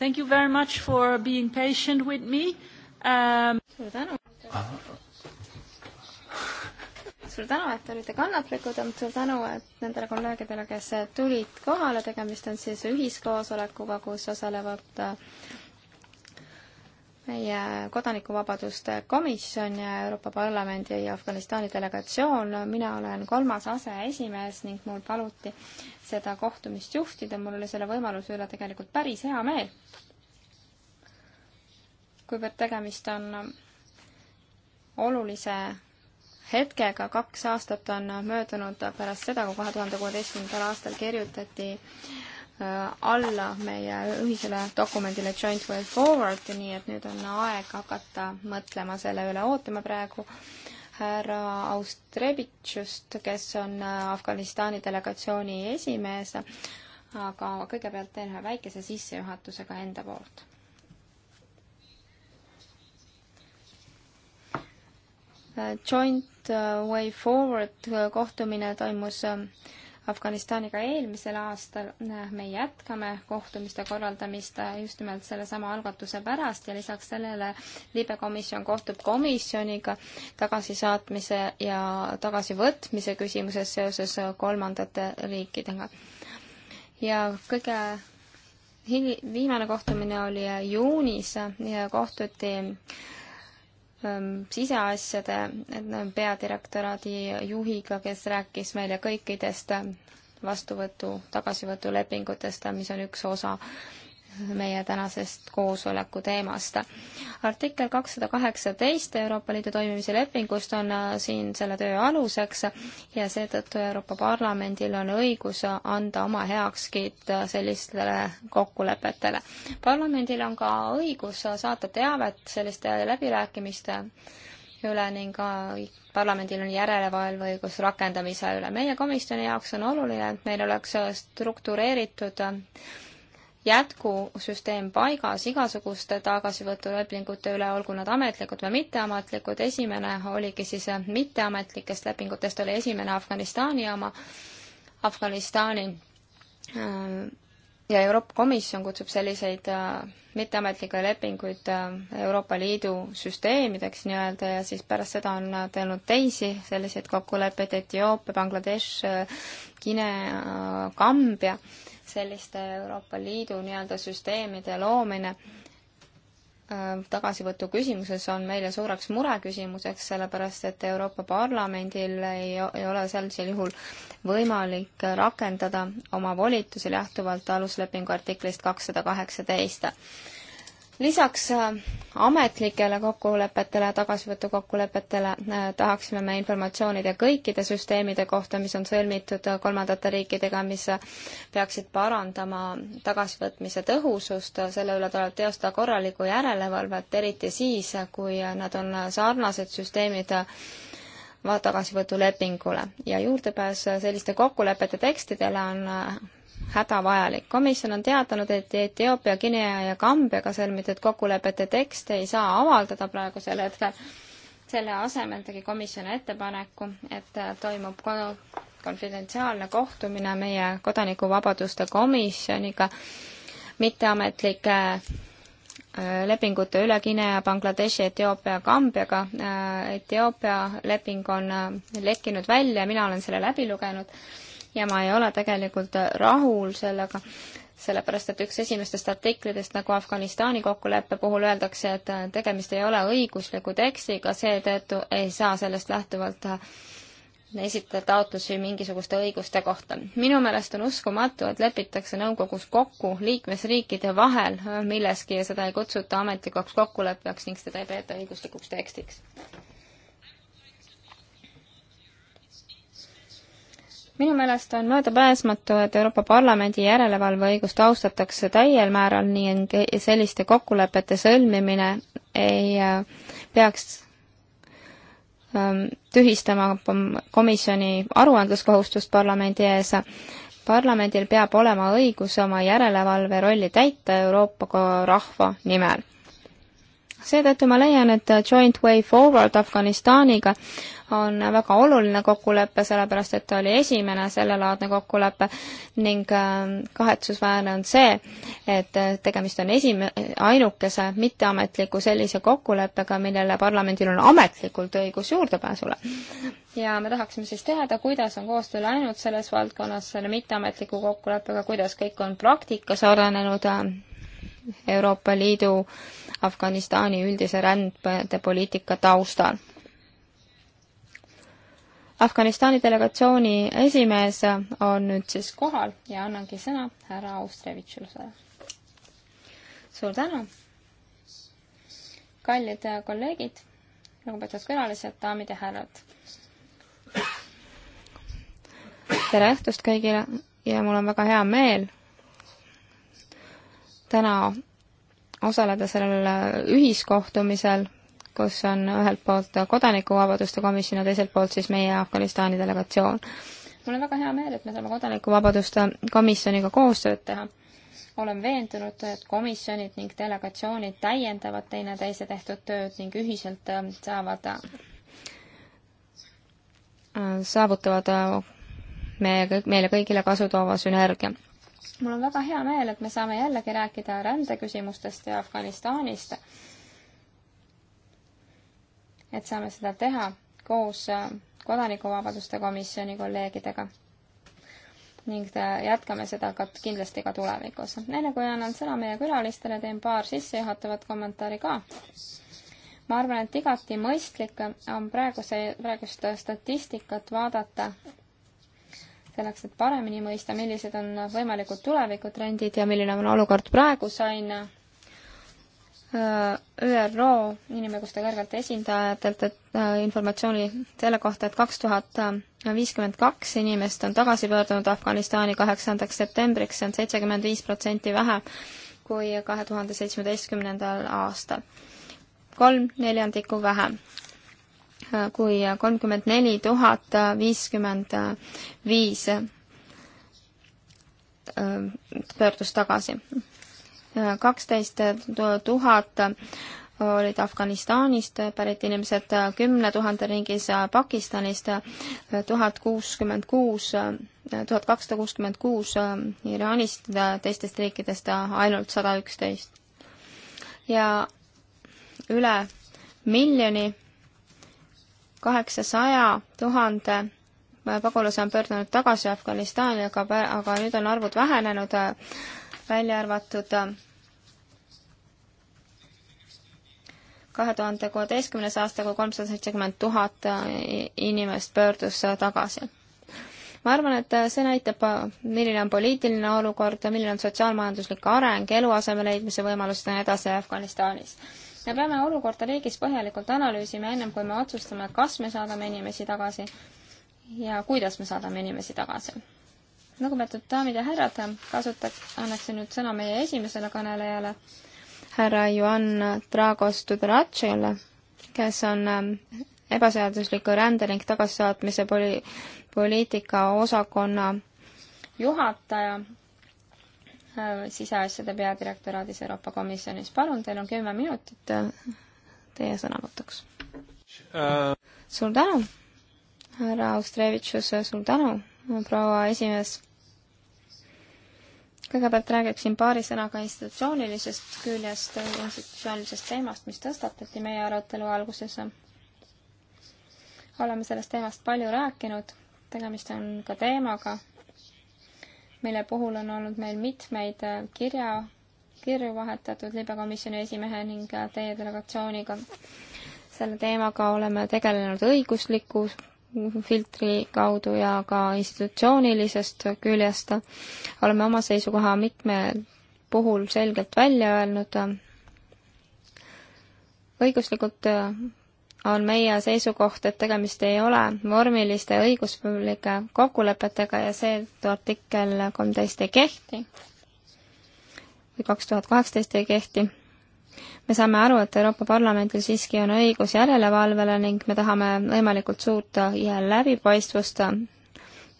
Thank you very much for being patient with me um.... suur tänu. suur tänu, et olite kannatlikud, suur tänu, et nendele kolleegidele, kes tulid kohale, tegemist on siis ühiskoosolekuga, kus osalevad meie kodanikuvabaduste komisjon ja Euroopa Parlamendi ja Afganistani delegatsioon, mina olen kolmas aseesimees ning mul paluti seda kohtumist juhtida, mul oli selle võimaluse üle tegelikult päris hea meel. kuivõrd tegemist on olulise hetkega, kaks aastat on möödunud pärast seda, kui kahe tuhande kuueteistkümnendal aastal kirjutati äh, Äh, alla meie ühisele dokumendile Joint Way Forward, nii et nüüd on aeg hakata mõtlema selle üle, ootame praegu härra Austrebitšust, kes on äh, Afganistani delegatsiooni esimees, aga kõigepealt teen ühe väikese sissejuhatusega enda poolt. Äh, Joint Way Forward kohtumine toimus Afganistaniga eelmisel aastal. me jätkame kohtumiste korraldamist just nimelt sellesama algatuse pärast ja lisaks sellele libekomisjon kohtub komisjoniga tagasisaatmise ja tagasivõtmise küsimuses seoses kolmandate riikidega. ja kõige hili-, viimane kohtumine oli juunis ja kohtuti siseasjade peadirektoraadi juhiga, kes rääkis meile kõikidest ähm, vastuvõtu, tagasivõtulepingutest, äh, mis on üks osa meie tänasest koosoleku teemast. artikkel kakssada kaheksateist Euroopa Liidu toimimise lepingust on äh, siin selle töö aluseks ja seetõttu Euroopa Parlamendil on õigus anda oma heakskiit äh, sellistele kokkulepetele. parlamendil on ka õigus saata teavet selliste läbirääkimiste üle ning ka äh, parlamendil on järelevalveõigus rakendamise üle. meie komisjoni jaoks on oluline, et meil oleks struktureeritud jätkusüsteem paigas igasuguste tagasivõtulepingute üle, olgu nad ametlikud või mitteametlikud. esimene oligi siis äh, mitteametlikest lepingutest, oli esimene Afganistani oma, Afganistani äh, ja Euroopa Komisjon kutsub selliseid äh, mitteametlikke lepinguid Euroopa Liidu süsteemideks nii-öelda ja siis pärast seda on teinud teisi selliseid kokkuleppeid Etioopia, Bangladesh, Guinea, Kambja äh, selliste Euroopa Liidu nii-öelda süsteemide loomine äh, tagasivõtu küsimuses on meile suureks mureküsimuseks, sellepärast et Euroopa Parlamendil ei, ei ole sellisel juhul võimalik rakendada oma volitusi lähtuvalt aluslepingu artiklist kakssada kaheksateist lisaks äh, ametlikele kokkulepetele, tagasivõtukokkulepetele äh, tahaksime me informatsioonide kõikide süsteemide kohta, mis on sõlmitud äh, kolmandate riikidega, mis peaksid parandama tagasivõtmise tõhusust, selle üle tuleb teostada korralikku järelevalvet, eriti siis, kui nad on sarnased süsteemid tagasivõtulepingule ja juurdepääs selliste kokkulepete tekstidele on hädavajalik. komisjon on teatanud, et Etioopia, Guinea ja Kambiaga sõlmitud kokkulepete tekste ei saa avaldada praegusel hetkel. selle asemel tegi komisjon ettepaneku, et toimub konfidentsiaalne kohtumine meie kodanikuvabaduste komisjoniga mitteametlike äh, lepingute üle Guinea, Bangladeshi, Etioopia, Kambiaga. Äh, Etioopia leping on äh, lekkinud välja, mina olen selle läbi lugenud ja ma ei ole tegelikult rahul sellega, sellepärast et üks esimestest artiklitest, nagu Afganistani kokkuleppe puhul öeldakse, et tegemist ei ole õigusliku tekstiga, seetõttu ei saa sellest lähtuvalt esitada taotlusi mingisuguste õiguste kohta. minu meelest on uskumatu, et lepitakse nõukogus kokku liikmesriikide vahel milleski ja seda ei kutsuta ametlikuks kokkuleppeks ning seda ei peeta õiguslikuks tekstiks. minu meelest on möödapääsmatu, et Euroopa Parlamendi järelevalveõigust austatakse täiel määral ning selliste kokkulepete sõlmimine ei äh, peaks ähm, tühistama komisjoni aruandluskohustust parlamendi ees. parlamendil peab olema õigus oma järelevalve rolli täita Euroopa rahva nimel seetõttu ma leian, et Joint Way Forward Afganistaniga on väga oluline kokkulepe, sellepärast et ta oli esimene sellelaadne kokkulepe ning ähm, kahetsusväärne on see, et tegemist on esime-, ainukese mitteametliku sellise kokkuleppega, millele parlamendil on ametlikult õigus juurdepääsule. ja me tahaksime siis teada, kuidas on koostöö läinud selles valdkonnas selle mitteametliku kokkuleppega, kuidas kõik on praktikas arenenud ähm, Euroopa Liidu äh, Afganistani üldise rändepoliitika taustal. Afganistani delegatsiooni esimees on nüüd siis kohal ja annangi sõna härra Austrevitšusele. suur tänu! kallid kolleegid, lugupeetud külalised, daamid ja härrad! tere õhtust kõigile ja mul on väga hea meel täna osaleda sellel äh, ühiskohtumisel, kus on ühelt poolt Kodanikuvabaduste komisjon ja teiselt poolt siis meie Afganistani delegatsioon. mul on väga hea meel, et me saame Kodanikuvabaduste komisjoniga koostööd teha. olen veendunud, et komisjonid ning delegatsioonid täiendavad teineteise tehtud tööd ning ühiselt äh, saavad, äh, saavutavad meie, meile kõigile kasu toova sünergia mul on väga hea meel, et me saame jällegi rääkida rändeküsimustest ja Afganistanist. et saame seda teha koos äh, kodanikuvabaduste komisjoni kolleegidega. ning äh, jätkame seda ka kindlasti ka tulevikus. enne kui annan sõna meie külalistele, teen paar sissejuhatavat kommentaari ka. ma arvan, et igati mõistlik on praeguse, praegust statistikat vaadata selleks, et paremini mõista, millised on võimalikud tulevikutrendid ja milline on olukord praegu, sain äh, ÜRO inimõiguste kõrgelt esindajatelt et, äh, informatsiooni selle kohta, et kaks tuhat äh, viiskümmend kaks inimest on tagasi pöördunud Afganistani kaheksandaks septembriks, see on seitsekümmend viis protsenti vähem kui kahe tuhande seitsmeteistkümnendal aastal. kolm neljandikku vähem kui kolmkümmend neli tuhat viiskümmend viis äh, pöördus tagasi. kaksteist tuhat olid Afganistanist pärit inimesed, kümne tuhande ringis Pakistanist, tuhat kuuskümmend kuus, tuhat kakssada kuuskümmend kuus Iraanist, teistest riikidest ainult sada üksteist. ja üle miljoni kaheksasaja tuhande pagulase on pöördunud tagasi Afganistani, aga, aga nüüd on arvud vähenenud, välja arvatud kahe tuhande kuueteistkümnes aasta, kui kolmsada seitsekümmend tuhat inimest pöördus tagasi. ma arvan, et see näitab, milline on poliitiline olukord, milline on sotsiaalmajanduslik areng, eluaseme leidmise võimalused ja nii edasi Afganistanis me peame olukorda riigis põhjalikult analüüsima, ennem kui me otsustame, kas me saadame inimesi tagasi ja kuidas me saadame inimesi tagasi. lugupeetud daamid ja härrad, kasutak-, annaksin nüüd sõna meie esimesele kõnelejale, härra Juan Dragos Tudoratšile, kes on ähm, ebaseadusliku rände ning tagasisaatmise poli-, poliitika osakonna juhataja Äh, siseasjade peadirektoraadis Euroopa Komisjonis. palun, teil on kümme minutit äh, teie sõnavõtuks uh.... suur tänu, härra Austrevitšus, suur tänu, proua esimees. kõigepealt räägiksin paari sõnaga institutsioonilisest küljest, institutsioonilisest teemast, mis tõstatati meie arutelu alguses. oleme sellest teemast palju rääkinud, tegemist on ka teemaga, mille puhul on olnud meil mitmeid äh, kirja, kirju vahetatud libekomisjoni esimehe ning äh, teie delegatsiooniga. selle teemaga oleme tegelenud õigusliku filtri kaudu ja ka institutsioonilisest küljest. oleme oma seisukoha mitme puhul selgelt välja öelnud. õiguslikult äh, on meie seisukoht, et tegemist ei ole vormiliste õiguslike kokkulepetega ja seetõttu artikkel kolmteist ei kehti või kaks tuhat kaheksateist ei kehti. me saame aru, et Euroopa Parlamendil siiski on õigus järelevalvele ning me tahame võimalikult suurt ja läbipaistvust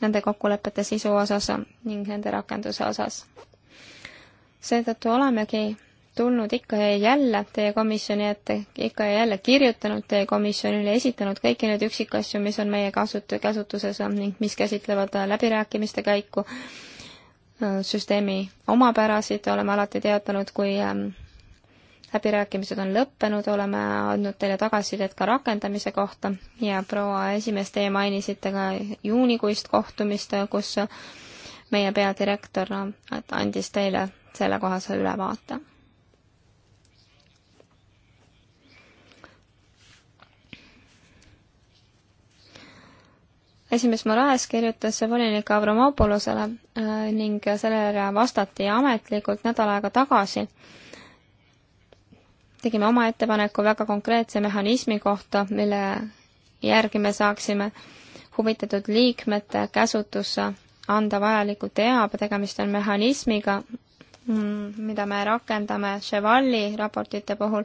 nende kokkulepete sisu osas ning nende rakenduse osas. seetõttu olemegi tulnud ikka ja jälle teie komisjoni ette, ikka ja jälle kirjutanud teie komisjonile, esitanud kõiki neid üksikasju, mis on meie kasut-, käsutuses äh, ning mis käsitlevad äh, läbirääkimiste käiku, äh, süsteemi omapärasid, oleme alati teatanud, kui ähm, läbirääkimised on lõppenud, oleme andnud teile tagasisidet ka rakendamise kohta ja proua esimees, teie mainisite ka juunikuist kohtumist, kus meie peadirektor andis teile sellekohase ülevaate. esimees Moraes kirjutas volinik Avramopolosele äh, ning sellele vastati ametlikult nädal aega tagasi. tegime oma ettepaneku väga konkreetse mehhanismi kohta, mille järgi me saaksime huvitatud liikmete käsutusse anda vajaliku teabe, tegemist on mehhanismiga, mm, mida me rakendame Chevalli raportite puhul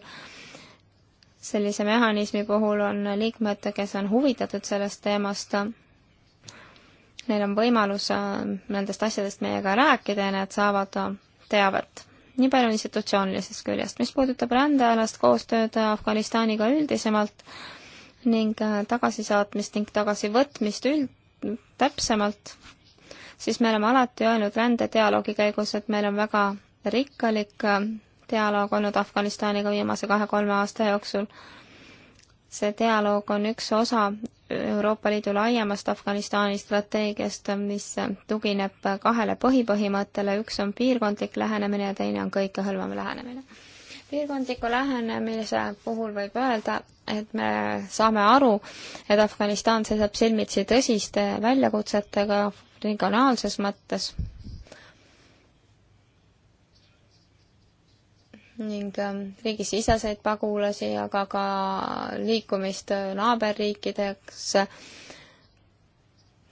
sellise mehhanismi puhul on liikmed, kes on huvitatud sellest teemast, neil on võimalus äh, nendest asjadest meiega rääkida ja nad saavad äh, teavet. nii palju institutsioonilisest küljest. mis puudutab rändealast koostööd äh, Afganistaniga üldisemalt ning tagasisaatmist ning tagasivõtmist üld-, täpsemalt, siis me oleme alati öelnud rändedialoogi käigus, et meil on väga rikkalik dialoog olnud Afganistaniga viimase kahe-kolme aasta jooksul see dialoog on üks osa Euroopa Liidu laiemast Afganistani strateegiast, mis tugineb kahele põhipõhimõttele, üks on piirkondlik lähenemine ja teine on kõikehõlmav lähenemine. piirkondliku lähenemise puhul võib öelda, et me saame aru, et Afganistan seisab silmitsi tõsiste väljakutsetega regionaalses mõttes ning ähm, riigisiseseid pagulasi, aga ka liikumist äh, naaberriikidesse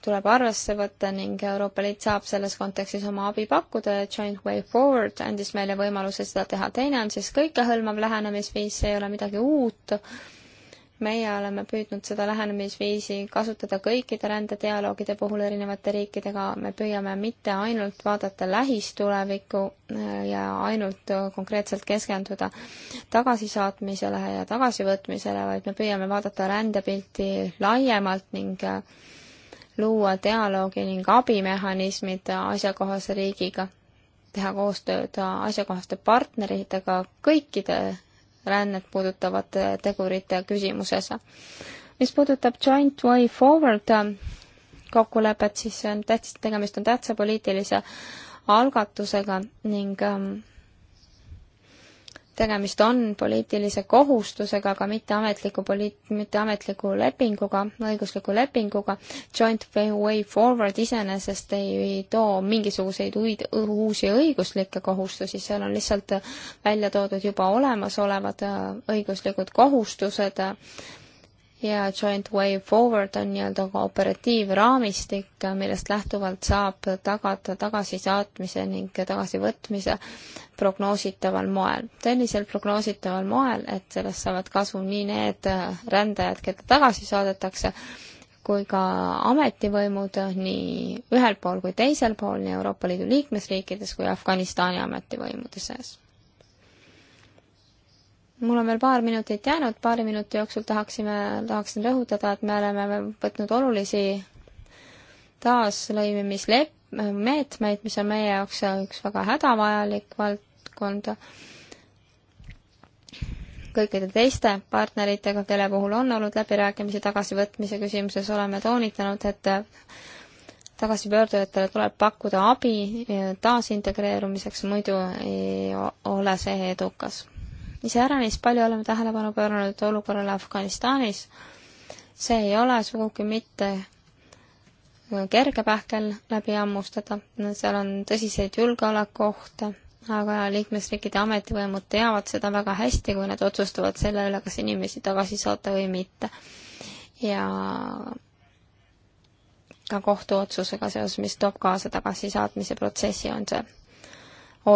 tuleb arvesse võtta ning Euroopa Liit saab selles kontekstis oma abi pakkuda ja Joint Way Forward andis meile võimaluse seda teha. teine on siis kõikehõlmav lähenemisviis, see ei ole midagi uut meie oleme püüdnud seda lähenemisviisi kasutada kõikide rändedialoogide puhul erinevate riikidega, me püüame mitte ainult vaadata lähistulevikku äh, ja ainult äh, konkreetselt keskenduda tagasisaatmisele ja tagasivõtmisele, vaid me püüame vaadata rändepilti laiemalt ning äh, luua dialoogi ning abimehhanismid asjakohase riigiga, teha koostööd asjakohaste partneritega kõikide rännet puudutavate tegurite küsimuses. mis puudutab Joint Way Forward äh, kokkulepet, siis see on tähtis, tegemist on tähtsa poliitilise algatusega ning ähm, tegemist on poliitilise kohustusega, aga mitte ametliku poliit-, mitte ametliku lepinguga, õigusliku lepinguga. Joint Way Forward iseenesest ei, ei too mingisuguseid uid, uusi õiguslikke kohustusi, seal on lihtsalt välja toodud juba olemasolevad äh, õiguslikud kohustused ja Joint Way Forward on nii-öelda operatiivraamistik, millest lähtuvalt saab tagada tagasisaatmise ning tagasivõtmise prognoositaval moel. sellisel prognoositaval moel, et sellest saavad kasu nii need rändajad, keda tagasi saadetakse, kui ka ametivõimud nii ühel pool kui teisel pool, nii Euroopa Liidu liikmesriikides kui Afganistani ametivõimude seas mul on veel paar minutit jäänud, paari minuti jooksul tahaksime, tahaksin rõhutada, et me oleme võtnud olulisi taaslõimimisleppe, meetmeid, mis on meie jaoks üks väga hädavajalik valdkond kõikide teiste partneritega, kelle puhul on olnud läbirääkimisi tagasivõtmise küsimuses, oleme toonitanud, et tagasipöördujatele tuleb pakkuda abi taasintegreerumiseks, muidu ei ole see edukas iseäranis palju oleme tähelepanu pööranud olukorrale Afganistanis. see ei ole sugugi mitte äh, kerge pähkel läbi hammustada, seal on tõsiseid julgeolekuohte, aga liikmesriikide ametivõimud teavad seda väga hästi, kui nad otsustavad selle üle, kas inimesi tagasi saata või mitte. ja ka kohtuotsusega seoses, mis toob kaasa tagasisaatmise protsessi, on see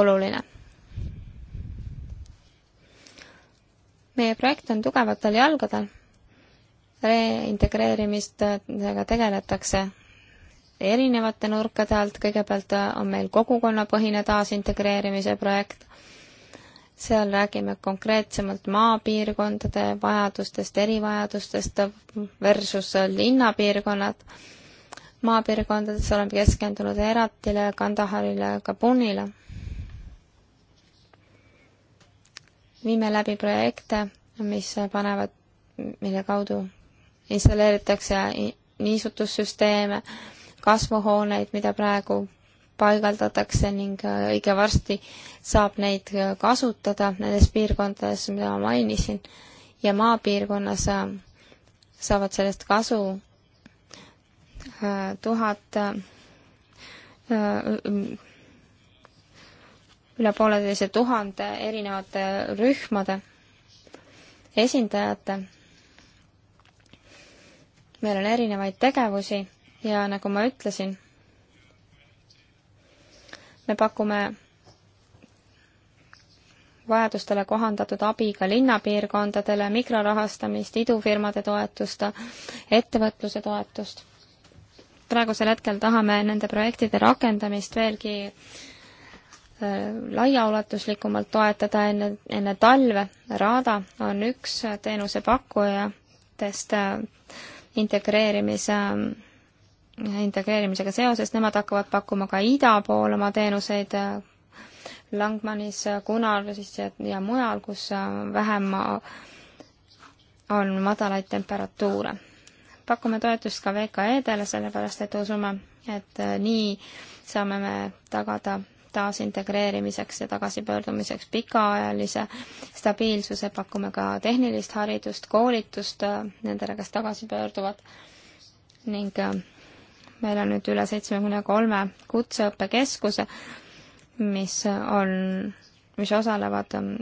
oluline meie projekt on tugevatel jalgadel. reintegreerimistega tegeletakse erinevate nurkade alt, kõigepealt on meil kogukonnapõhine taasintegreerimise projekt, seal räägime konkreetsemalt maapiirkondade vajadustest, erivajadustest versus linnapiirkonnad. maapiirkondades oleme keskendunud Eratile, Kandaharile, Kabunile viime läbi projekte, mis panevad, mille kaudu installeeritakse niisutussüsteeme, kasvuhooneid, mida praegu paigaldatakse ning äh, õige varsti saab neid äh, kasutada nendes piirkondades, mida ma mainisin, ja maapiirkonnas äh, saavad sellest kasu tuhat üle pooleteise tuhande erinevate rühmade esindajate. meil on erinevaid tegevusi ja nagu ma ütlesin, me pakume vajadustele kohandatud abi ka linnapiirkondadele, mikrorahastamist, idufirmade toetust, ettevõtluse toetust. praegusel hetkel tahame nende projektide rakendamist veelgi laiaulatuslikumalt toetada enne, enne talve. Raada on üks äh, teenusepakkujatest äh, integreerimise, äh, integreerimisega seoses, nemad hakkavad pakkuma ka ida pool oma teenuseid Langmanis, Kunalis ja mujal, kus vähem on madalaid temperatuure. pakume toetust ka VKE-dele, sellepärast et usume, et nii saame me tagada taasintegreerimiseks ja tagasipöördumiseks pikaajalise stabiilsuse, pakume ka tehnilist haridust, koolitust äh, nendele, kes tagasi pöörduvad ning äh, meil on nüüd üle seitsmekümne kolme kutseõppekeskuse, mis äh, on, mis osalevad ähm,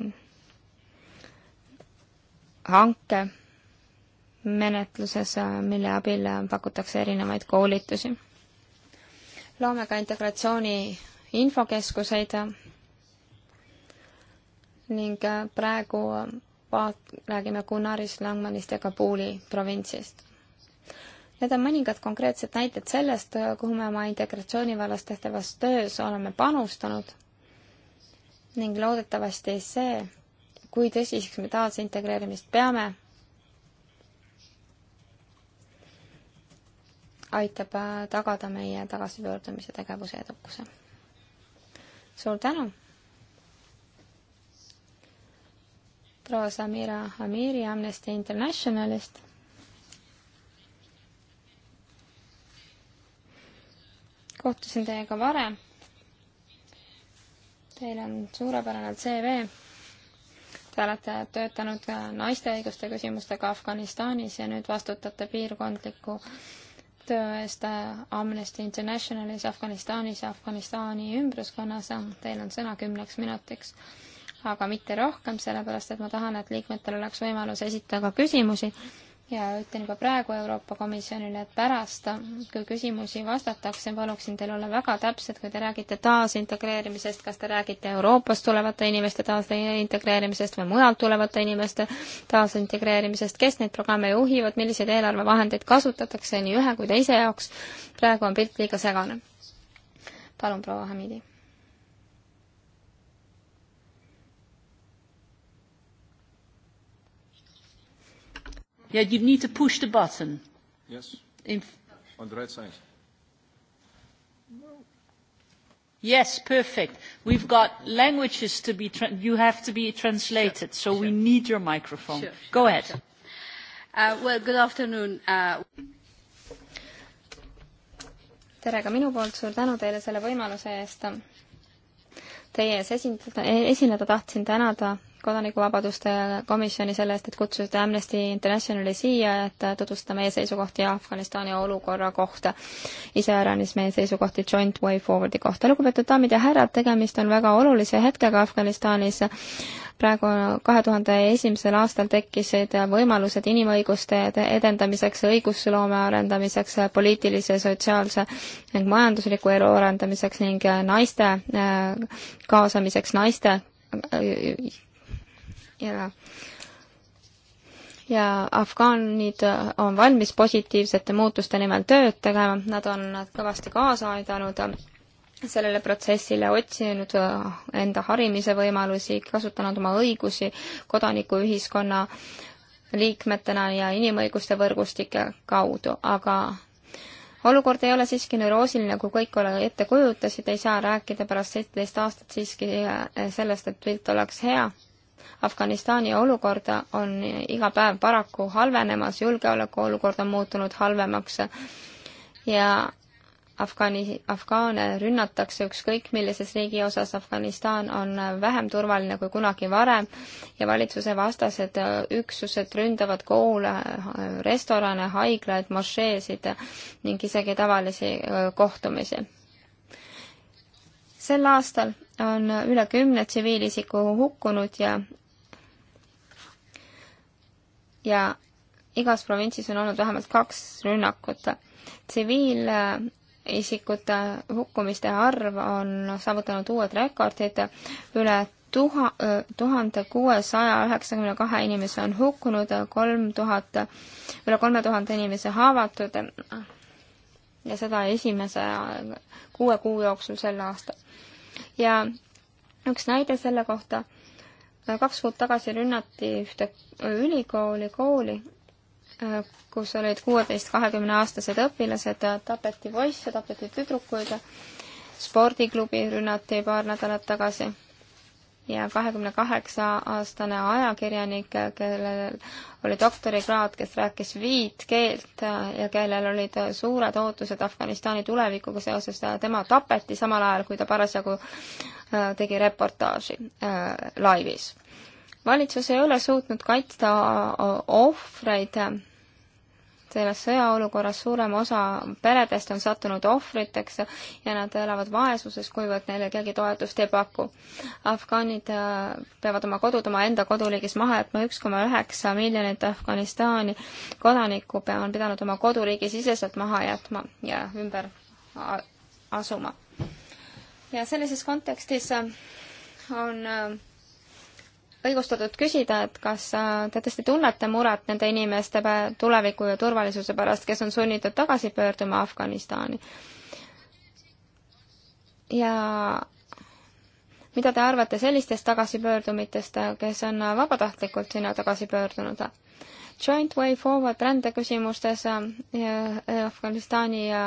hanke menetluses, mille abil pakutakse erinevaid koolitusi. loome ka integratsiooni infokeskuseid ning äh, praegu vaat-, äh, räägime Gunnarist, Langmanist ja Kabuli provintsist. Need on mõningad konkreetsed näited sellest, äh, kuhu me oma integratsiooni vallas tehtavas töös oleme panustanud ning loodetavasti see, kui tõsiseks me taas integreerimist peame, aitab tagada meie tagasipöördumise tegevuse edukuse suur tänu! proua Samira Amiri Amnesty Internationalist. kohtusin teiega varem. Teil on suurepärane CV. Te olete töötanud naiste õiguste küsimustega Afganistanis ja nüüd vastutate piirkondliku äh, töö eest Amnesty Internationalis Afganistanis ja Afganistani ümbruskonnas. Teil on sõna kümneks minutiks, aga mitte rohkem, sellepärast et ma tahan, et liikmetel oleks võimalus esitada küsimusi ja ütlen juba praegu Euroopa Komisjonile, et pärast, kui küsimusi vastatakse, paluksin teil olla väga täpsed, kui te räägite taasintegreerimisest, kas te räägite Euroopast tulevate inimeste taasintegreerimisest või mujalt tulevate inimeste taasintegreerimisest, kes neid programme juhivad, milliseid eelarvevahendeid kasutatakse nii ühe kui teise jaoks. praegu on pilt liiga segane. palun, proua Hamidi Yeah, you need to push the button. Yes. In On the right side. No. Yes, perfect. We've got languages to be, tra you have to be translated, sure. so sure. we need your microphone. Sure, sure, Go ahead. Sure. Uh, well, good afternoon. Uh... tere ka minu poolt, suur tänu teile selle võimaluse eest. Teie ees esindada, esineda tahtsin tänada kodanikuvabaduste komisjoni selle eest, et kutsusite Amnesty Internationali siia, et tutvustada meie seisukohti Afganistani olukorra kohta. iseäranis meie seisukohti Joint Way Forwardi kohta. lugupeetud daamid ja härrad, tegemist on väga olulise hetkega Afganistanis. praegu kahe tuhande esimesel aastal tekkisid võimalused inimõiguste edendamiseks, õigusloome arendamiseks, poliitilise, sotsiaalse ning majandusliku elu arendamiseks ning naiste kaasamiseks, naiste ja ja afgaanid on valmis positiivsete muutuste nimel tööd tegema, nad on kõvasti kaasa aidanud sellele protsessile, otsinud enda harimise võimalusi, kasutanud oma õigusi kodanikuühiskonna liikmetena ja inimõiguste võrgustike kaudu, aga olukord ei ole siiski neuroosiline, kui kõik ole, ette kujutasid, ei saa rääkida pärast seitseteist aastat siiski sellest, et pilt oleks hea Afganistani olukorda on iga päev paraku halvenemas, julgeolekuolukord on muutunud halvemaks ja Afgani, afgaane rünnatakse ükskõik millises riigi osas, Afganistan on vähem turvaline kui kunagi varem ja valitsuse vastased üksused ründavad koole, restorane, haiglaid, mošeesid ning isegi tavalisi kohtumisi. sel aastal on üle kümne tsiviilisiku hukkunud ja ja igas provintsis on olnud vähemalt kaks rünnakut. tsiviilisikute hukkumiste arv on saavutanud uued rekordid, üle tuha-, tuhande kuuesaja üheksakümne kahe inimese on hukkunud, kolm tuhat, üle kolme tuhande inimese haavatud ja seda esimese kuue kuu jooksul sel aastal ja üks näide selle kohta, kaks kuud tagasi rünnati ühte ülikooli, kooli, kus olid kuueteist, kahekümne aastased õpilased, tapeti poisse, tapeti tüdrukuid, spordiklubi rünnati paar nädalat tagasi ja kahekümne kaheksa aastane ajakirjanik, kellel oli doktorikraad, kes rääkis viit keelt ja kellel olid suured ootused Afganistani tulevikuga seoses, tema tapeti samal ajal, kui ta parasjagu äh, tegi reportaaži äh, laivis. valitsus ei ole suutnud kaitsta äh, ohvreid selles sõjaolukorras suurem osa peredest on sattunud ohvriteks ja nad elavad vaesuses, kuivõrd neile keegi toetust ei paku. afgaanid äh, peavad oma kodud omaenda koduliigis maha jätma, üks koma üheksa miljonit Afganistani kodanikku on pidanud oma koduriigi siseselt maha jätma ja ümber asuma. ja sellises kontekstis äh, on äh, õigustatud küsida, et kas äh, te tõesti tunnete muret nende inimeste tuleviku ja turvalisuse pärast, kes on sunnitud tagasi pöörduma Afganistani. ja mida te arvate sellistest tagasipöördumitest, kes on äh, vabatahtlikult sinna tagasi pöördunud? Joint Way Forward rändeküsimustes äh, Afganistani ja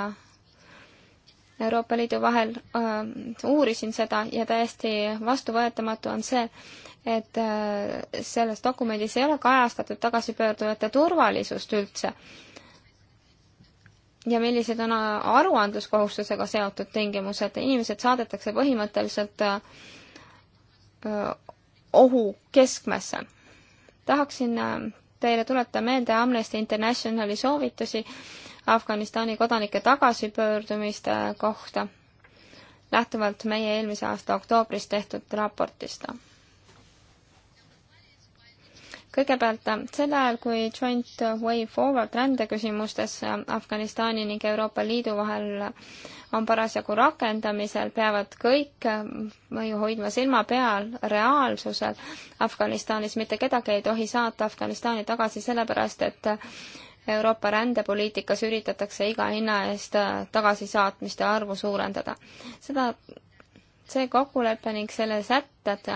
Euroopa Liidu vahel äh,, uurisin seda ja täiesti vastuvõetamatu on see, et äh, selles dokumendis ei ole kajastatud tagasipöördujate turvalisust üldse. ja millised on äh, aruandluskohustusega seotud tingimused, inimesed saadetakse põhimõtteliselt äh, äh, ohu keskmesse. tahaksin äh, teile tuletada meelde Amnesty Internationali soovitusi äh, Afganistani kodanike tagasipöördumiste kohta lähtuvalt meie eelmise aasta oktoobris tehtud raportist. kõigepealt sel ajal, kui Joint Way Forward rändeküsimustes Afganistani ning Euroopa Liidu vahel on parasjagu rakendamisel, peavad kõik mõju hoidma silma peal reaalsusel Afganistanis. mitte kedagi ei tohi saata Afganistani tagasi sellepärast, et Euroopa rändepoliitikas üritatakse iga hinna eest tagasisaatmiste arvu suurendada. seda, see kokkulepe ning selle sätted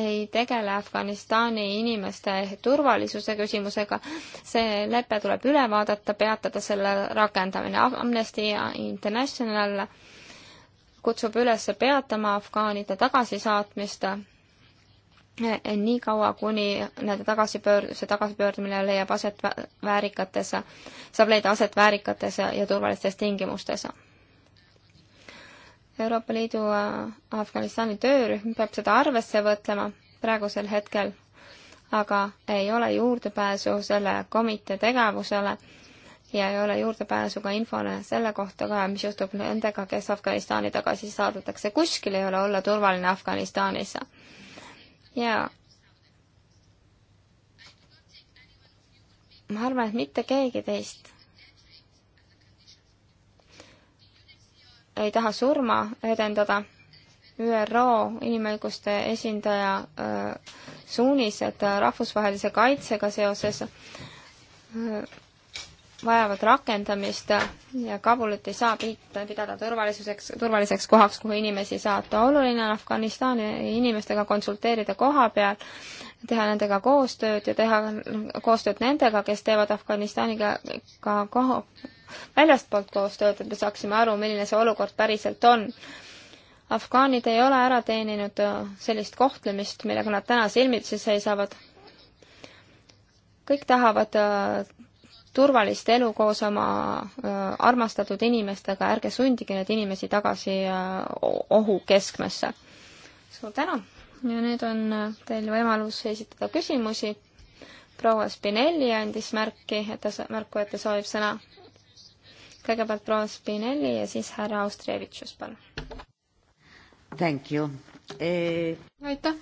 ei tegele Afganistani inimeste turvalisuse küsimusega. see lepe tuleb üle vaadata, peatada selle rakendamine. Amnesty International kutsub üles peatama afgaanide tagasisaatmist Eh, niikaua, kuni nende tagasipöör-, see tagasipöördumine leiab aset väärikates, saab leida aset väärikates ja turvalistes tingimustes. Euroopa Liidu äh, Afganistani töörühm peab seda arvesse võtlema praegusel hetkel, aga ei ole juurdepääsu selle komitee tegevusele ja ei ole juurdepääsu ka infole selle kohta ka, mis juhtub nendega, kes Afganistani tagasi saadetakse. kuskil ei ole olla turvaline Afganistanis ja ma arvan, et mitte keegi teist ei taha surma edendada. ÜRO inimõiguste esindaja äh, suunised rahvusvahelise kaitsega seoses äh, vajavad rakendamist ja Kabulit ei saa pidada turvalisuseks, turvaliseks kohaks, kuhu inimesi saata. oluline on Afganistani inimestega konsulteerida koha peal, teha nendega koostööd ja teha koostööd nendega, kes teevad Afganistaniga ka koha, väljastpoolt koostööd, et me saaksime aru, milline see olukord päriselt on. afgaanid ei ole ära teeninud sellist kohtlemist, millega nad täna silmitsi seisavad. kõik tahavad turvalist elu koos oma armastatud inimestega, ärge sundige neid inimesi tagasi ohu keskmesse. suur tänu ja nüüd on teil võimalus esitada küsimusi. proua Spinelli andis märki, et ta, märku, et ta soovib sõna. kõigepealt proua Spinelli ja siis härra Austrevitšus, palun. Thank you eh.... aitäh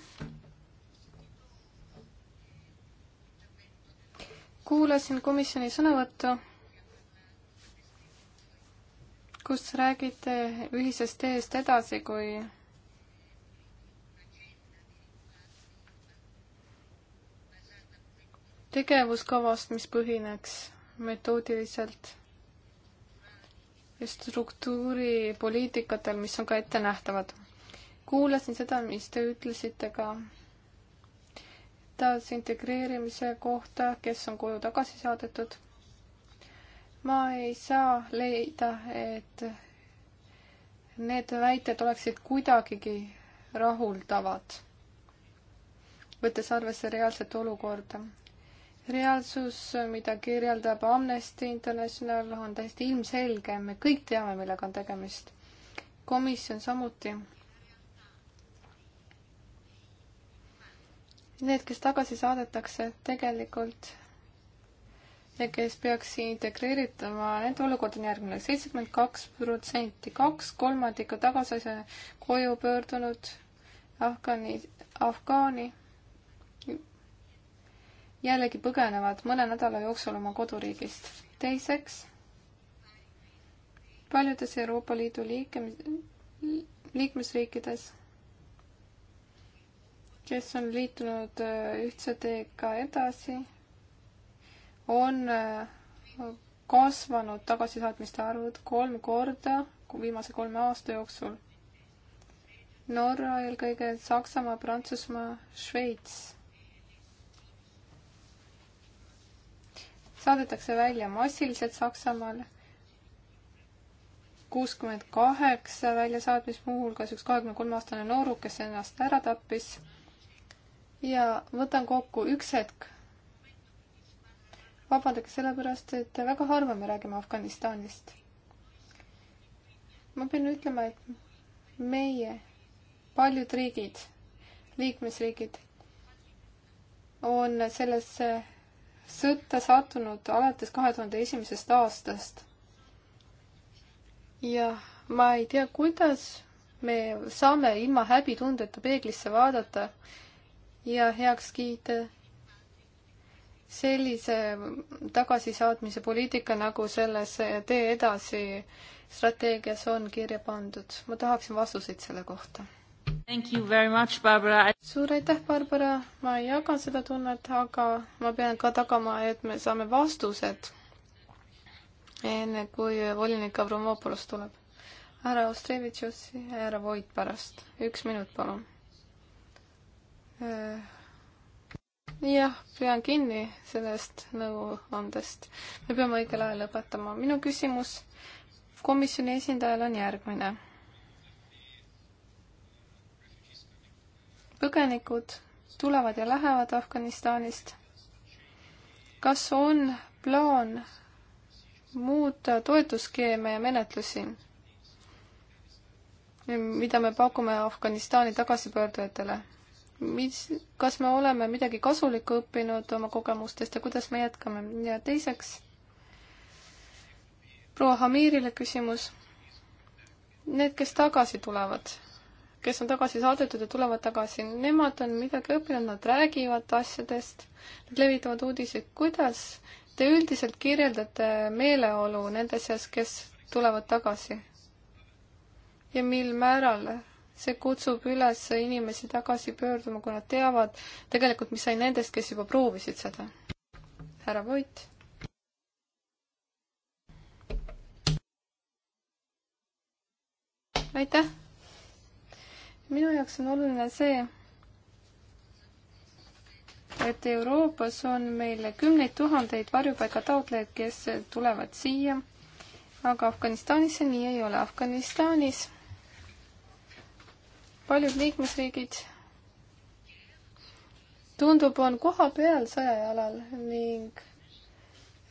kuulasin komisjoni sõnavõttu, kus räägite ühisest teest edasi, kui tegevuskavast, mis põhineks metoodiliselt ja struktuuripoliitikatel, mis on ka ettenähtavad. kuulasin seda, mis te ütlesite ka taas integreerimise kohta, kes on koju tagasi saadetud. ma ei saa leida, et need väited oleksid kuidagigi rahuldavad, võttes arvesse reaalset olukorda. reaalsus, mida kirjeldab Amnesty International, on täiesti ilmselge, me kõik teame, millega on tegemist. komisjon samuti Need, kes tagasi saadetakse tegelikult ja kes peaks integreeritama, nende olukord on järgmine. seitsekümmend kaks protsenti, kaks kolmandikku tagasi koju pöördunud Afgani, afgaani jällegi põgenevad mõne nädala jooksul oma koduriigist. teiseks, paljudes Euroopa Liidu liikem-, liikmesriikides kes on liitunud äh, ühtse teega edasi, on äh, kasvanud tagasisaatmiste arvud kolm korda viimase kolme aasta jooksul. Norra eelkõige, Saksamaa, Prantsusmaa, Šveits. saadetakse välja massiliselt Saksamaale kuuskümmend kaheksa väljasaatmist, muuhulgas üks kahekümne kolme aastane nooruk, kes ennast ära tappis ja võtan kokku üks hetk. vabandage sellepärast, et väga harva me räägime Afganistanist. ma pean ütlema, et meie, paljud riigid, liikmesriigid on sellesse sõtta sattunud alates kahe tuhande esimesest aastast. ja ma ei tea, kuidas me saame ilma häbitundeta peeglisse vaadata ja heaks kiita sellise tagasisaatmise poliitika, nagu selles Tee edasi strateegias on kirja pandud. ma tahaksin vastuseid selle kohta. Thank you very much, Barbara. suur aitäh, Barbara. ma jagan seda tunnet, aga ma pean ka tagama, et me saame vastused enne, kui volinik Avramopolos tuleb. härra Ostrevitšus ja härra Voit pärast. üks minut, palun Äh, jah, pean kinni sellest nõuandest. me peame õigel ajal lõpetama. minu küsimus komisjoni esindajale on järgmine. põgenikud tulevad ja lähevad Afganistanist. kas on plaan muuta toetusskeeme ja menetlusi, mida me pakume Afganistani tagasipöördujatele? mis, kas me oleme midagi kasulikku õppinud oma kogemustest ja kuidas me jätkame ja teiseks proua Hamirile küsimus. Need, kes tagasi tulevad, kes on tagasi saadetud ja tulevad tagasi, nemad on midagi õppinud, nad räägivad asjadest, nad levitavad uudiseid, kuidas te üldiselt kirjeldate meeleolu nende seas, kes tulevad tagasi? ja mil määral see kutsub üles inimesi tagasi pöörduma, kui nad teavad tegelikult, mis sai nendest, kes juba proovisid seda. härra Voit. aitäh. minu jaoks on oluline see, et Euroopas on meil kümneid tuhandeid varjupaiga taotlejaid, kes tulevad siia, aga Afganistanis see nii ei ole. Afganistanis paljud liikmesriigid tundub, on koha peal sõjajalal ning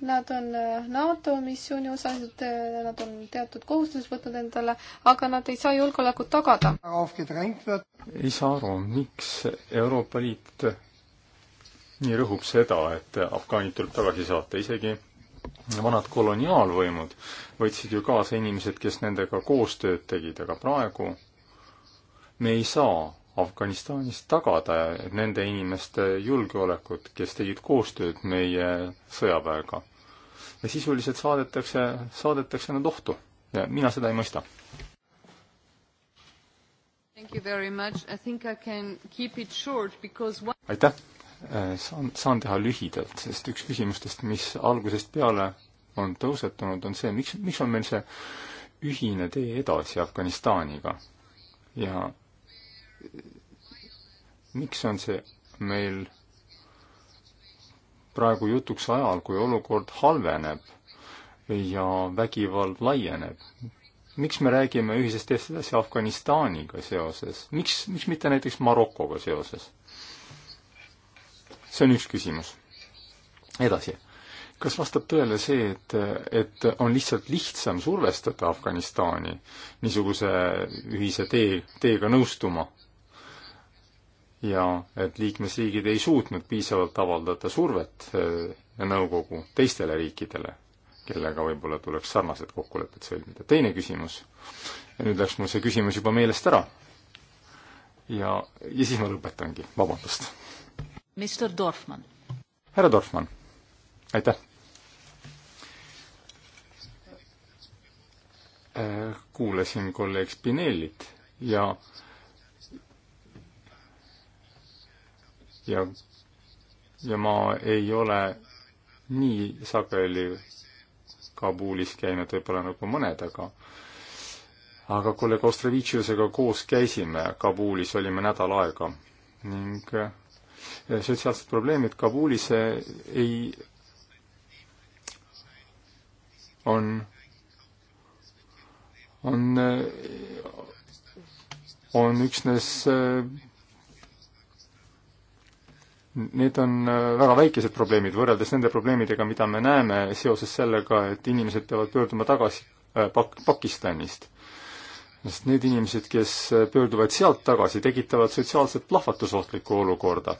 nad on äh, NATO missiooni osalised, äh, nad on teatud kohustused võtnud endale, aga nad ei saa julgeolekut tagada. ei saa aru, miks Euroopa Liit nii rõhub seda, et afgaanid tuleb tagasi saata, isegi vanad koloniaalvõimud võtsid ju kaasa inimesed, kes nendega koostööd tegid, aga praegu me ei saa Afganistanis tagada nende inimeste julgeolekut, kes tegid koostööd meie sõjaväega. ja sisuliselt saadetakse, saadetakse nad ohtu ja mina seda ei mõista. Because... aitäh, äh, saan, saan teha lühidalt, sest üks küsimustest, mis algusest peale on tõusetunud, on see, miks, miks on meil see ühine tee edasi Afganistaniga ja miks on see meil praegu jutuks ajal, kui olukord halveneb ja vägivald laieneb? miks me räägime ühisest asjast Afganistaniga seoses, miks, miks mitte näiteks Marokoga seoses? see on üks küsimus. edasi kas vastab tõele see, et, et on lihtsalt lihtsam survestada Afganistani niisuguse ühise tee, teega nõustuma? ja et liikmesriigid ei suutnud piisavalt avaldada survet äh, nõukogu teistele riikidele, kellega võib-olla tuleks sarnased kokkulepped sõlmida. teine küsimus, ja nüüd läks mul see küsimus juba meelest ära. ja, ja siis ma lõpetangi, vabandust. Mr Dorfmann. härra Dorfmann, aitäh. Äh, kuulasin kolleeg Spinellit ja äh, ja, ja ma ei ole nii sageli Kabulis käinud võib-olla nagu mõned, aga aga kolleeg Ostrovitšiusega koos käisime Kabulis, olime nädal aega ning eh, sotsiaalsed probleemid Kabulis eh, ei, on, on, eh, on üksnes Need on äh, väga väikesed probleemid võrreldes nende probleemidega, mida me näeme seoses sellega, et inimesed peavad pöörduma tagasi äh, Pak-, Pakistanist. sest need inimesed, kes äh, pöörduvad sealt tagasi, tekitavad sotsiaalselt plahvatusohtlikku olukorda.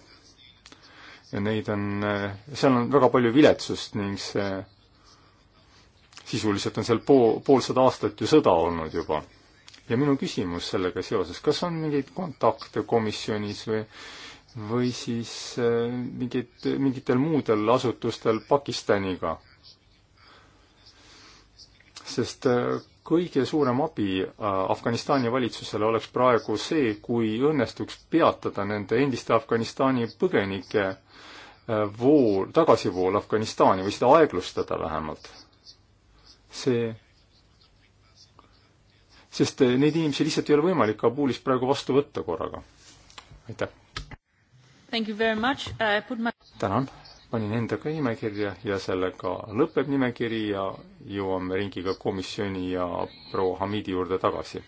ja neid on, seal on väga palju viletsust ning see sisuliselt on seal pool, poolsada aastat ju sõda olnud juba. ja minu küsimus sellega seoses, kas on mingeid kontakte komisjonis või äh, või siis äh, mingit, mingitel muudel asutustel Pakistaniga. sest äh, kõige suurem abi äh, Afganistani valitsusele oleks praegu see, kui õnnestuks peatada nende endiste Afganistani põgenike vool, tagasivool Afganistani või seda aeglustada vähemalt. see sest neid inimesi lihtsalt ei ole võimalik Kabulis praegu vastu võtta korraga. aitäh! My... tänan, panin enda ka nimekirja ja sellega lõpeb nimekiri ja jõuame ringiga komisjoni ja proua Hamidi juurde tagasi.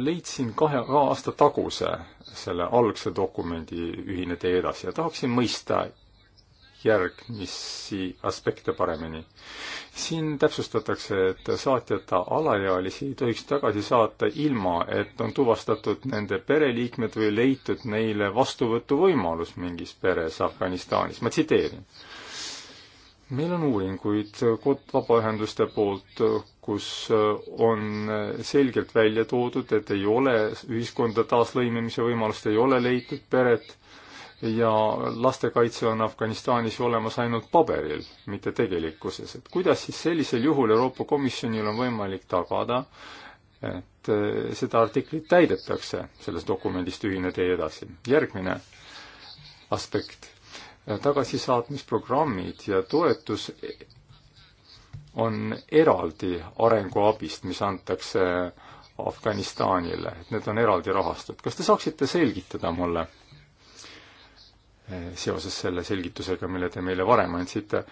leidsin kahe aasta taguse selle algse dokumendi ühine tee edasi ja tahaksin mõista järgmisi aspekte paremini. siin täpsustatakse, et saatjata alaealisi ei tohiks tagasi saata ilma, et on tuvastatud nende pereliikmed või leitud neile vastuvõtuvõimalus mingis peres Afganistanis, ma tsiteerin. meil on uuringuid vabaühenduste poolt, kus on selgelt välja toodud, et ei ole ühiskonda taaslõimimise võimalust, ei ole leitud peret ja lastekaitse on Afganistanis ju olemas ainult paberil, mitte tegelikkuses. et kuidas siis sellisel juhul Euroopa Komisjonil on võimalik tagada, et äh, seda artiklit täidetakse, selles dokumendis Ühine tee edasi. järgmine aspekt. tagasisaatmisprogrammid ja toetus on eraldi arenguabist, mis antakse Afganistanile, et need on eraldi rahastatud. kas te saaksite selgitada mulle? seoses selle selgitusega, mille te meile varem andsite.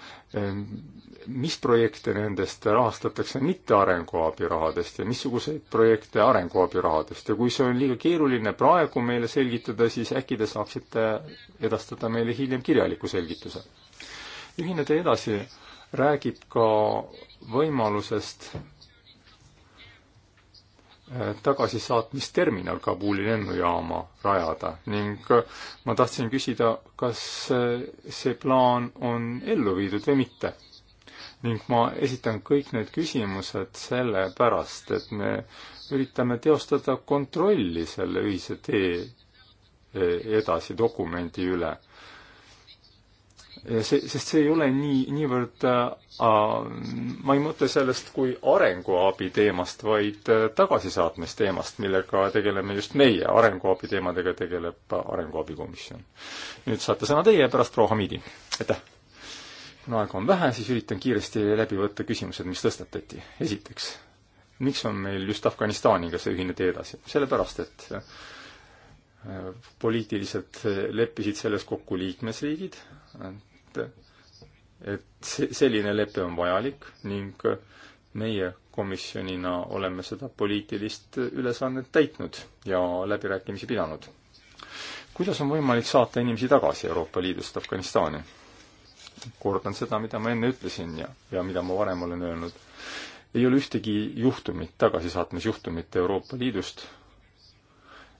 mis projekte nendest rahastatakse mitte arenguabi rahadest ja missuguseid projekte arenguabi rahadest ja kui see on liiga keeruline praegu meile selgitada, siis äkki te saaksite edastada meile hiljem kirjaliku selgituse? ühine tee edasi räägib ka võimalusest Äh, tagasisaatmisterminal Kabuli lennujaama rajada ning äh, ma tahtsin küsida, kas äh, see plaan on ellu viidud või mitte. ning ma esitan kõik need küsimused sellepärast, et me üritame teostada kontrolli selle ühise tee edasi dokumendi üle see, sest see ei ole nii, niivõrd äh,, ma ei mõtle sellest kui arenguabi teemast, vaid äh, tagasisaatmisteemast, millega tegeleme just meie, arenguabi teemadega tegeleb Arenguabikomisjon. nüüd saate sõna teie ja pärast proua Hamidi, aitäh! kuna aega on vähe, siis üritan kiiresti läbi võtta küsimused, mis tõstatati. esiteks, miks on meil just Afganistaniga see ühine tee edasi? sellepärast, et äh, poliitiliselt leppisid selles kokku liikmesriigid, et, et selline lepe on vajalik ning meie komisjonina oleme seda poliitilist ülesannet täitnud ja läbirääkimisi pidanud. kuidas on võimalik saata inimesi tagasi Euroopa Liidust Afganistani? kordan seda, mida ma enne ütlesin ja, ja mida ma varem olen öelnud. ei ole ühtegi juhtumit, tagasisaatmisjuhtumit Euroopa Liidust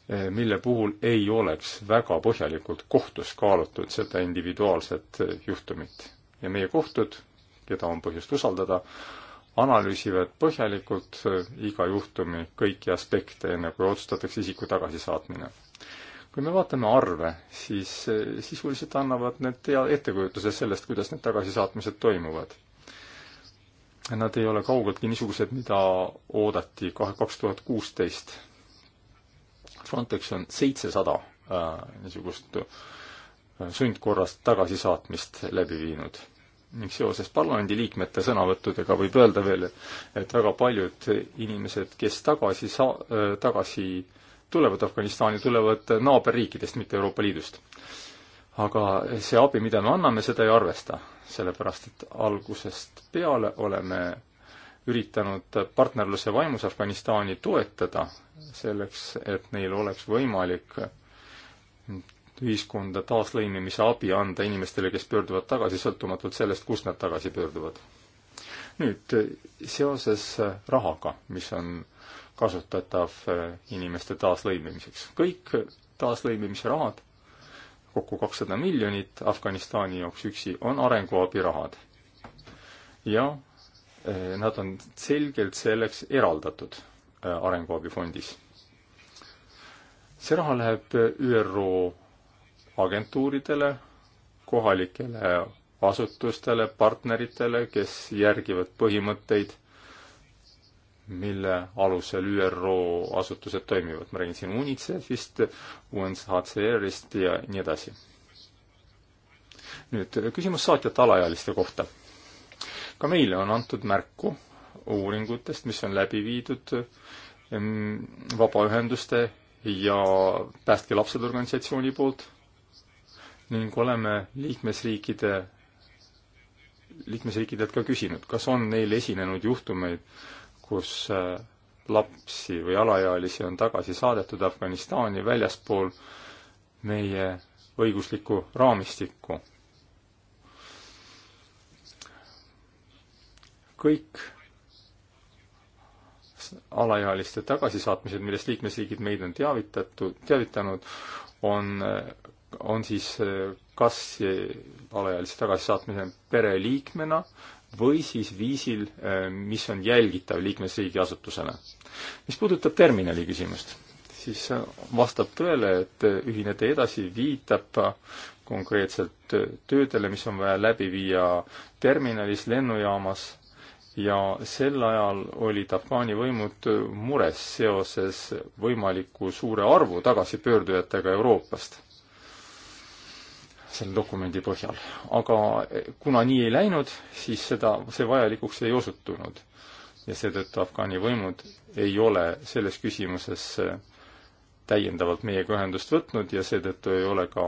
Eh, mille puhul ei oleks väga põhjalikult kohtus kaalutud seda individuaalset eh, juhtumit. ja meie kohtud, keda on põhjust usaldada, analüüsivad põhjalikult eh, iga juhtumi kõiki aspekte, enne kui otsustatakse isiku tagasisaatmine. kui me vaatame arve, siis sisuliselt annavad need tea-, ettekujutuse sellest, kuidas need tagasisaatmised toimuvad nad ei ole kaugeltki niisugused, mida oodati kahe, kaks tuhat kuusteist Frontex on seitsesada äh, niisugust äh, sundkorras tagasisaatmist läbi viinud ning seoses parlamendiliikmete sõnavõttudega võib öelda veel, et väga paljud inimesed, kes tagasi saa-, äh, tagasi tulevad Afganistani, tulevad naaberriikidest, mitte Euroopa Liidust. aga see abi, mida me anname, seda ei arvesta, sellepärast et algusest peale oleme üritanud partnerluse vaimus Afganistani toetada selleks, et neil oleks võimalik ühiskonda taaslõimimise abi anda inimestele, kes pöörduvad tagasi, sõltumatult sellest, kust nad tagasi pöörduvad. nüüd seoses rahaga, mis on kasutatav inimeste taaslõimimiseks. kõik taaslõimimise rahad, kokku kakssada miljonit Afganistani jaoks üksi, on arenguabirahad. ja Äh, nad on selgelt selleks eraldatud äh, arenguabifondis. see raha läheb äh, ÜRO agentuuridele, kohalikele asutustele, partneritele, kes järgivad põhimõtteid, mille alusel ÜRO asutused toimivad. ma räägin siin UNICEF-ist, UNHCR-ist ja nii edasi. nüüd küsimus saatjate alaealiste kohta ka meile on antud märku uuringutest, mis on läbi viidud vabaühenduste ja Päästke lapsed organisatsiooni poolt ning oleme liikmesriikide, liikmesriikidelt ka küsinud, kas on neil esinenud juhtumeid, kus äh, lapsi või alaealisi on tagasi saadetud Afganistani väljaspool meie õiguslikku raamistikku kõik alaealiste tagasisaatmised, millest liikmesriigid meid on teavitatud, teavitanud, on, on siis kas alaealise tagasisaatmise pereliikmena või siis viisil, mis on jälgitav liikmesriigi asutusele. mis puudutab terminali küsimust, siis vastab tõele, et ühine tee edasi viitab konkreetselt töödele, mis on vaja läbi viia terminalis, lennujaamas ja sel ajal olid Afgaani võimud mures seoses võimaliku suure arvu tagasipöördujatega Euroopast selle dokumendi põhjal. aga kuna nii ei läinud, siis seda, see vajalikuks ei osutunud. ja seetõttu Afgaani võimud ei ole selles küsimuses täiendavalt meiega ühendust võtnud ja seetõttu ei ole ka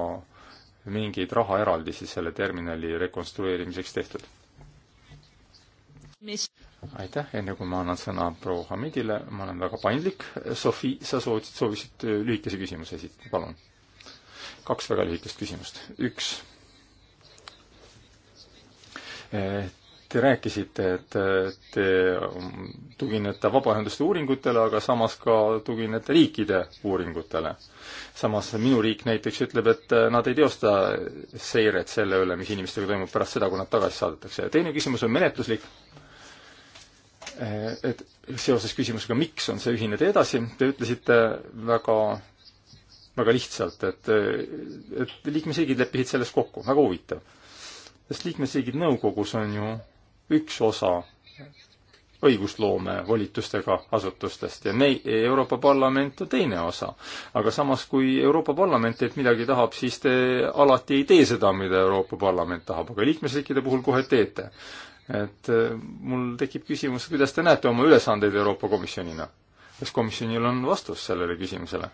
mingeid rahaeraldisi selle terminali rekonstrueerimiseks tehtud mis aitäh, enne kui ma annan sõna proua Hamidile, ma olen väga paindlik. Sofi, sa soovisid, soovisid äh, lühikese küsimuse esitada, palun. kaks väga lühikest küsimust. üks. Äh, te rääkisite, et äh, te mm, tuginete vabaühenduste uuringutele, aga samas ka tuginete riikide uuringutele. samas minu riik näiteks ütleb, et nad ei teosta seiret selle üle, mis inimestega toimub pärast seda, kui nad tagasi saadetakse. ja teine küsimus on menetluslik Eh, et seoses küsimusega, miks on see ühine tee edasi, te ütlesite väga, väga lihtsalt, et, et liikmesriigid leppisid selles kokku, väga huvitav. sest liikmesriigid nõukogus on ju üks osa õigusloome volitustega asutustest ja me, Euroopa Parlament on teine osa. aga samas, kui Euroopa Parlament teilt midagi tahab, siis te alati ei tee seda, mida Euroopa Parlament tahab, aga liikmesriikide puhul kohe teete et äh, mul tekib küsimus, kuidas te näete oma ülesandeid Euroopa Komisjonina? kas komisjonil on vastus sellele küsimusele?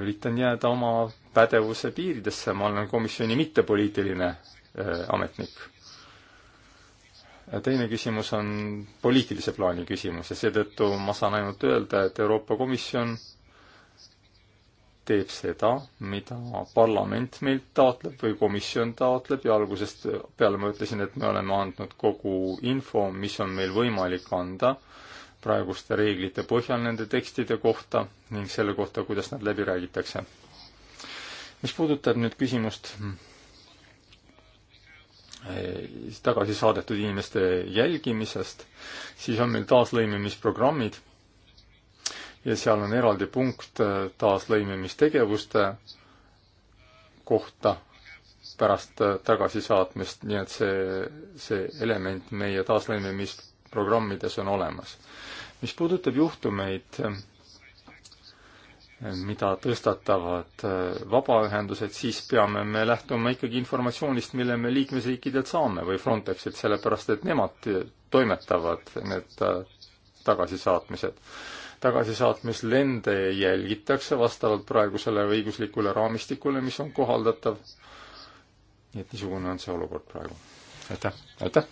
üritan jääda oma pädevuse piiridesse, ma olen komisjoni mittepoliitiline äh, ametnik. teine küsimus on poliitilise plaani küsimus ja seetõttu ma saan ainult öelda, et Euroopa Komisjon teeb seda, mida parlament meilt taotleb või komisjon taotleb ja algusest peale ma ütlesin, et me oleme andnud kogu info, mis on meil võimalik anda praeguste reeglite põhjal nende tekstide kohta ning selle kohta, kuidas nad läbi räägitakse. mis puudutab nüüd küsimust eh, tagasi saadetud inimeste jälgimisest, siis on meil taaslõimimisprogrammid ja seal on eraldi punkt äh, taaslõimimistegevuste kohta pärast äh, tagasisaatmist, nii et see, see element meie taaslõimimisprogrammides on olemas. mis puudutab juhtumeid, äh, mida tõstatavad vabaühendused, siis peame me lähtuma ikkagi informatsioonist, mille me liikmesriikidelt saame või Frontexilt, sellepärast et nemad toimetavad need tagasisaatmised tagasisaatmislende jälgitakse vastavalt praegusele õiguslikule raamistikule, mis on kohaldatav. nii et niisugune on see olukord praegu. aitäh, aitäh!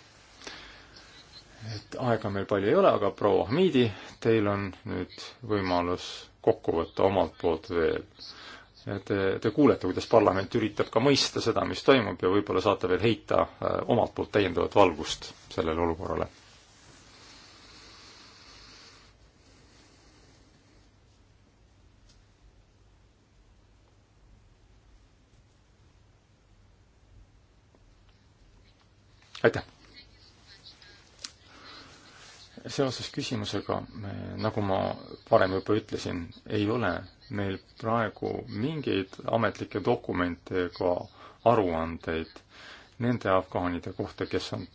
et aega meil palju ei ole, aga proua Hmiidi, teil on nüüd võimalus kokku võtta omalt poolt veel. Te, te kuulete, kuidas parlament üritab ka mõista seda, mis toimub ja võib-olla saate veel heita äh, omalt poolt täiendavat valgust sellele olukorrale. aitäh! seoses küsimusega, nagu ma varem juba ütlesin, ei ole meil praegu mingeid ametlikke dokumente ega aruandeid nende afgaanide kohta, kes on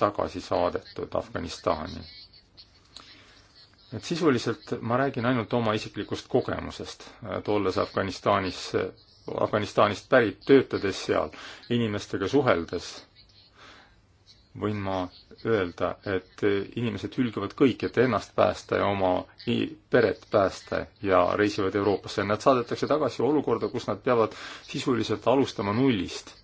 tagasi saadetud Afganistani. et sisuliselt ma räägin ainult oma isiklikust kogemusest, et olles Afganistanis, Afganistanist pärit, töötades seal, inimestega suheldes võin ma öelda, et inimesed hülgavad kõik, et ennast päästa ja oma peret päästa ja reisivad Euroopasse. Nad saadetakse tagasi olukorda, kus nad peavad sisuliselt alustama nullist.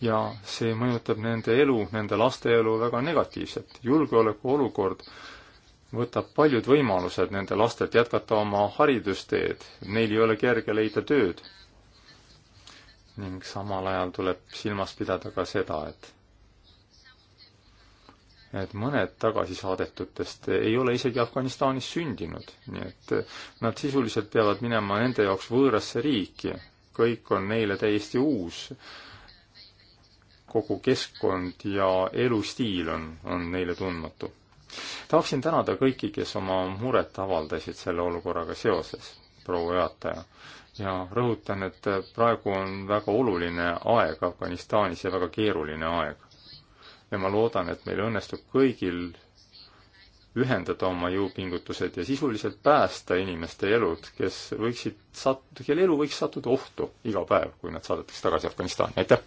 ja see mõjutab nende elu, nende laste elu väga negatiivselt. julgeolekuolukord võtab paljud võimalused nende lastelt jätkata oma haridusteed, neil ei ole kerge leida tööd ning samal ajal tuleb silmas pidada ka seda, et et mõned tagasisaadetutest ei ole isegi Afganistanis sündinud, nii et eh, nad sisuliselt peavad minema nende jaoks võõrasse riiki, kõik on neile täiesti uus. kogu keskkond ja elustiil on, on neile tundmatu. tahaksin tänada kõiki, kes oma muret avaldasid selle olukorraga seoses, proua juhataja ja rõhutan, et praegu on väga oluline aeg Afganistanis ja väga keeruline aeg ja ma loodan, et meil õnnestub kõigil ühendada oma jõupingutused ja sisuliselt päästa inimeste elud, kes võiksid sattuda, kelle elu võiks sattuda ohtu iga päev, kui nad saadetakse tagasi Afganistani, aitäh!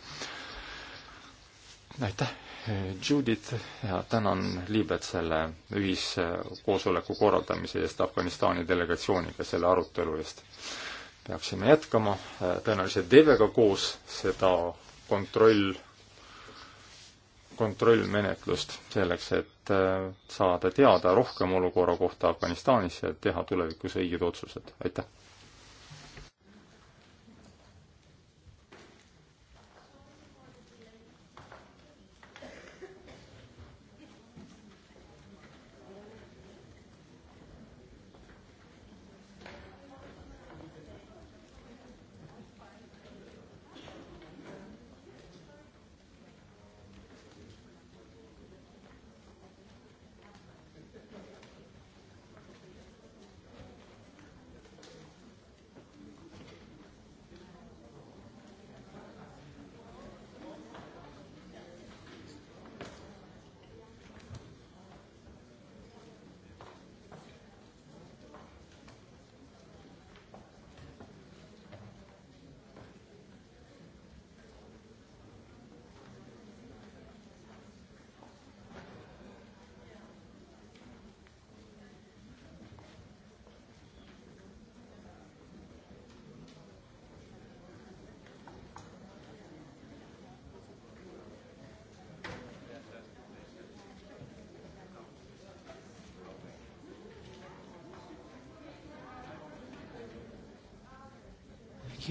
aitäh, Judith, ja tänan Liibet selle ühiskoosoleku korraldamise eest Afganistani delegatsiooniga, selle arutelu eest. peaksime jätkama tõenäoliselt Devega koos seda kontroll kontrollmenetlust selleks, et äh, saada teada rohkem olukorra kohta Afganistanis ja teha tulevikus õiged otsused. aitäh!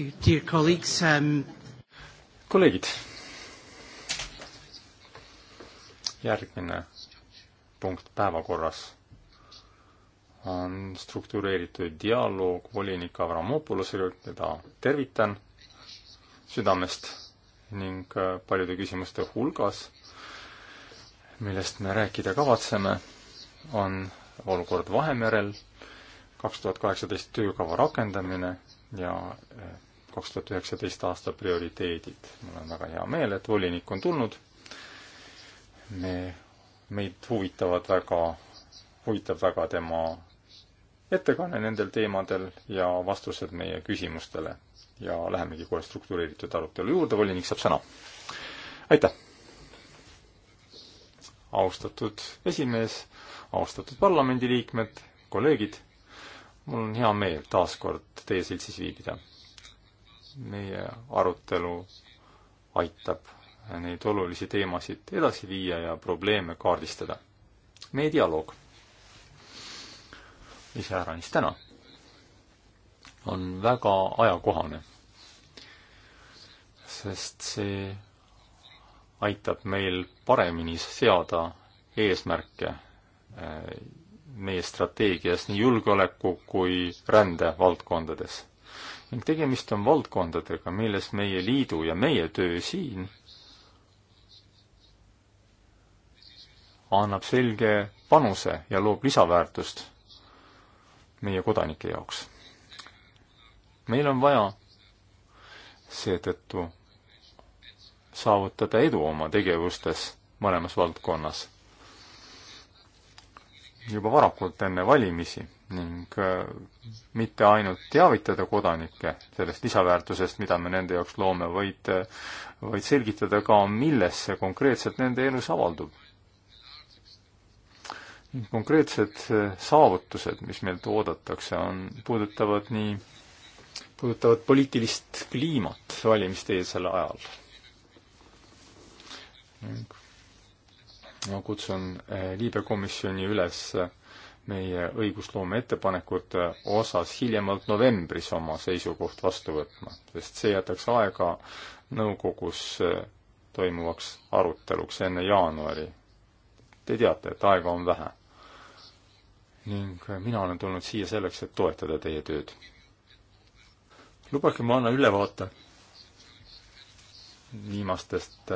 you, dear colleagues um.... kolleegid. järgmine punkt päevakorras on struktureeritud dialoog volinik Avramopoulosega, keda tervitan südamest ning äh, paljude küsimuste hulgas, millest me rääkida kavatseme, on olukord Vahemerel, kaks tuhat kaheksateist töökava rakendamine ja äh, kaks tuhat üheksateist aasta prioriteedid. mul on väga hea meel, et volinik on tulnud. me, meid huvitavad väga, huvitab väga tema ettekanne nendel teemadel ja vastused meie küsimustele. ja lähemegi kohe struktureeritud arutelu juurde, volinik saab sõna. aitäh! austatud esimees, austatud parlamendiliikmed, kolleegid, mul on hea meel taas kord teie seltsis viibida meie arutelu aitab neid olulisi teemasid edasi viia ja probleeme kaardistada. meie dialoog iseäranis täna on väga ajakohane, sest see aitab meil paremini seada eesmärke eh, meie strateegias nii julgeoleku kui rände valdkondades ning tegemist on valdkondadega, milles meie liidu ja meie töö siin annab selge panuse ja loob lisaväärtust meie kodanike jaoks. meil on vaja seetõttu saavutada edu oma tegevustes mõlemas valdkonnas juba varakult enne valimisi ning äh, mitte ainult teavitada kodanikke sellest lisaväärtusest, mida me nende jaoks loome, vaid, äh, vaid selgitada ka, milles see konkreetselt nende elus avaldub. konkreetsed äh, saavutused, mis meilt oodatakse, on, puudutavad nii, puudutavad poliitilist kliimat valimiste eelsel ajal ning ma kutsun eh, Liibe komisjoni üles eh, meie õigusloome ettepanekute eh, osas hiljemalt novembris oma seisukoht vastu võtma, sest see jätaks aega nõukogus toimuvaks aruteluks enne jaanuari. Te teate, et aega on vähe. ning mina olen tulnud siia selleks, et toetada teie tööd. lubage, ma annan ülevaate viimastest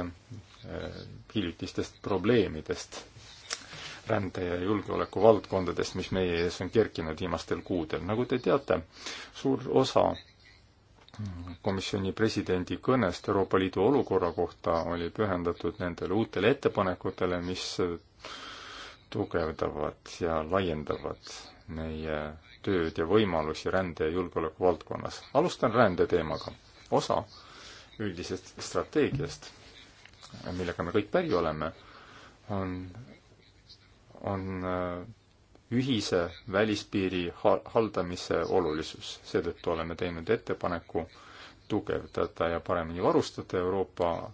Eh, hiljutistest probleemidest rände- ja julgeoleku valdkondadest, mis meie ees on kerkinud viimastel kuudel. nagu te teate, suur osa komisjoni presidendi kõnest Euroopa Liidu olukorra kohta oli pühendatud nendele uutele ettepanekutele, mis tugevdavad ja laiendavad meie tööd ja võimalusi rände- ja julgeoleku valdkonnas. alustan rändeteemaga. osa üldisest strateegiast millega me kõik päri oleme, on, on äh, ühise välispiiri haldamise olulisus. seetõttu oleme teinud ettepaneku tugevdada ja paremini varustada Euroopa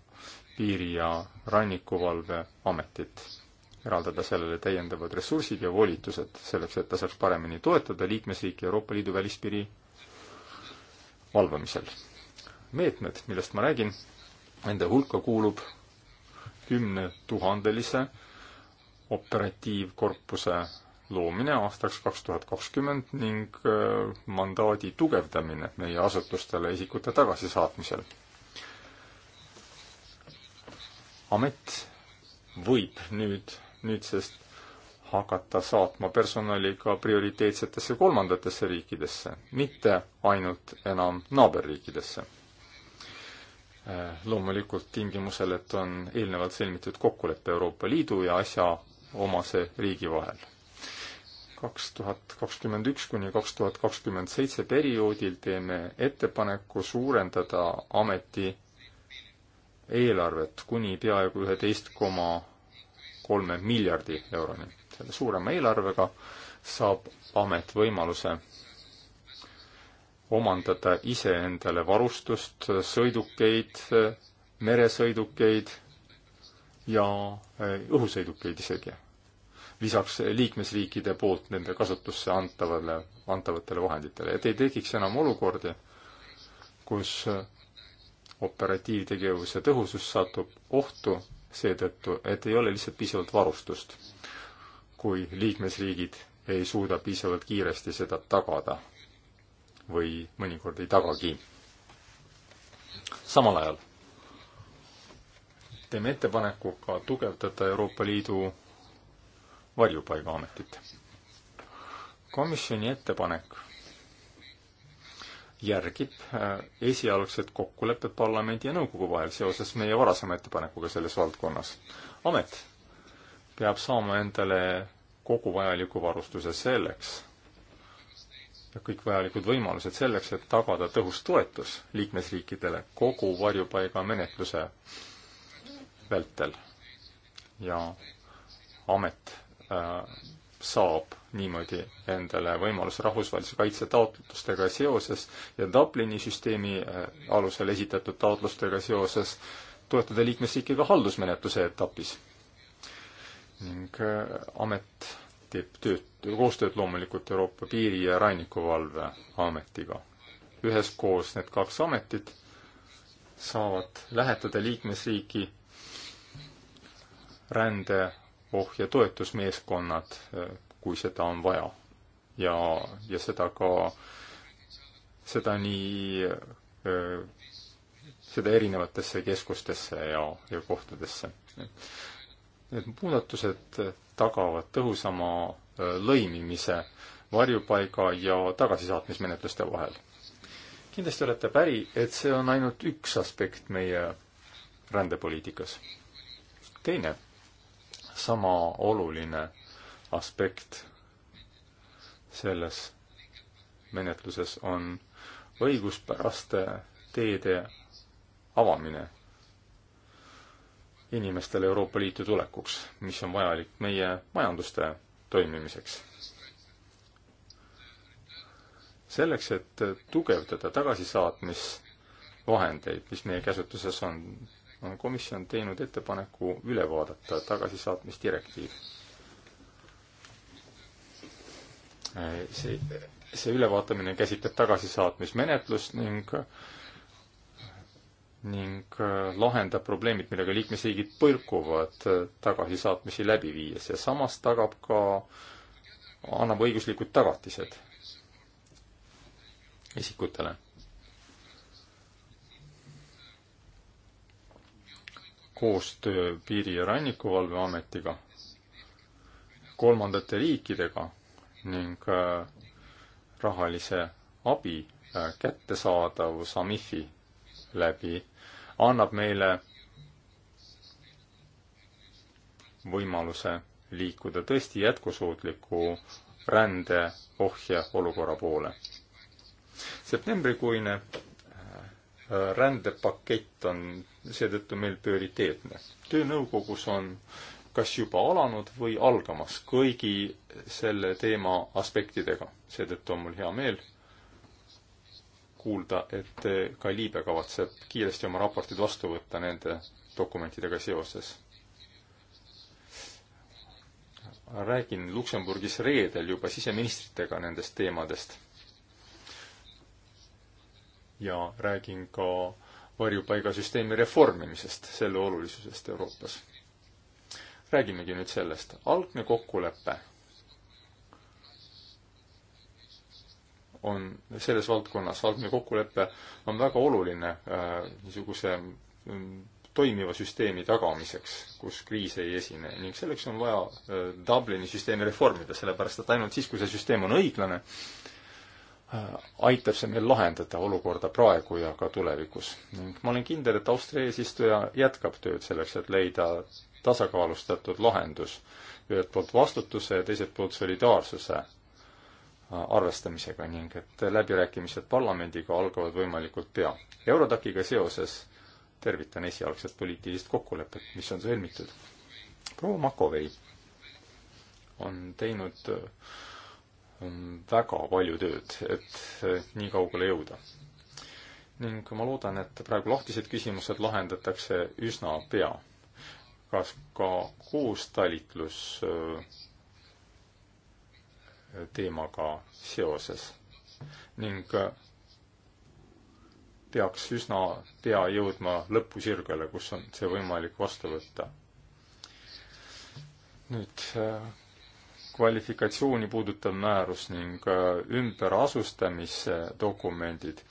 piiri- ja rannikuvalveametit, eraldada sellele täiendavad ressursid ja volitused selleks, et ta saaks paremini toetada liikmesriike Euroopa Liidu välispiiri valvamisel. meetmed, millest ma räägin, nende hulka kuulub kümnetuhandelise operatiivkorpuse loomine aastaks kaks tuhat kakskümmend ning äh, mandaadi tugevdamine meie asutustele isikute tagasisaatmisel. amet võib nüüd, nüüdsest hakata saatma personali ka prioriteetsetesse kolmandatesse riikidesse, mitte ainult enam naaberriikidesse Äh, loomulikult tingimusel, et on eelnevalt sõlmitud kokkulepe Euroopa Liidu ja asjaomase riigi vahel. kaks tuhat kakskümmend üks kuni kaks tuhat kakskümmend seitse perioodil teeme ettepaneku suurendada ameti eelarvet kuni peaaegu üheteist koma kolme miljardi euroni. selle suurema eelarvega saab amet võimaluse omandada iseendale varustust, sõidukeid, meresõidukeid ja eh, õhusõidukeid isegi. lisaks liikmesriikide poolt nende kasutusse antavale, antavatele vahenditele, et ei tekiks enam olukordi, kus operatiivtegevuse tõhusus satub ohtu seetõttu, et ei ole lihtsalt piisavalt varustust, kui liikmesriigid ei suuda piisavalt kiiresti seda tagada või mõnikord ei tagagi. samal ajal teeme ettepaneku ka tugevdada Euroopa Liidu varjupaigaametit. komisjoni ettepanek järgib äh, esialgset kokkulepet parlamendi ja nõukogu vahel seoses meie varasema ettepanekuga selles valdkonnas. amet peab saama endale kogu vajaliku varustuse selleks, kõik vajalikud võimalused selleks, et tagada tõhus toetus liikmesriikidele kogu varjupaigamenetluse vältel. ja amet äh, saab niimoodi endale võimaluse rahvusvahelise kaitse taotlustega seoses ja Dublini süsteemi äh, alusel esitatud taotlustega seoses toetada liikmesriikiga haldusmenetluse etapis. ning äh, amet teeb tööd, koostööd loomulikult Euroopa Piiri- ja Rannikuvalveametiga. üheskoos need kaks ametit saavad lähetada liikmesriigi rändeohje toetusmeeskonnad, kui seda on vaja. ja, ja seda ka, seda nii, seda erinevatesse keskustesse ja, ja kohtadesse Need muudatused tagavad tõhusama äh, lõimimise varjupaiga ja tagasisaatmismenetluste vahel. kindlasti olete päri, et see on ainult üks aspekt meie rändepoliitikas. teine sama oluline aspekt selles menetluses on õiguspäraste teede avamine inimestele Euroopa Liitu tulekuks, mis on vajalik meie majanduste toimimiseks. selleks, et tugevdada tagasisaatmisvahendeid, mis meie käsutuses on, on komisjon teinud ettepaneku üle vaadata tagasisaatmisdirektiiv. see, see ülevaatamine käsitleb tagasisaatmismenetlust ning äh, ning äh, lahendab probleemid, millega liikmesriigid põrkuvad äh, tagasisaatmisi läbi viies ja samas tagab ka, annab õiguslikud tagatised isikutele. koostöö Piiri- ja Rannikuvalveametiga, kolmandate riikidega ning äh, rahalise abi kättesaadavus AMIF-i läbi annab meile võimaluse liikuda tõesti jätkusuutliku rände ohje olukorra poole. septembrikuine äh, rändepakett on seetõttu meil prioriteetne. töönõukogus on kas juba alanud või algamas kõigi selle teema aspektidega. seetõttu on mul hea meel kuulda, et ka Liibe kavatseb kiiresti oma raportid vastu võtta nende dokumentidega seoses. räägin Luksemburgis reedel juba siseministritega nendest teemadest. ja räägin ka varjupaigasüsteemi reformimisest, selle olulisusest Euroopas. räägimegi nüüd sellest. algne kokkulepe on selles valdkonnas, Valgmine kokkulepe on väga oluline äh, niisuguse mm, toimiva süsteemi tagamiseks, kus kriise ei esine ning selleks on vaja äh, Dublini süsteemi reformida, sellepärast et ainult siis, kui see süsteem on õiglane, äh, aitab see meil lahendada olukorda praegu ja ka tulevikus. ning ma olen kindel, et Austria eesistuja jätkab tööd selleks, et leida tasakaalustatud lahendus ühelt poolt vastutuse ja teiselt poolt solidaarsuse arvestamisega ning et läbirääkimised parlamendiga algavad võimalikult pea. Eurodaciga seoses tervitan esialgset poliitilist kokkulepet, mis on sõlmitud. proua Makovei on teinud väga palju tööd, et eh, nii kaugele jõuda. ning ma loodan, et praegu lahtised küsimused lahendatakse üsna pea. kas ka koostalitlus eh, teemaga seoses ning äh, peaks üsna pea jõudma lõpusirgele, kus on see võimalik vastu võtta. nüüd äh, kvalifikatsiooni puudutav määrus ning äh, ümberasustamise dokumendid.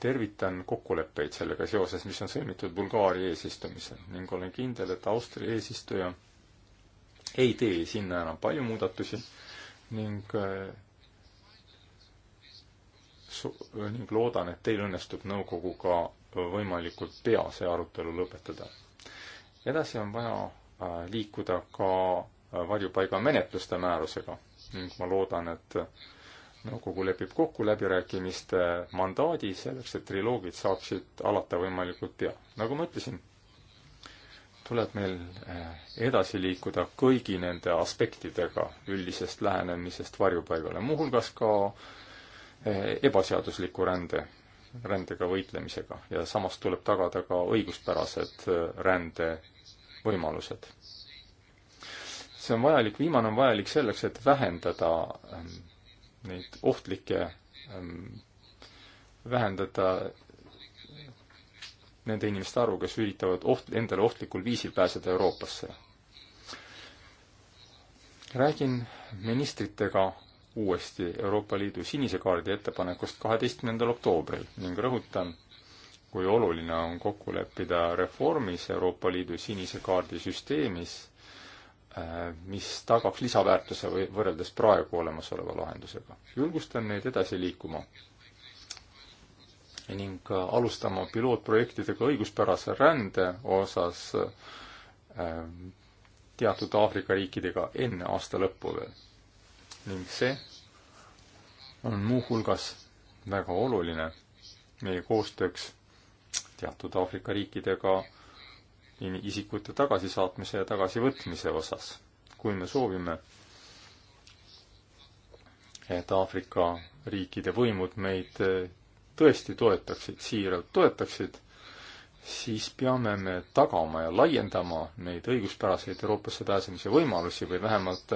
tervitan kokkuleppeid sellega seoses, mis on sõlmitud Bulgaaria eesistumisel ning olen kindel, et Austria eesistuja ei tee sinna enam palju muudatusi ning äh, ning loodan, et teil õnnestub nõukoguga võimalikult pea see arutelu lõpetada. edasi on vaja äh, liikuda ka äh, varjupaiga menetluste määrusega ning ma loodan, et nõukogu lepib kokku läbirääkimiste mandaadi selleks, et triloogid saaksid alata võimalikult pea. nagu ma ütlesin, tuleb meil eh, edasi liikuda kõigi nende aspektidega üldisest lähenemisest varjupaigale, muuhulgas ka eh, ebaseadusliku rände, rändega võitlemisega ja samas tuleb tagada ka õiguspärased eh, rände võimalused. see on vajalik, viimane on vajalik selleks, et vähendada neid ohtlikke, vähendada nende inimeste arvu, kes üritavad oht, endale ohtlikul viisil pääseda Euroopasse. räägin ministritega uuesti Euroopa Liidu sinise kaardi ettepanekust kaheteistkümnendal oktoobril ning rõhutan, kui oluline on kokku leppida reformis Euroopa Liidu sinise kaardi süsteemis, äh, mis tagaks lisaväärtuse või võrreldes praegu olemasoleva lahendusega. julgustan neid edasi liikuma ning alustama pilootprojektidega õiguspärase rände osas ähm, teatud Aafrika riikidega enne aasta lõppu veel. ning see on muuhulgas väga oluline meie koostööks teatud Aafrika riikidega isikute tagasisaatmise ja tagasivõtmise osas. kui me soovime, et Aafrika riikide võimud meid tõesti toetaksid, siiralt toetaksid, siis peame me tagama ja laiendama neid õiguspäraseid Euroopasse pääsemise võimalusi või vähemalt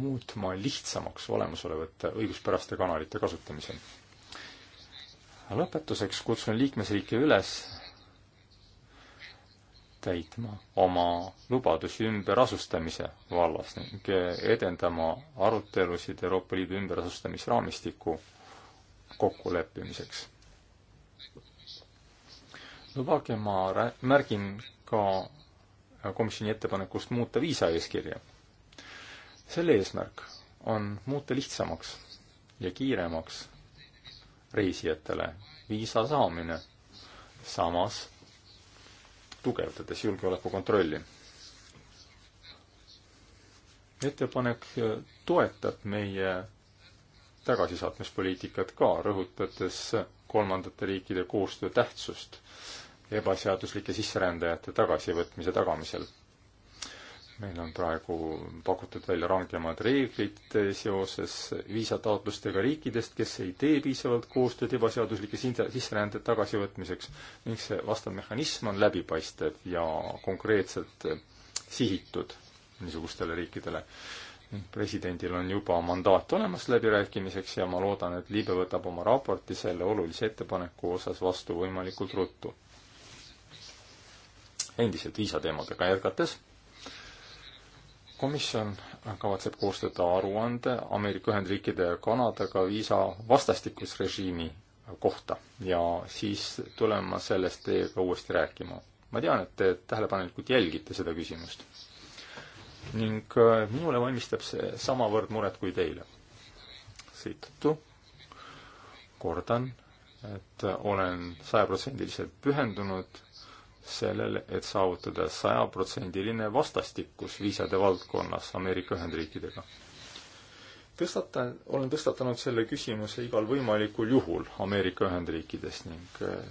muutma lihtsamaks olemasolevate õiguspäraste kanalite kasutamisel. lõpetuseks kutsun liikmesriike üles täitma oma lubadusi ümberasustamise vallas ning edendama arutelusid Euroopa Liidu ümberasustamisraamistiku kokkuleppimiseks. lubage, ma märgin ka komisjoni ettepanekust muuta viisaeeskirja. selle eesmärk on muuta lihtsamaks ja kiiremaks reisijatele viisa saamine, samas tugevdades julgeolekukontrolli. ettepanek toetab meie tagasisaatmispoliitikat ka, rõhutades kolmandate riikide koostöö tähtsust ebaseaduslike sisserändajate tagasivõtmise tagamisel. meil on praegu pakutud välja rangemad reeglid seoses viisataotlustega riikidest, kes ei tee piisavalt koostööd ebaseaduslike sisserändajate tagasivõtmiseks ning see vastav mehhanism on läbipaistev ja konkreetselt sihitud niisugustele riikidele. presidendil on juba mandaat olemas läbirääkimiseks ja ma loodan, et Liibe võtab oma raporti selle olulise ettepaneku osas vastu võimalikult ruttu. endiselt viisateemadega jätkates, komisjon kavatseb koostada aruande Ameerika Ühendriikide ja Kanadaga viisa vastastikusrežiimi kohta ja siis tulen ma sellest teiega uuesti rääkima ma tean, et te tähelepanelikult jälgite seda küsimust ning äh, minule valmistab see samavõrd muret kui teile. seetõttu kordan, et olen sajaprotsendiliselt pühendunud sellele, et saavutada sajaprotsendiline vastastikus viisade valdkonnas Ameerika Ühendriikidega. tõstatan, olen tõstatanud selle küsimuse igal võimalikul juhul Ameerika Ühendriikides ning äh,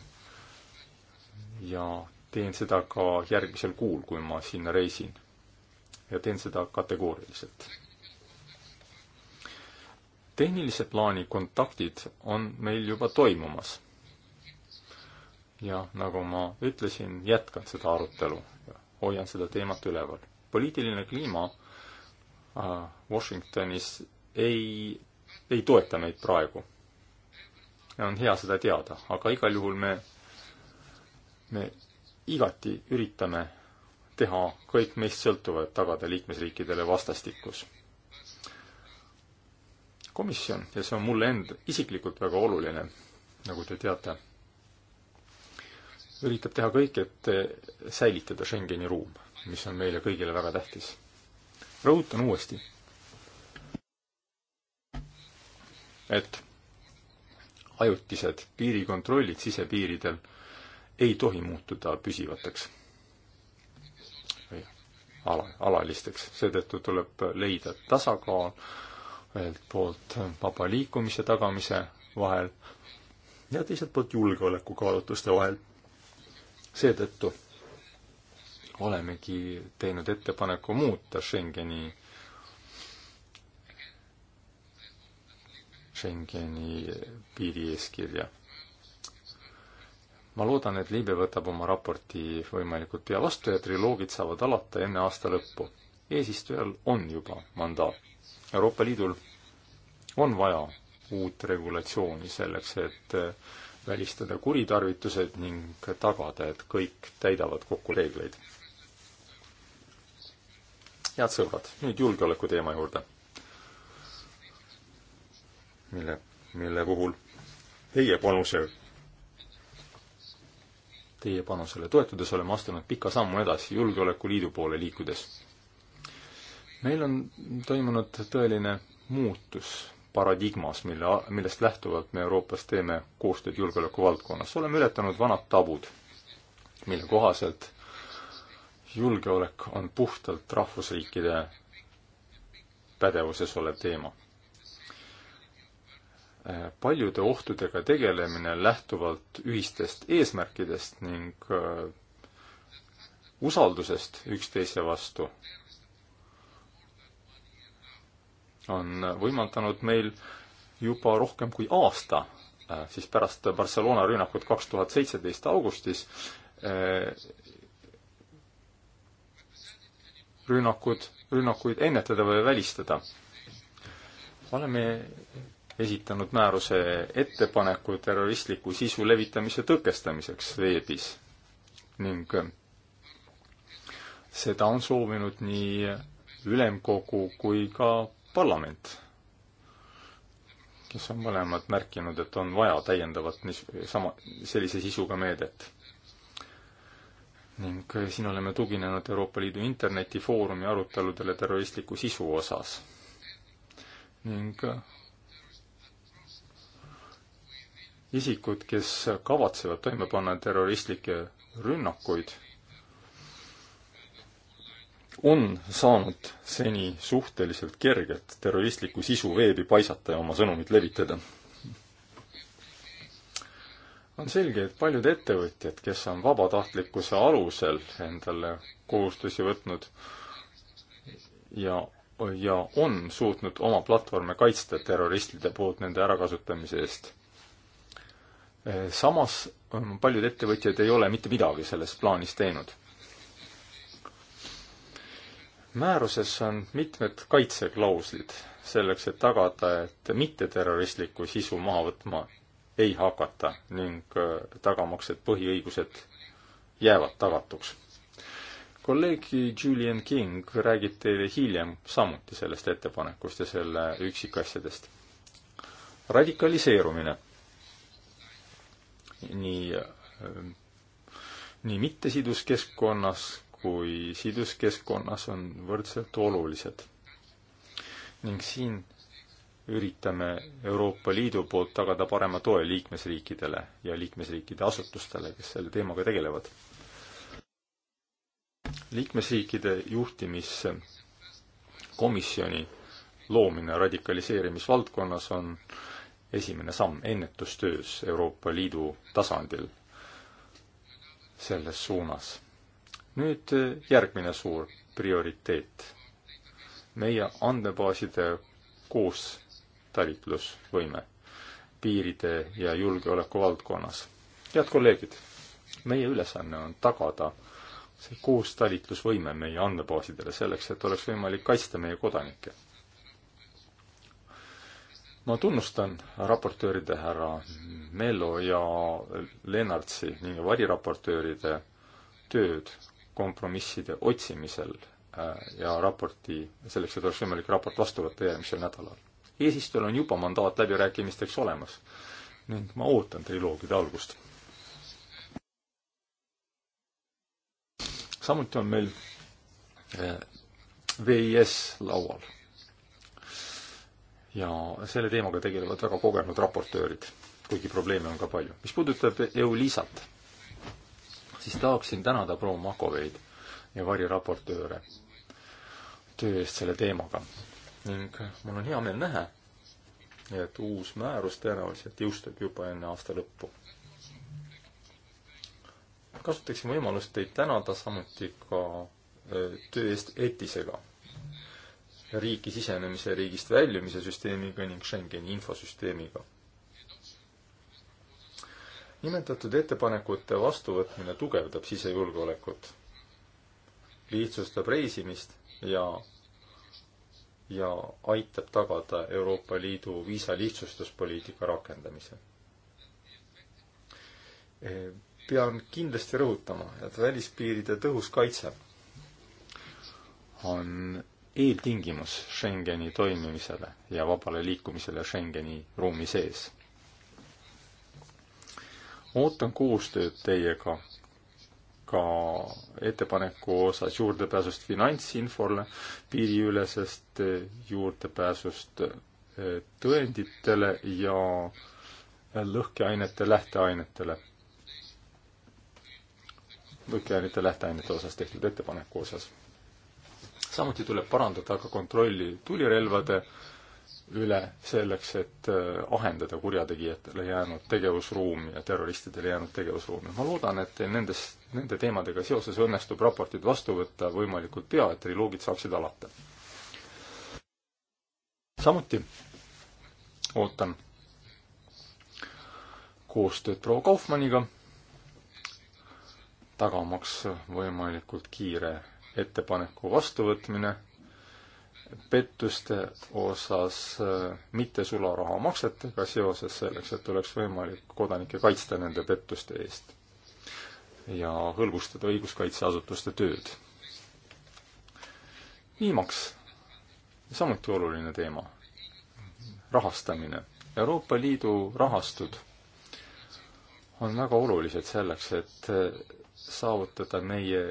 ja teen seda ka järgmisel kuul, kui ma sinna reisin ja teen seda kategooriliselt. tehnilise plaani kontaktid on meil juba toimumas. ja nagu ma ütlesin, jätkan seda arutelu ja hoian seda teemat üleval. poliitiline kliima äh, Washingtonis ei, ei toeta meid praegu. ja on hea seda teada, aga igal juhul me, me igati üritame teha kõik meist sõltuva, et tagada liikmesriikidele vastastikus. komisjon, ja see on mulle end-, isiklikult väga oluline, nagu te teate, üritab teha kõik, et säilitada Schengeni ruum, mis on meile kõigile väga tähtis. rõhutan uuesti, et ajutised piirikontrollid sisepiiridel ei tohi muutuda püsivateks ala, alalisteks. seetõttu tuleb leida tasakaal ühelt poolt vaba liikumise tagamise vahel ja teiselt poolt julgeolekukaalutluste vahel. seetõttu olemegi teinud ettepaneku muuta Schengeni, Schengeni piirieeskirja ma loodan, et Liibe võtab oma raporti võimalikult pea vastu ja triloogid saavad alata enne aasta lõppu. eesistujal on juba mandaat. Euroopa Liidul on vaja uut regulatsiooni selleks, et äh, välistada kuritarvitused ning tagada, et kõik täidavad kokku reegleid. head sõbrad, nüüd julgeoleku teema juurde, mille, mille puhul teie panuse Teie panusele toetudes oleme astunud pika sammu edasi Julgeolekuliidu poole liikudes. meil on toimunud tõeline muutus paradigmas, mille, millest lähtuvalt me Euroopas teeme koostööd julgeoleku valdkonnas. oleme ületanud vanad tabud, mille kohaselt julgeolek on puhtalt rahvusriikide pädevuses olev teema paljude ohtudega tegelemine lähtuvalt ühistest eesmärkidest ning äh, usaldusest üksteise vastu on võimaldanud meil juba rohkem kui aasta, äh, siis pärast Barcelona rünnakut kaks tuhat seitseteist augustis, äh, rünnakud, rünnakuid ennetada või välistada. oleme esitanud määruse ettepaneku terroristliku sisu levitamise tõkestamiseks veebis ning seda on soovinud nii ülemkogu kui ka parlament, kes on mõlemad märkinud, et on vaja täiendavat niis-, sama, sellise sisuga meedet. ning siin oleme tuginenud Euroopa Liidu internetifoorumi aruteludele terroristliku sisu osas. ning isikud, kes kavatsevad toime panna terroristlikke rünnakuid, on saanud seni suhteliselt kergelt terroristlikku sisu veebi paisata ja oma sõnumit levitada. on selge, et paljud ettevõtjad, kes on vabatahtlikkuse alusel endale kohustusi võtnud ja, ja on suutnud oma platvorme kaitsta terroristide poolt nende ärakasutamise eest Äh, samas ähm, paljud ettevõtjad ei ole mitte midagi selles plaanis teinud. määruses on mitmed kaitseklauslid selleks, et tagada, et mitteterroristlikku sisu maha võtma ei hakata ning äh, tagamaks, et põhiõigused jäävad tagatuks. kolleeg Julian King räägib teile hiljem samuti sellest ettepanekust ja selle üksikasjadest. radikaliseerumine nii, ähm, nii mittesiduskeskkonnas kui siduskeskkonnas on võrdselt olulised. ning siin üritame Euroopa Liidu poolt tagada parema toe liikmesriikidele ja liikmesriikide asutustele, kes selle teemaga tegelevad. liikmesriikide juhtimiskomisjoni loomine radikaliseerimisvaldkonnas on äh, esimene samm ennetustöös Euroopa Liidu tasandil selles suunas. nüüd eh, järgmine suur prioriteet. meie andmebaaside koos talitlusvõime piiride ja julgeoleku valdkonnas. head kolleegid, meie ülesanne on tagada see koostalitlusvõime meie andmebaasidele selleks, et oleks võimalik kaitsta meie kodanikke ma tunnustan raportööride härra Mello ja Lennartsi ning variraportööride tööd kompromisside otsimisel äh, ja raporti, selleks, et oleks võimalik raport vastu võtta järgmisel nädalal. eesistujal on juba mandaat läbirääkimisteks olemas ning ma ootan triloogide algust. samuti on meil äh, VIS laual ja selle teemaga tegelevad väga kogenud raportöörid, kuigi probleeme on ka palju. mis puudutab EULISat, siis tahaksin tänada proua Makoveid ja variraportööre töö eest selle teemaga ning mul on hea meel näha, et uus määrus tõenäoliselt jõustub juba enne aasta lõppu. kasutaksin võimalust teid tänada samuti ka äh, töö eest ETISega riiki sisenemise, riigist väljumise süsteemiga ning Schengeni infosüsteemiga. nimetatud ettepanekute vastuvõtmine tugevdab sisejulgeolekut, lihtsustab reisimist ja, ja aitab tagada Euroopa Liidu viisalihtsustuspoliitika rakendamise pean kindlasti rõhutama, et välispiiride tõhus kaitse on eeltingimus Schengeni toimimisele ja vabale liikumisele Schengeni ruumi sees. ootan koostööd teiega ka ettepaneku osas juurdepääsust finantsinfole, piiriülesest juurdepääsust eh, tõenditele ja eh, lõhkeainete lähteainetele, lõhkeainete lähteainete osas tehtud ettepaneku osas samuti tuleb parandada ka kontrolli tulirelvade üle selleks, et äh, ahendada kurjategijatele jäänud tegevusruumi ja terroristidele jäänud tegevusruumi. ma loodan, et teil nendes, nende teemadega seoses õnnestub raportid vastu võtta võimalikult pea, et triloogid saaksid alata. samuti ootan koostööd proua Kaufmanniga, tagamaks võimalikult kiire ettepaneku vastuvõtmine pettuste osas äh, mitte sularahamaksetega seoses, selleks et oleks võimalik kodanikke kaitsta nende pettuste eest ja hõlbustada õiguskaitseasutuste tööd. viimaks, samuti oluline teema, rahastamine. Euroopa Liidu rahastud on väga olulised selleks, et äh, saavutada meie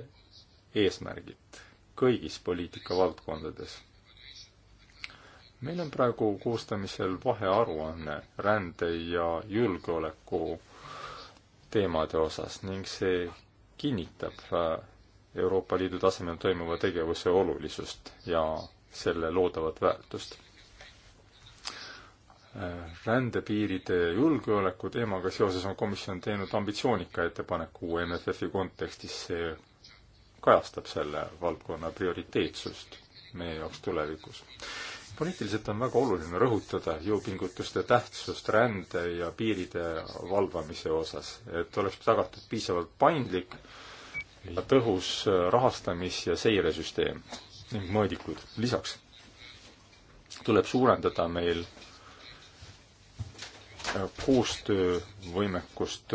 eesmärgid kõigis poliitikavaldkondades. meil on praegu koostamisel vahearuanne rände ja julgeoleku teemade osas ning see kinnitab äh, Euroopa Liidu tasemel toimuva tegevuse olulisust ja selle loodavat väärtust. Äh, rändepiiride julgeoleku teemaga seoses on komisjon teinud ambitsioonika ettepaneku MFF-i kontekstis, see kajastab selle valdkonna prioriteetsust meie jaoks tulevikus. poliitiliselt on väga oluline rõhutada jõupingutuste tähtsust rände ja piiride valvamise osas, et oleks tagatud piisavalt paindlik ja tõhus rahastamis- ja seiresüsteem ning mõõdikud. lisaks tuleb suurendada meil koostöövõimekust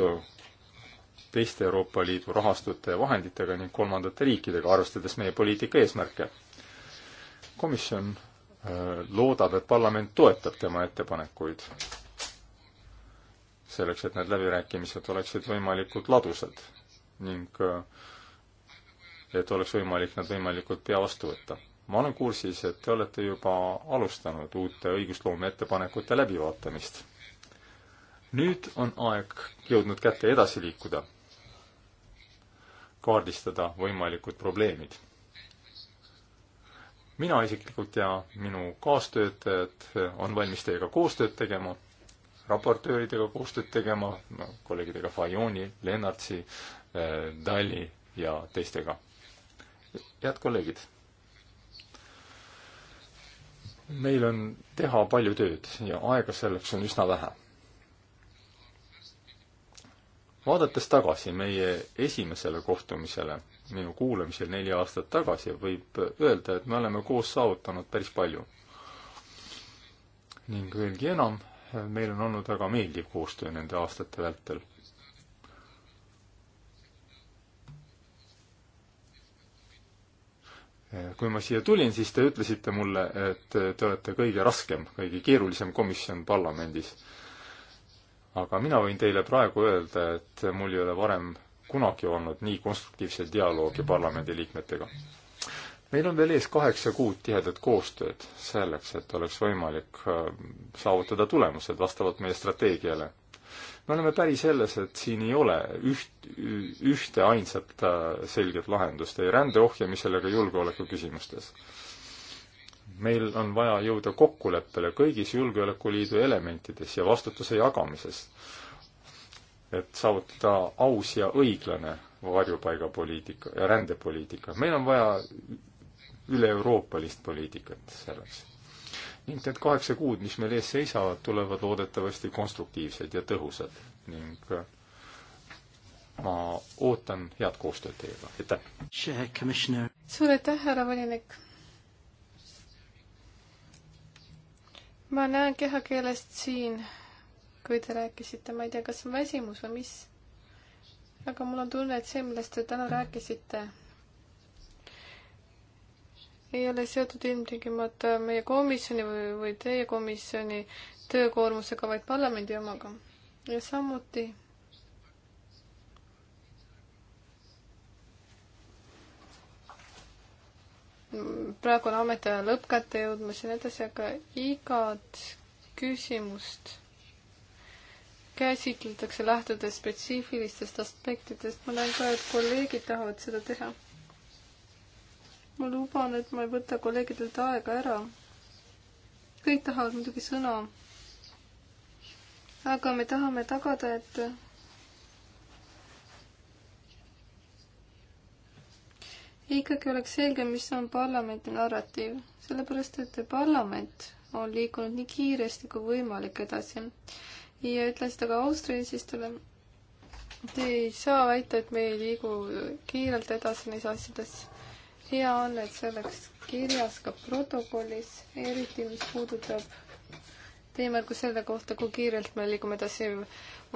teiste Euroopa Liidu rahastute ja vahenditega ning kolmandate riikidega, arvestades meie poliitika eesmärke. komisjon äh, loodab, et parlament toetab tema ettepanekuid selleks, et need läbirääkimised oleksid võimalikult ladusad ning äh, et oleks võimalik nad võimalikult pea vastu võtta. ma olen kursis, et te olete juba alustanud uute õigusloome ettepanekute läbivaatamist. nüüd on aeg jõudnud kätte edasi liikuda kaardistada võimalikud probleemid. mina isiklikult ja minu kaastöötajad on valmis teiega koostööd tegema, raportööridega koostööd tegema, kolleegidega Fajoni, Lennartsi, eh, Dali ja teistega. head kolleegid, meil on teha palju tööd ja aega selleks on üsna vähe vaadates tagasi meie esimesele kohtumisele, minu kuulamisel neli aastat tagasi, võib öelda, et me oleme koos saavutanud päris palju. ning veelgi enam, meil on olnud väga meeldiv koostöö nende aastate vältel. kui ma siia tulin, siis te ütlesite mulle, et te olete kõige raskem, kõige keerulisem komisjon parlamendis aga mina võin teile praegu öelda, et mul ei ole varem kunagi olnud nii konstruktiivset dialoogi parlamendiliikmetega. meil on veel ees kaheksa kuud tihedat koostööd selleks, et oleks võimalik äh, saavutada tulemused vastavalt meie strateegiale. me oleme päri selles, et siin ei ole üht, ühte ainsat äh, selget lahendust ei rände ohjamisel ega julgeoleku küsimustes meil on vaja jõuda kokkuleppele kõigis Julgeolekuliidu elementides ja vastutuse jagamises, et saavutada aus ja õiglane varjupaigapoliitika ja rändepoliitika. meil on vaja üle-euroopalist poliitikat selleks. ning need kaheksa kuud, mis meil ees seisavad, tulevad loodetavasti konstruktiivsed ja tõhusad ning äh, ma ootan head koostööd teiega, aitäh! suur aitäh, härra volinik! ma näen kehakeelest siin, kui te rääkisite, ma ei tea, kas on väsimus või mis. aga mul on tunne, et see, millest te täna rääkisite, ei ole seotud ilmtingimata meie komisjoni või, või teie komisjoni töökoormusega, vaid parlamendi omaga. ja samuti praegune ametiaja lõpp kätte jõudmas ja nii edasi, aga igat küsimust käsitletakse lähtudes spetsiifilistest aspektidest. ma näen ka, et kolleegid tahavad seda teha. ma luban, et ma ei võta kolleegidelt aega ära. kõik tahavad muidugi sõna. aga me tahame tagada, et ikkagi oleks selge, mis on parlamendi narratiiv, sellepärast et parlament on liikunud nii kiiresti kui võimalik edasi. ja ütlen seda ka Austria eesistujale. Te ei saa väita, et me ei liigu kiirelt edasi neis asjades. hea on, et see oleks kirjas ka protokollis, eriti mis puudutab teemärgu selle kohta, kui kiirelt me liigume edasi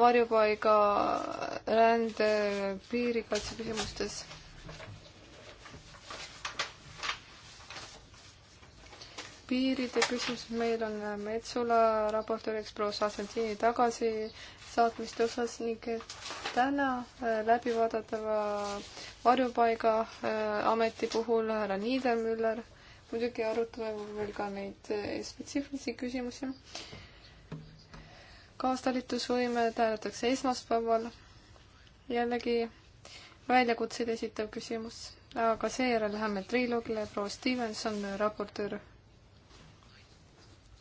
varjupaiga, rände, piirikaitse küsimustes piiride küsimus, meil on äh, Metsula raportööriks proua Sargentini tagasisaatmiste osas ning täna äh, läbivaadatava äh, varjupaiga ameti puhul härra Niedermüller, muidugi arutame veel ka neid spetsiifilisi küsimusi. kaastalitusvõime täidetakse esmaspäeval, jällegi väljakutseid esitav küsimus aga seejärel läheme triloogile, proua Stevenson, raportöör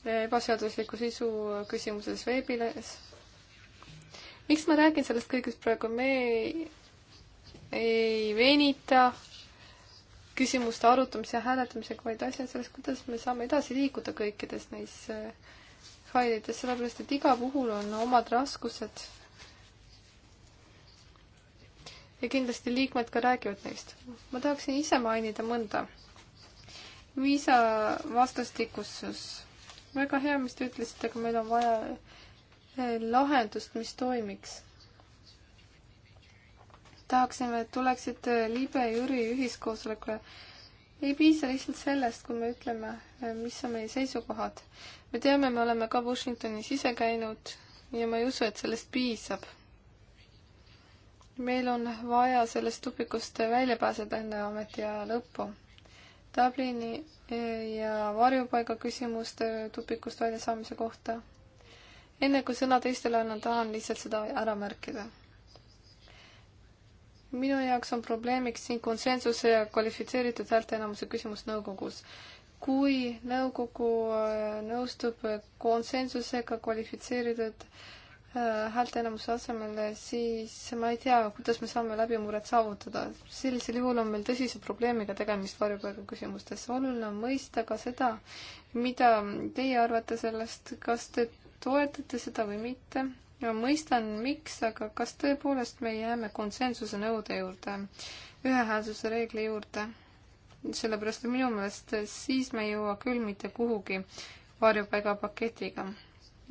ebaseadusliku sisu küsimuses veebilehes. miks ma räägin sellest kõigest praegu, me ei, ei venita küsimuste arutamise ja hääletamisega, vaid asi on selles, kuidas me saame edasi liikuda kõikides neis äh, failides, sellepärast et iga puhul on omad raskused. ja kindlasti liikmed ka räägivad neist. ma tahaksin ise mainida mõnda. viisa vastastikussus väga hea, mis te ütlesite, aga meil on vaja eh, lahendust, mis toimiks. tahaksime, et tuleksid eh, libe Jüri ühiskoosolekule. ei piisa lihtsalt sellest, kui me ütleme, eh, mis on meie seisukohad. me teame, me oleme ka Washingtonis ise käinud ja ma ei usu, et sellest piisab. meil on vaja sellest tupikust välja pääseda enne ametiaja lõppu Dublini e, ja varjupaiga küsimuste tupikust väljasaamise kohta. enne kui sõna teistele annan, tahan lihtsalt seda ära märkida. minu jaoks on probleemiks siin konsensuse ja kvalifitseeritud häälteenamuse küsimus nõukogus. kui nõukogu e, nõustub konsensusega kvalifitseeritud äh, Äh, häälteenamuse asemel, siis ma ei tea, kuidas me saame läbimuret saavutada. sellisel juhul on meil tõsise probleemiga tegemist varjupaiga küsimustes. oluline on mõista ka seda, mida teie arvate sellest, kas te toetate seda või mitte. ma mõistan, miks, aga kas tõepoolest me jääme konsensuse nõude juurde, ühehäälsuse reegli juurde? sellepärast, et minu meelest siis me ei jõua küll mitte kuhugi varjupaigapaketiga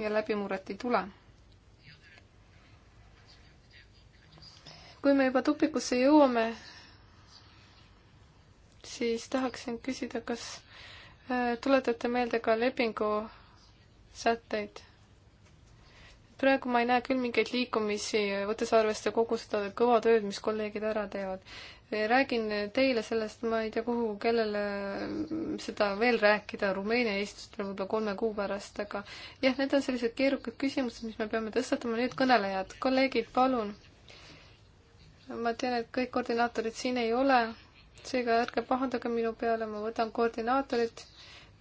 ja läbimuret ei tule kui me juba tupikusse jõuame, siis tahaksin küsida, kas äh, tuletate meelde ka lepingu sätteid? praegu ma ei näe küll mingeid liikumisi, võttes arvesse kogu seda kõva tööd, mis kolleegid ära teevad. räägin teile sellest, ma ei tea, kuhu, kellele seda veel rääkida, Rumeenia eestlastele võib-olla kolme kuu pärast, aga jah, need on sellised keerukad küsimused, mis me peame tõstatama, nüüd kõnelejad, kolleegid, palun ma tean, et kõik koordinaatorid siin ei ole, seega ärge pahandage minu peale, ma võtan koordinaatorid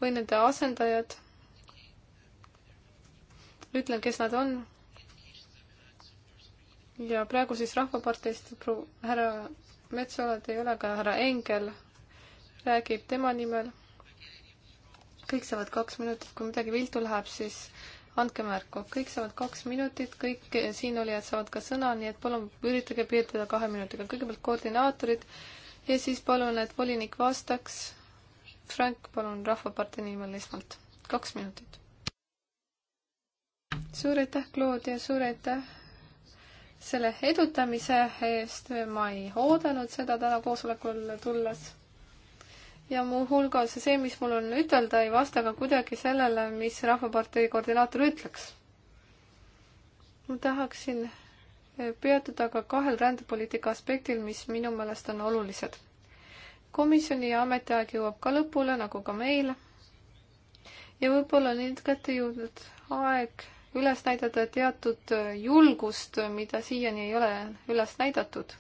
või nende asendajad. ütlen, kes nad on. ja praegu siis Rahvaparteist härra Metsolad ei ole ka härra Engel, räägib tema nimel. kõik saavad kaks minutit, kui midagi viltu läheb, siis andke märku, kõik saavad kaks minutit, kõik siinolijad saavad ka sõna, nii et palun üritage piirduda kahe minutiga. kõigepealt koordinaatorid ja siis palun, et volinik vastaks. Frank, palun Rahvapartei nimel esmalt, kaks minutit. suur aitäh, Claude, ja suur aitäh selle edutamise eest. ma ei oodanud seda täna koosolekul tulles ja muuhulgas see, mis mul on ütelda, ei vasta ka kuidagi sellele, mis Rahvapartei koordinaator ütleks. ma tahaksin peatuda ka kahel rändepoliitika aspektil, mis minu meelest on olulised. komisjoni ametiaeg jõuab ka lõpule, nagu ka meil. ja võib-olla on nüüd kätte jõudnud aeg üles näidata teatud julgust, mida siiani ei ole üles näidatud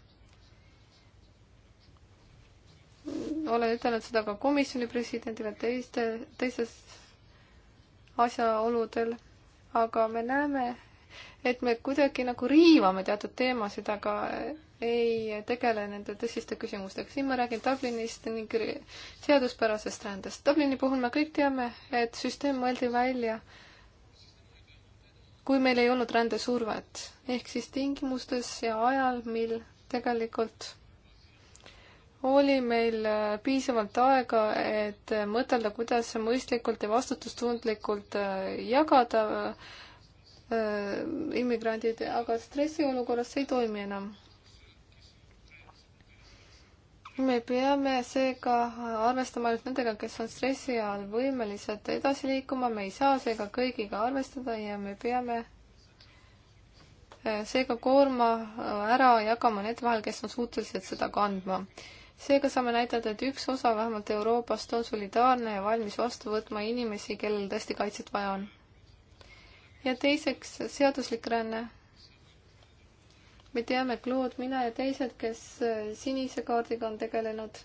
olen ütelnud seda ka komisjoni presidendile, teiste, teistes asjaoludel, aga me näeme, et me kuidagi nagu riivame teatud teemasid, aga ei tegele nende tõsiste küsimustega. siin ma räägin Dublinist ning seaduspärasest rändest. Dublini puhul me kõik teame, et süsteem mõeldi välja, kui meil ei olnud rändesurvet, ehk siis tingimustes ja ajal, mil tegelikult oli meil äh, piisavalt aega, et äh, mõtelda, kuidas mõistlikult ja vastutustundlikult äh, jagada immigrandid, aga stressiolukorras see ei toimi enam. me peame seega arvestama ainult nendega, kes on stressi ajal võimelised edasi liikuma, me ei saa seega kõigiga arvestada ja me peame seega koorma ära jagama need vahel, kes on suutelised seda kandma seega saame näidata, et üks osa vähemalt Euroopast on solidaarne ja valmis vastu võtma inimesi, kellel tõesti kaitset vaja on. ja teiseks, seaduslik ränne. me teame, Claude, mina ja teised, kes sinise kaardiga on tegelenud.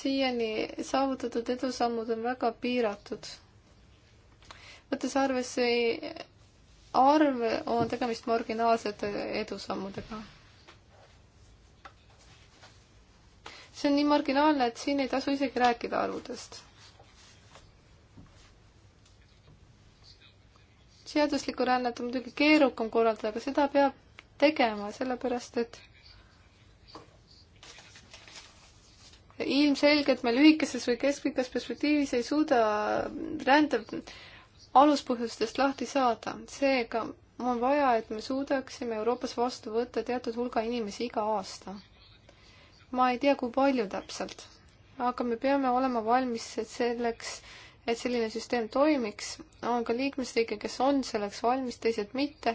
siiani saavutatud edusammud on väga piiratud. võttes arvesse arve, on tegemist marginaalsete edusammudega see on nii marginaalne, et siin ei tasu isegi rääkida arvudest. seaduslikku rännet on muidugi keerukam korraldada, aga seda peab tegema, sellepärast et ilmselgelt me lühikeses või keskpikas perspektiivis ei suuda rände aluspõhjustest lahti saada. seega on vaja, et me suudaksime Euroopas vastu võtta teatud hulga inimesi iga aasta ma ei tea, kui palju täpselt, aga me peame olema valmis selleks, et selline süsteem toimiks, on ka liikmesriike, kes on selleks valmis, teised mitte.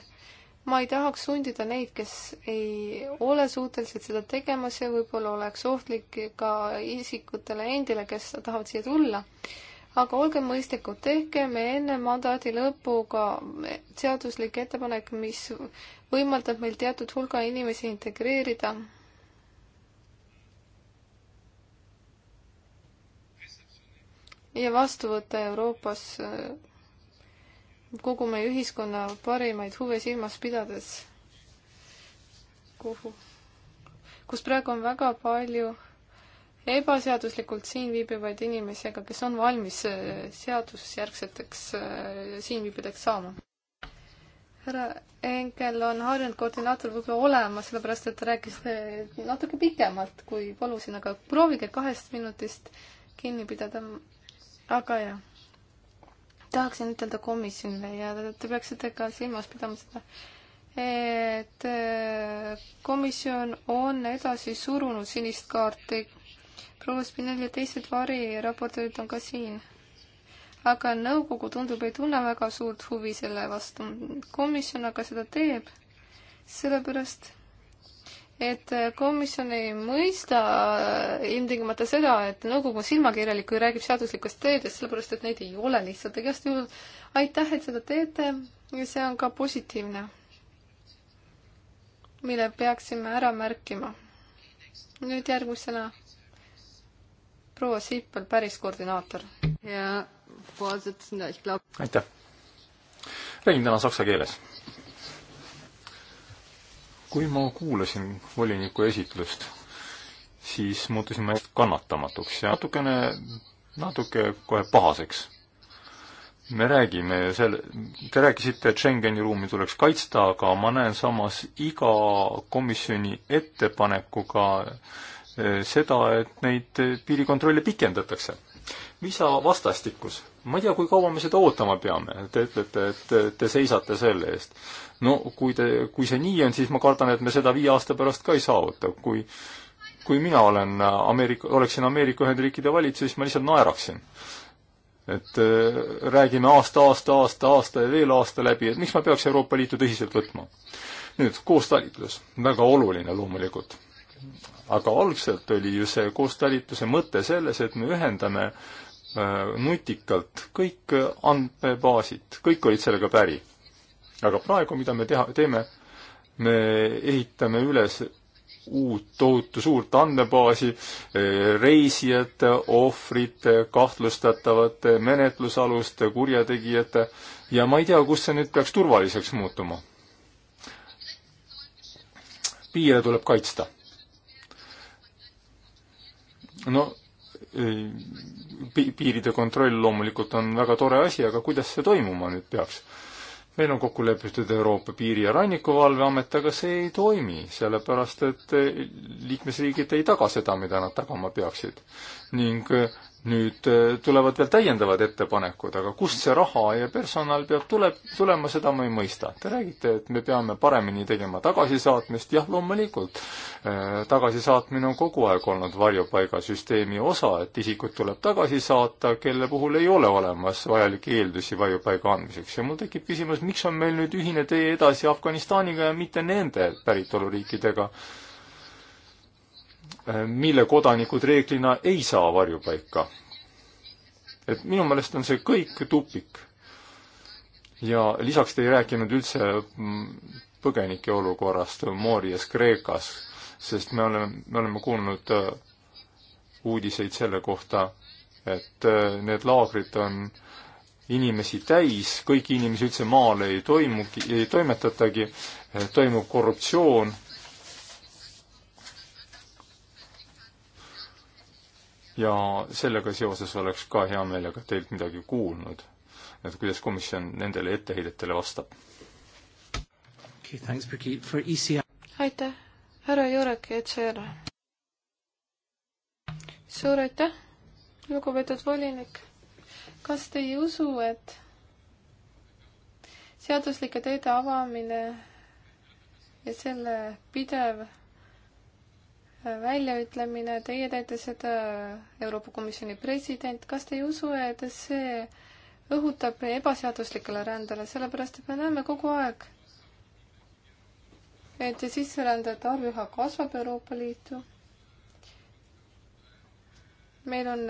ma ei tahaks sundida neid, kes ei ole suutelised seda tegema, see võib-olla oleks ohtlik ka isikutele endile, kes tahavad siia tulla. aga olge mõistlikud, tehke me enne mandaadi lõppu ka seaduslik ettepanek, mis võimaldab meil teatud hulga inimesi integreerida ja vastu võtta Euroopas äh, kogu meie ühiskonna parimaid huve silmas pidades, kuhu, kus praegu on väga palju ebaseaduslikult siin viibivaid inimesi, aga kes on valmis äh, seadusjärgseteks äh, siinviibijateks saama. härra Enkel on harjunud koordinaator võib-olla olema, sellepärast et rääkis natuke pikemalt, kui palusin, aga proovige kahest minutist kinni pidada aga jah, tahaksin ütelda komisjonile ja te peaksite ka silmas pidama seda, et äh, komisjon on edasi surunud sinist kaarti. proua Spinelli ja teised variraportöörid on ka siin. aga nõukogu tundub, ei tunne väga suurt huvi selle vastu. komisjon aga seda teeb, sellepärast et komisjon ei mõista ilmtingimata seda, et nõukogu on silmakirjalik, kui räägib seaduslikest teedest, sellepärast et neid ei ole lihtsalt igast juhul. aitäh, et seda teete ja see on ka positiivne, mille peaksime ära märkima. nüüd järgmisena proua Siipel, päris koordinaator. aitäh. räägin täna saksa keeles kui ma kuulasin voliniku esitlust, siis muutusin ma kannatamatuks ja natukene, natuke kohe pahaseks. me räägime ju selle, te rääkisite, et Schengeni ruumi tuleks kaitsta, aga ma näen samas iga komisjoni ettepanekuga äh, Eh, seda, et neid eh, piirikontrolle pikendatakse. viisa vastastikus, ma ei tea, kui kaua me seda ootama peame, te ütlete, et eh, te seisate selle eest. no kui te, kui see nii on, siis ma kardan, et me seda viie aasta pärast ka ei saavuta, kui kui mina olen Ameerika, oleksin Ameerika Ühendriikide valitsus, siis ma lihtsalt naeraksin et räägime aasta, aasta, aasta, aasta ja veel aasta läbi, et miks ma peaks Euroopa Liitu tõsiselt võtma. nüüd, koostalitlus, väga oluline loomulikult aga algselt oli ju see koostalituse mõte selles, et me ühendame äh, nutikalt kõik andmebaasid, kõik olid sellega päri. aga praegu, mida me teha, teeme, me ehitame üles uut tohutu suurt andmebaasi äh, reisijate, ohvrite, kahtlustatavate, menetlusaluste, kurjategijate ja ma ei tea, kus see nüüd peaks turvaliseks muutuma. piire tuleb kaitsta no eh, piiride kontroll loomulikult on väga tore asi, aga kuidas see toimuma nüüd peaks? meil on kokku lepitud Euroopa Piiri- ja Rannikuvalveamet, aga see ei toimi, sellepärast et eh, liikmesriigid ei taga seda, mida nad tagama peaksid. ning eh, nüüd äh, tulevad veel täiendavad ettepanekud, aga kust see raha ja personal peab tuleb, tulema, seda ma ei mõista. Te räägite, et me peame paremini tegema tagasisaatmist, jah, loomulikult. Äh, tagasisaatmine on kogu aeg olnud varjupaigasüsteemi osa, et isikud tuleb tagasi saata, kelle puhul ei ole olemas vajalikke eeldusi varjupaiga andmiseks ja mul tekib küsimus, miks on meil nüüd ühine tee edasi Afganistaniga ja mitte nende päritoluriikidega Äh, mille kodanikud reeglina ei saa varjupaika. et minu meelest on see kõik tupik. ja lisaks te ei rääkinud üldse mm, põgenike olukorrast Moorias, Kreekas, sest me oleme, me oleme kuulnud äh, uudiseid selle kohta, et äh, need laagrid on inimesi täis, kõiki inimesi üldse maale ei toimugi, ei toimetatagi, toimub korruptsioon ja sellega seoses oleks ka hea meelega teilt midagi kuulnud, et kuidas komisjon nendele etteheidetele vastab okay,. E aitäh, härra Jurek, ECR. suur aitäh, lugupeetud volinik. kas te ei usu, et seaduslike teede avamine ja selle pidev väljaütlemine, teie teete seda, Euroopa Komisjoni president, kas te ei usu, et see õhutab ebaseaduslikele rändele, sellepärast et me näeme kogu aeg, et sisserändajate arv üha kasvab Euroopa Liitu. meil on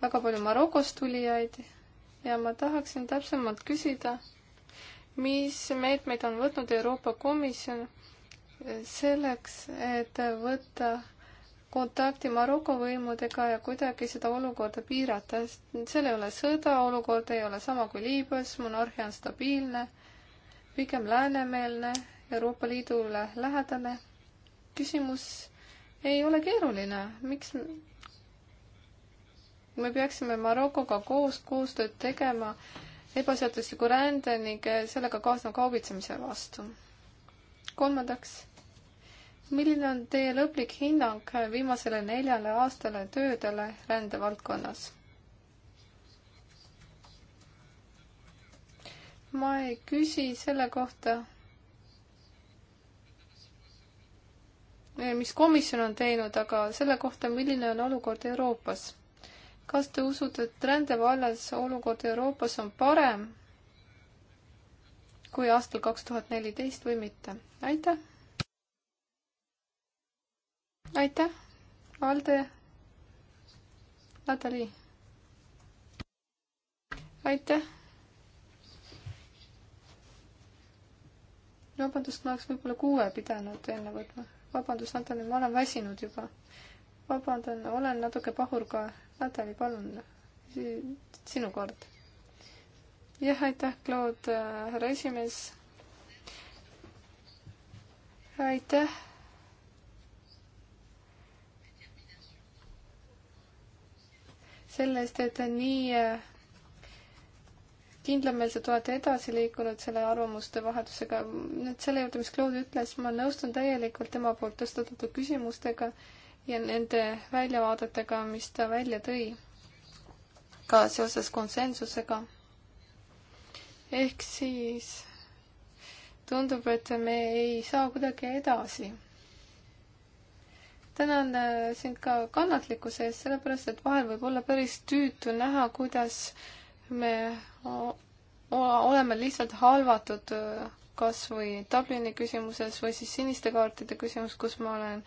väga palju Marokost tulijaid ja ma tahaksin täpsemalt küsida, mis meetmeid on võtnud Euroopa Komisjon selleks, et võtta kontakti Maroko võimudega ja kuidagi seda olukorda piirata. seal ei ole sõda, olukord ei ole sama kui Liibüas, monarhia on stabiilne, pigem läänemeelne, Euroopa Liidule lähedane. küsimus ei ole keeruline, miks me peaksime Marokoga koos koostööd tegema ebaseadusliku rände ning sellega kaasneva kaubitsemise vastu kolmandaks, milline on teie lõplik hinnang viimasele neljale aastale töödele rändevaldkonnas? ma ei küsi selle kohta, mis komisjon on teinud, aga selle kohta, milline on olukord Euroopas. kas te usute, et rände vallas olukord Euroopas on parem kui aastal kaks tuhat neliteist või mitte. aitäh! aitäh, Valde, Natali! aitäh! vabandust, ma oleks võib-olla kuue pidanud enne võtma. vabandust, Natali, ma olen väsinud juba. vabandan, olen natuke pahur ka. Natali, palun, sinu kord jah, aitäh, Claude, äh, härra esimees. aitäh. selle eest, et nii äh, kindlameelselt olete edasi liikunud selle arvamuste vahetusega. nüüd selle juurde, mis Claude ütles, ma nõustun täielikult tema poolt tõstatatud küsimustega ja nende väljavaadetega, mis ta välja tõi. ka seoses konsensusega ehk siis tundub, et me ei saa kuidagi edasi. tänan äh, sind ka kannatlikkuse eest, sellepärast et vahel võib olla päris tüütu näha, kuidas me oleme lihtsalt halvatud äh, kas või Dublini küsimuses või siis siniste kaartide küsimus, kus ma olen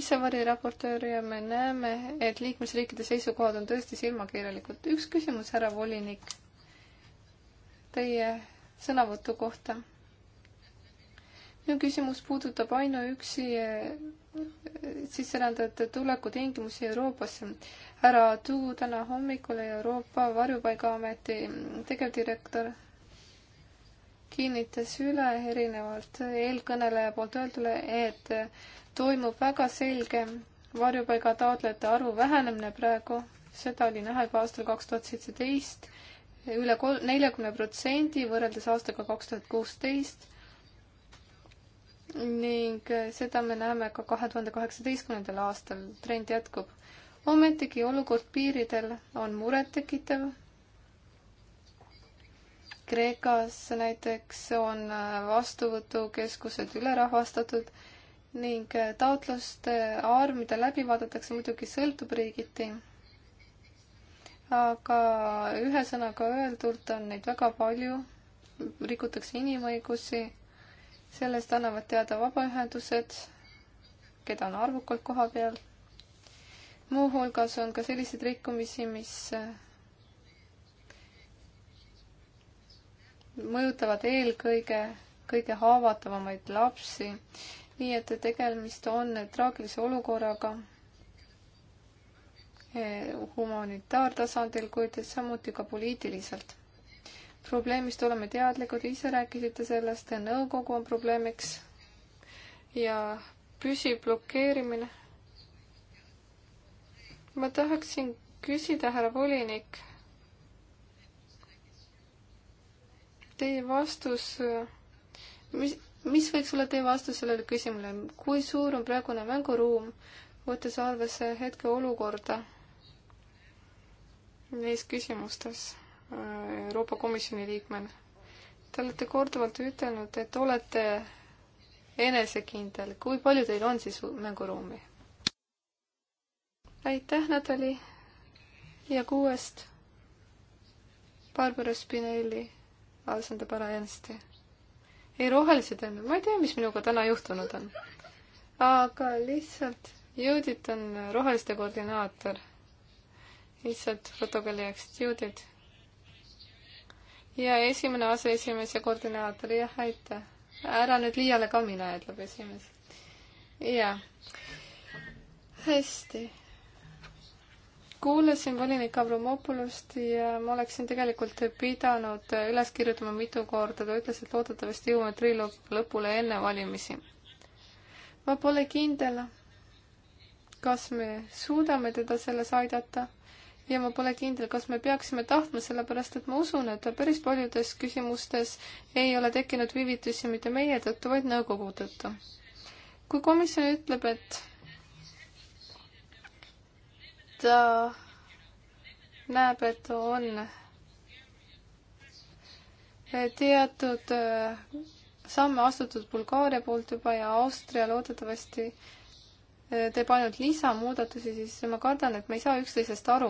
ise variraportöör ja me näeme, et liikmesriikide seisukohad on tõesti silmakirjalikud. üks küsimus, härra volinik teie sõnavõtu kohta. minu küsimus puudutab ainuüksi eh, sisserändajate tuleku tingimusi Euroopasse. härra Tuu täna hommikul Euroopa Varjupaigaameti tegevdirektor kinnitas üle erinevalt eelkõneleja poolt öeldule, et toimub väga selge varjupaiga taotlejate arvu vähenemine praegu, seda oli näha juba aastal kaks tuhat seitseteist üle neljakümne protsendi võrreldes aastaga kaks tuhat kuusteist ning seda me näeme ka kahe tuhande kaheksateistkümnendal aastal, trend jätkub. ometigi olukord piiridel on murettekitav. Kreekas näiteks on vastuvõtukeskused ülerahvastatud ning taotluste arv, mida läbi vaadatakse, muidugi sõltub riigiti aga ühesõnaga öeldult on neid väga palju, rikutakse inimõigusi, sellest annavad teada vabaühendused, keda on arvukalt koha peal. muuhulgas on ka selliseid rikkumisi, mis äh, mõjutavad eelkõige kõige haavatavamaid lapsi, nii et tegemist on traagilise olukorraga Eh, humanitaartasandil, kuid samuti ka poliitiliselt. probleemist oleme teadlikud, ise rääkisite sellest, nõukogu on probleemiks ja püsiv blokeerimine. ma tahaksin küsida, härra volinik, teie vastus, mis, mis võiks olla teie vastus sellele küsimusele, kui suur on praegune mänguruum, võttes arvesse hetkeolukorda? neis küsimustes äh, Euroopa Komisjoni liikmena. Te olete korduvalt ütelnud, et olete enesekindel. kui palju teil on siis mänguruumi? aitäh, Natali. ja kuuest Barbara Spinelli asendab ära Jänsti. ei, rohelised on, ma ei tea, mis minuga täna juhtunud on. aga lihtsalt Judith on roheliste koordinaator lihtsalt protokolli jaoks Judith. ja esimene aseesimees ja koordinaator, jah, aitäh. ära nüüd liiale ka mine, ütleb esimees. jaa. hästi. kuulasin volinik Avramopoulost ja ma oleksin tegelikult pidanud üles kirjutama mitu korda, ta ütles, et loodetavasti jõuame triloog lõpule enne valimisi. ma pole kindel, kas me suudame teda selles aidata ja ma pole kindel, kas me peaksime tahtma, sellepärast et ma usun, et päris paljudes küsimustes ei ole tekkinud viivitusi mitte meie tõttu, vaid nõukogu tõttu. kui komisjon ütleb, et ta näeb, et on teatud samme astutud Bulgaaria poolt juba ja Austria loodetavasti äh, teeb ainult lisamuudatusi, siis ma kardan, et me ei saa üksteisest aru.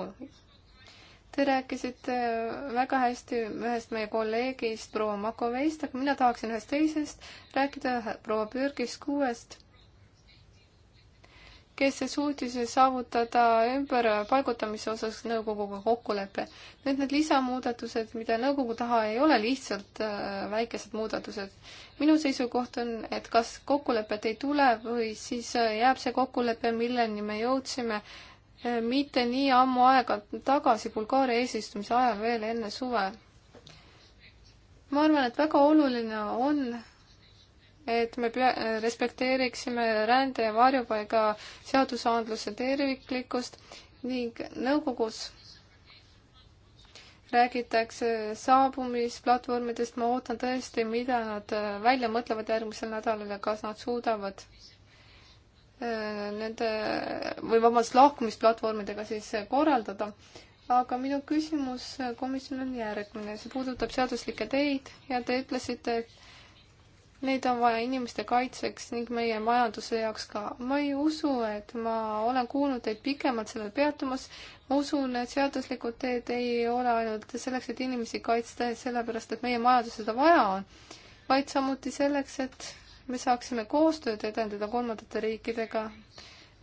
Te rääkisite äh, väga hästi ühest meie kolleegist, proua Makoveist, aga mina tahaksin ühest teisest rääkida, proua Pürgist kuuest kes suutis saavutada ümberpaigutamise osas nõukoguga kokkuleppe. Need, need lisamuudatused, mida nõukogu taha ei ole lihtsalt äh, väikesed muudatused. minu seisukoht on, et kas kokkulepet ei tule või siis äh, jääb see kokkulepe, milleni me jõudsime äh, mitte nii ammu aega tagasi Bulgaaria eesistumise ajal veel enne suve. ma arvan, et väga oluline on et me pea-, respekteeriksime rände ja varjupaiga seadusandluse terviklikkust ning nõukogus räägitakse saabumisplatvormidest, ma ootan tõesti, mida nad välja mõtlevad järgmisel nädalal ja kas nad suudavad äh, nende või vabandust, lahkumisplatvormidega siis korraldada. aga minu küsimus komisjonil on järgmine, see puudutab seaduslikke teid ja te ütlesite, et Neid on vaja inimeste kaitseks ning meie majanduse jaoks ka. ma ei usu, et ma olen kuulnud teid pikemalt sellel peatumas. ma usun, et seaduslikud teed ei ole ainult selleks, et inimesi kaitsta ja sellepärast, et meie majandus seda vaja on, vaid samuti selleks, et me saaksime koostööd edendada kolmandate riikidega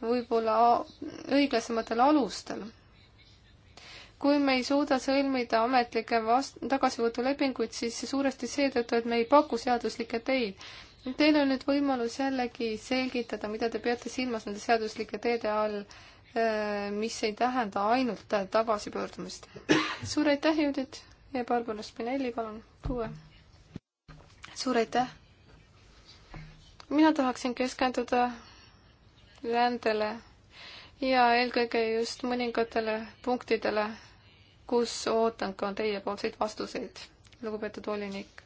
võib-olla õiglasematel alustel kui me ei suuda sõlmida ametlikke vast-, tagasivõtulepinguid, siis suuresti seetõttu, et me ei paku seaduslikke teid. Teil on nüüd võimalus jällegi selgitada, mida te peate silmas nende seaduslike teede all, äh, mis ei tähenda ainult tagasipöördumist. suur aitäh, Judit ja Barbara Spinelli, palun, kuue. suur aitäh! mina tahaksin keskenduda rändele ja eelkõige just mõningatele punktidele kus ootan ka teiepoolseid vastuseid, lugupeetud volinik.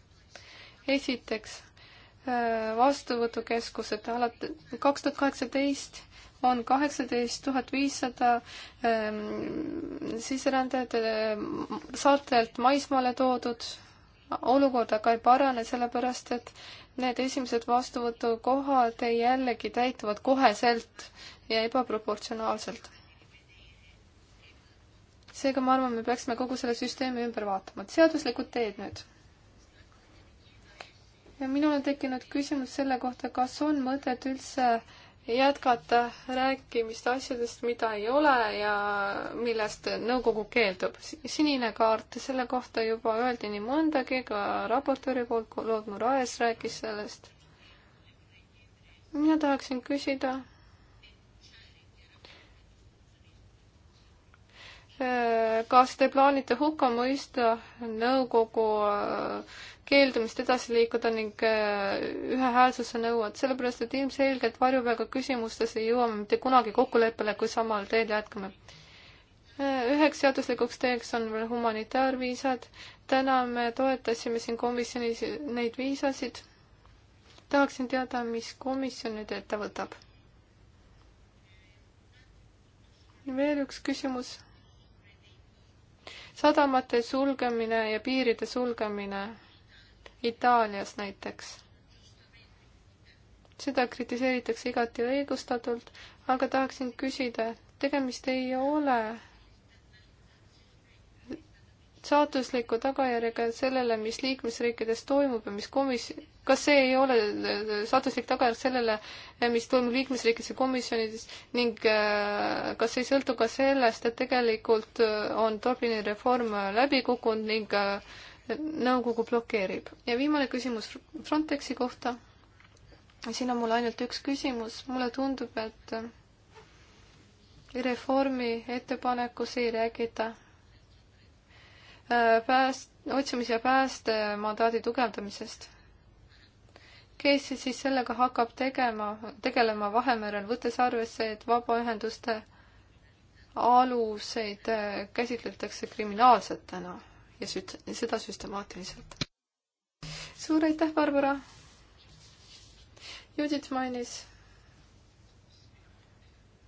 esiteks, äh, vastuvõtukeskused alati, kaks tuhat kaheksateist on kaheksateist tuhat viissada ähm, sisserändajat ähm, saartelt maismaale toodud. olukord aga ei parane, sellepärast et need esimesed vastuvõtukohad jällegi täituvad koheselt ja ebaproportsionaalselt seega ma arvan, me peaksime kogu selle süsteemi ümber vaatama, et seaduslikud teed nüüd. ja minul on tekkinud küsimus selle kohta, kas on mõtet üldse jätkata rääkimist asjadest, mida ei ole ja millest nõukogu keeldub. sinine kaart, selle kohta juba öeldi nii mõndagi, ka raportööri poolt Claude Moraes rääkis sellest. mina tahaksin küsida, Äh, kas te plaanite hukka mõista nõukogu äh, keeldumist edasi liikuda ning äh, ühehäälsuse nõuet, sellepärast et ilmselgelt varjupaiga küsimustes ei jõua me mitte kunagi kokkuleppele, kui samal teel jätkame. üheks seaduslikuks teeks on veel humanitaarviisad. täna me toetasime siin komisjonis neid viisasid. tahaksin teada, mis komisjon nüüd ette võtab. veel üks küsimus sadamate sulgemine ja piiride sulgemine Itaalias näiteks. seda kritiseeritakse igati õigustatult, aga tahaksin küsida, tegemist ei ole saatuslikku tagajärjega sellele, mis liikmesriikides toimub ja mis komis-, kas see ei ole saatuslik tagajärg sellele, mis toimub liikmesriikides ja komisjonides ning äh, kas ei sõltu ka sellest, et tegelikult äh, on Dublini reform läbi kukkunud ning äh, nõukogu blokeerib. ja viimane küsimus Frontexi kohta. siin on mul ainult üks küsimus, mulle tundub, et reformi ettepanekus ei räägita pääst-, otsimise ja päästemandaadi tugevdamisest. kes siis sellega hakkab tegema, tegelema Vahemerel, võttes arvesse, et vabaühenduste aluseid äh, käsitletakse kriminaalsetena ja süt-, seda süstemaatiliselt. suur aitäh, Barbara! Judith mainis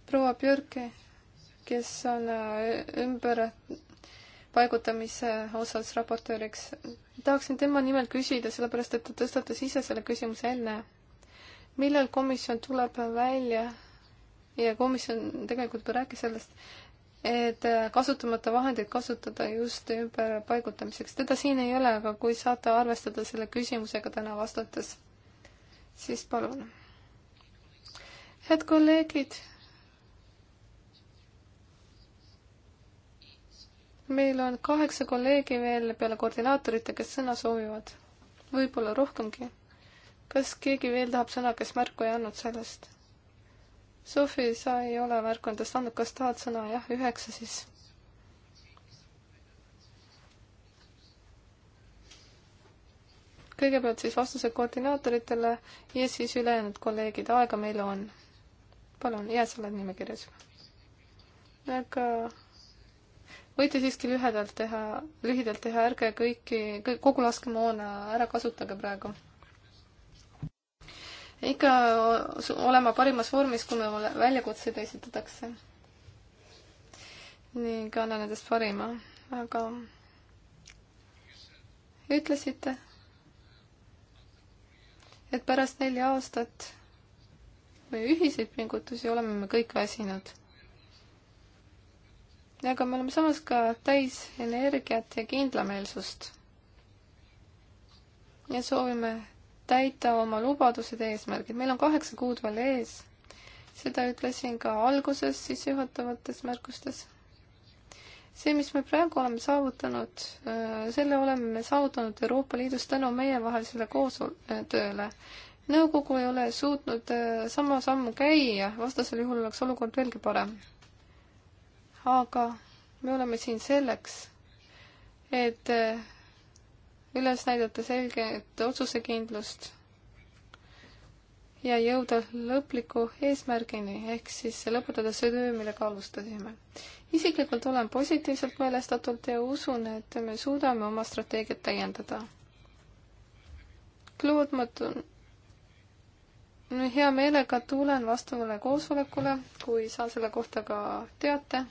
proua Björki, kes on äh, ümber paigutamise osas raportööriks. tahaksin tema nimel küsida, sellepärast et ta tõstatas ise selle küsimuse enne. millal komisjon tuleb välja ja komisjon tegelikult rääkis sellest, et kasutamata vahendeid kasutada just ümberpaigutamiseks. teda siin ei ole, aga kui saate arvestada selle küsimusega täna vastates, siis palun. head kolleegid meil on kaheksa kolleegi veel peale koordinaatorite, kes sõna soovivad. võib-olla rohkemgi. kas keegi veel tahab sõna, kes märku ei andnud sellest? Sofi, sa ei ole märku endast andnud, kas tahad sõna? jah, üheksa siis kõigepealt siis vastused koordinaatoritele ja siis ülejäänud kolleegid, aega meil on. palun, jää sa oled nimekirjas. aga võite siiski lühedalt teha, lühidalt teha, ärge kõiki, kogu laskemoona ära kasutage praegu. ikka olema parimas vormis, kui me väljakutseid esitatakse. nii, ka annan endast parima, aga ütlesite, et pärast nelja aastat või ühiseid pingutusi oleme me kõik väsinud aga me oleme samas ka täis energiat ja kindlameelsust. ja soovime täita oma lubadused ja eesmärgid. meil on kaheksa kuud veel ees. seda ütlesin ka alguses sissejuhatavates märkustes. see, mis me praegu oleme saavutanud, äh, selle oleme me saavutanud Euroopa Liidus tänu meievahelisele koostööle. nõukogu ei ole suutnud äh, sama sammu käia, vastasel juhul oleks olukord veelgi parem aga me oleme siin selleks, et eh, üles näidata selget otsusekindlust ja jõuda lõpliku eesmärgini, ehk siis lõpetada see töö, millega alustasime. isiklikult olen positiivselt meelestatud ja usun, et me suudame oma strateegiat täiendada. Claude, ma tun-, hea meelega tulen vastavale koosolekule, kui saan selle kohta ka teate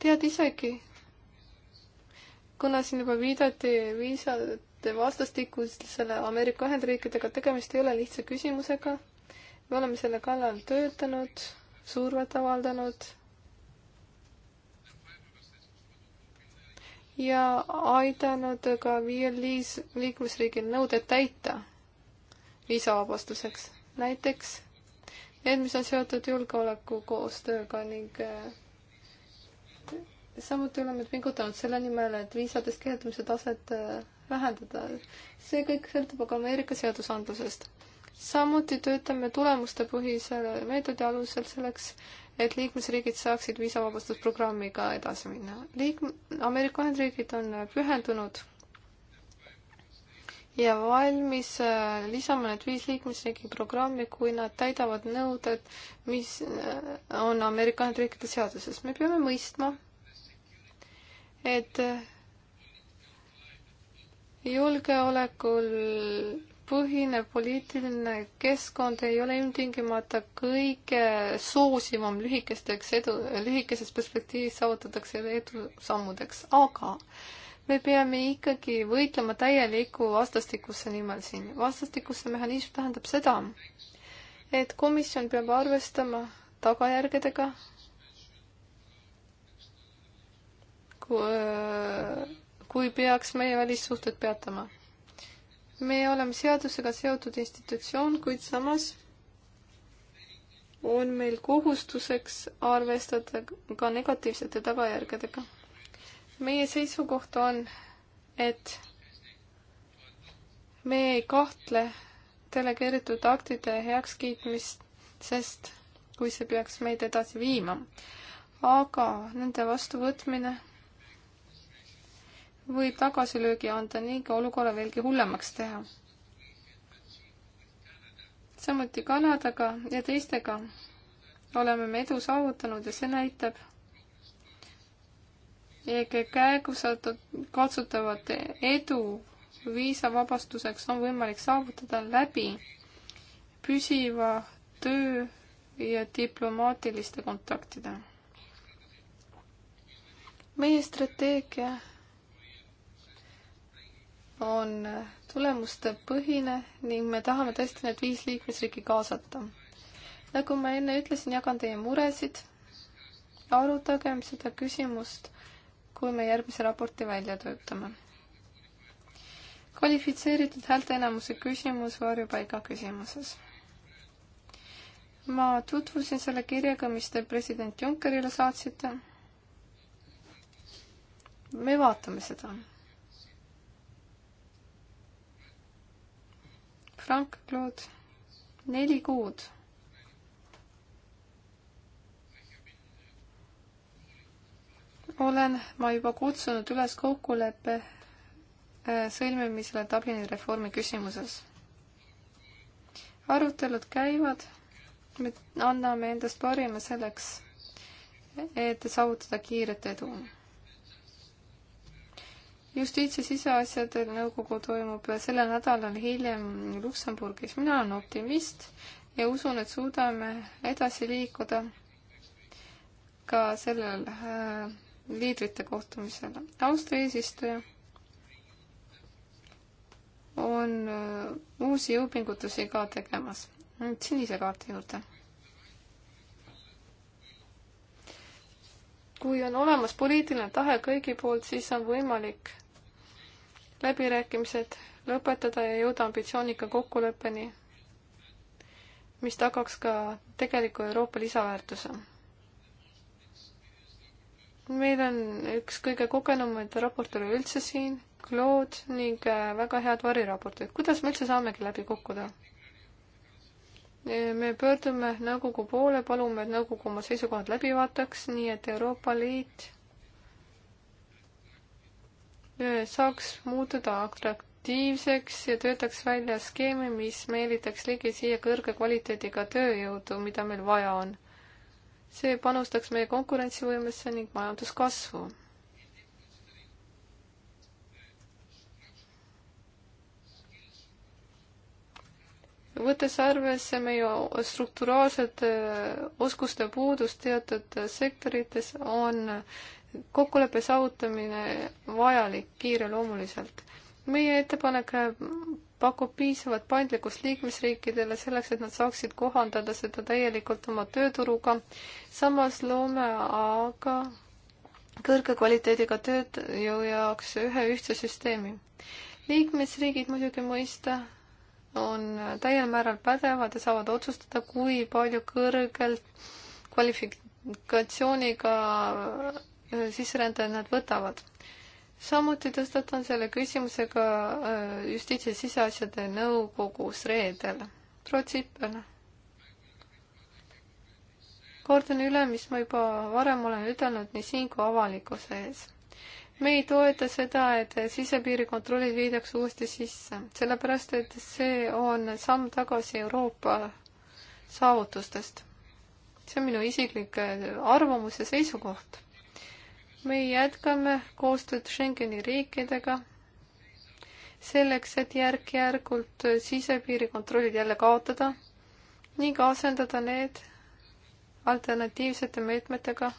tead isegi, kuna siin juba viidati viisade vastastikusele Ameerika Ühendriikidega, tegemist ei ole lihtsa küsimusega. me oleme selle kallal töötanud, survet avaldanud. ja aidanud ka viiel liis-, liikmesriigil nõuded täita viisavabastuseks. näiteks need, mis on seotud julgeoleku koostööga ning äh, samuti oleme pingutanud selle nimel, et viisadest keeldumise taset äh, vähendada. see kõik sõltub aga Ameerika seadusandlusest. samuti töötame tulemustepõhise meetodi alusel selleks, et liikmesriigid saaksid viisavabastusprogrammiga edasi minna. liik-, Ameerika Ühendriigid on pühendunud ja valmis äh, lisama need viis liikmesriigi programmi, kui nad täidavad nõuded, mis äh, on Ameerika Ühendriikide seaduses. me peame mõistma, et julgeolekul põhinev poliitiline keskkond ei ole ilmtingimata kõige soosivam lühikesteks edu, lühikeses perspektiivis saavutatakse edusammudeks, aga me peame ikkagi võitlema täieliku vastastikuse nimel siin. vastastikuse mehhanism tähendab seda, et komisjon peab arvestama tagajärgedega, kui peaks meie välissuhted peatama. me oleme seadusega seotud institutsioon, kuid samas on meil kohustuseks arvestada ka negatiivsete tagajärgedega. meie seisukoht on, et me ei kahtle delegeeritud aktide heakskiitmist, sest kui see peaks meid edasi viima, aga nende vastuvõtmine võib tagasilöögi anda ning olukorra veelgi hullemaks teha. samuti Kanadaga ja teistega oleme me edu saavutanud ja see näitab käegukatsutavat edu viisavabastuseks on võimalik saavutada läbi püsiva töö ja diplomaatiliste kontaktide. meie strateegia on tulemuste põhine ning me tahame tõesti need viis liikmesriiki kaasata. nagu ma enne ütlesin, jagan teie muresid. arutagem seda küsimust, kui me järgmise raporti välja töötame. kvalifitseeritud häälteenamuse küsimus varjupaiga küsimuses. ma tutvusin selle kirjaga, mis te president Junckerile saatsite. me vaatame seda Frank Claude, neli kuud. olen ma juba kutsunud üles kokkuleppe äh, sõlmimisele Dublini reformi küsimuses. arutelud käivad, me anname endast parima selleks, et saavutada kiiret edu justiits- ja siseasjade nõukogu toimub sellel nädalal hiljem Luksemburgis. mina olen optimist ja usun, et suudame edasi liikuda ka sellel äh, liidrite kohtumisel. Austria eesistuja on äh, uusi jõupingutusi ka tegemas. nüüd sinise kaarti juurde. kui on olemas poliitiline tahe kõigi poolt, siis on võimalik läbirääkimised lõpetada ja jõuda ambitsioonika kokkuleppeni, mis tagaks ka tegeliku Euroopa lisaväärtuse. meil on üks kõige kogenumaid raportööre üldse siin, Claude, ning äh, väga head variraportid. kuidas me üldse saamegi läbi kukkuda? me pöördume nõukogu poole, palume, et nõukogu oma seisukohad läbi vaataks, nii et Euroopa Liit saaks muutuda atraktiivseks ja töötaks välja skeemi, mis meelitaks ligi siia kõrge kvaliteediga tööjõudu, mida meil vaja on. see panustaks meie konkurentsivõimesse ning majanduskasvu võttes arvesse meie strukturaalset äh, oskuste puudust teatud äh, sektorites, on kokkuleppe saavutamine vajalik kiireloomuliselt. meie ettepanek pakub piisavat paindlikkust liikmesriikidele selleks, et nad saaksid kohandada seda täielikult oma tööturuga. samas loome aga kõrge kvaliteediga tööjõu jaoks ühe ühtse süsteemi. liikmesriigid muidugi mõista on täiel määral pädevad ja saavad otsustada, kui palju kõrgelt kvalifik-, kvalifikatsiooniga Äh, sisserändajad nad võtavad. samuti tõstatan selle küsimusega äh, Justiits- ja Siseasjade Nõukogus reedel. proua Tsipel. kordan üle, mis ma juba varem olen ütelnud nii siin kui avalikkuse ees me ei toeta seda, et sisepiirikontrollid viidakse uuesti sisse, sellepärast et see on samm tagasi Euroopa saavutustest. see on minu isiklik äh, arvamus ja seisukoht me jätkame koostööd Schengeni riikidega selleks, et järk-järgult sisepiirikontrollid jälle kaotada ning asendada need alternatiivsete meetmetega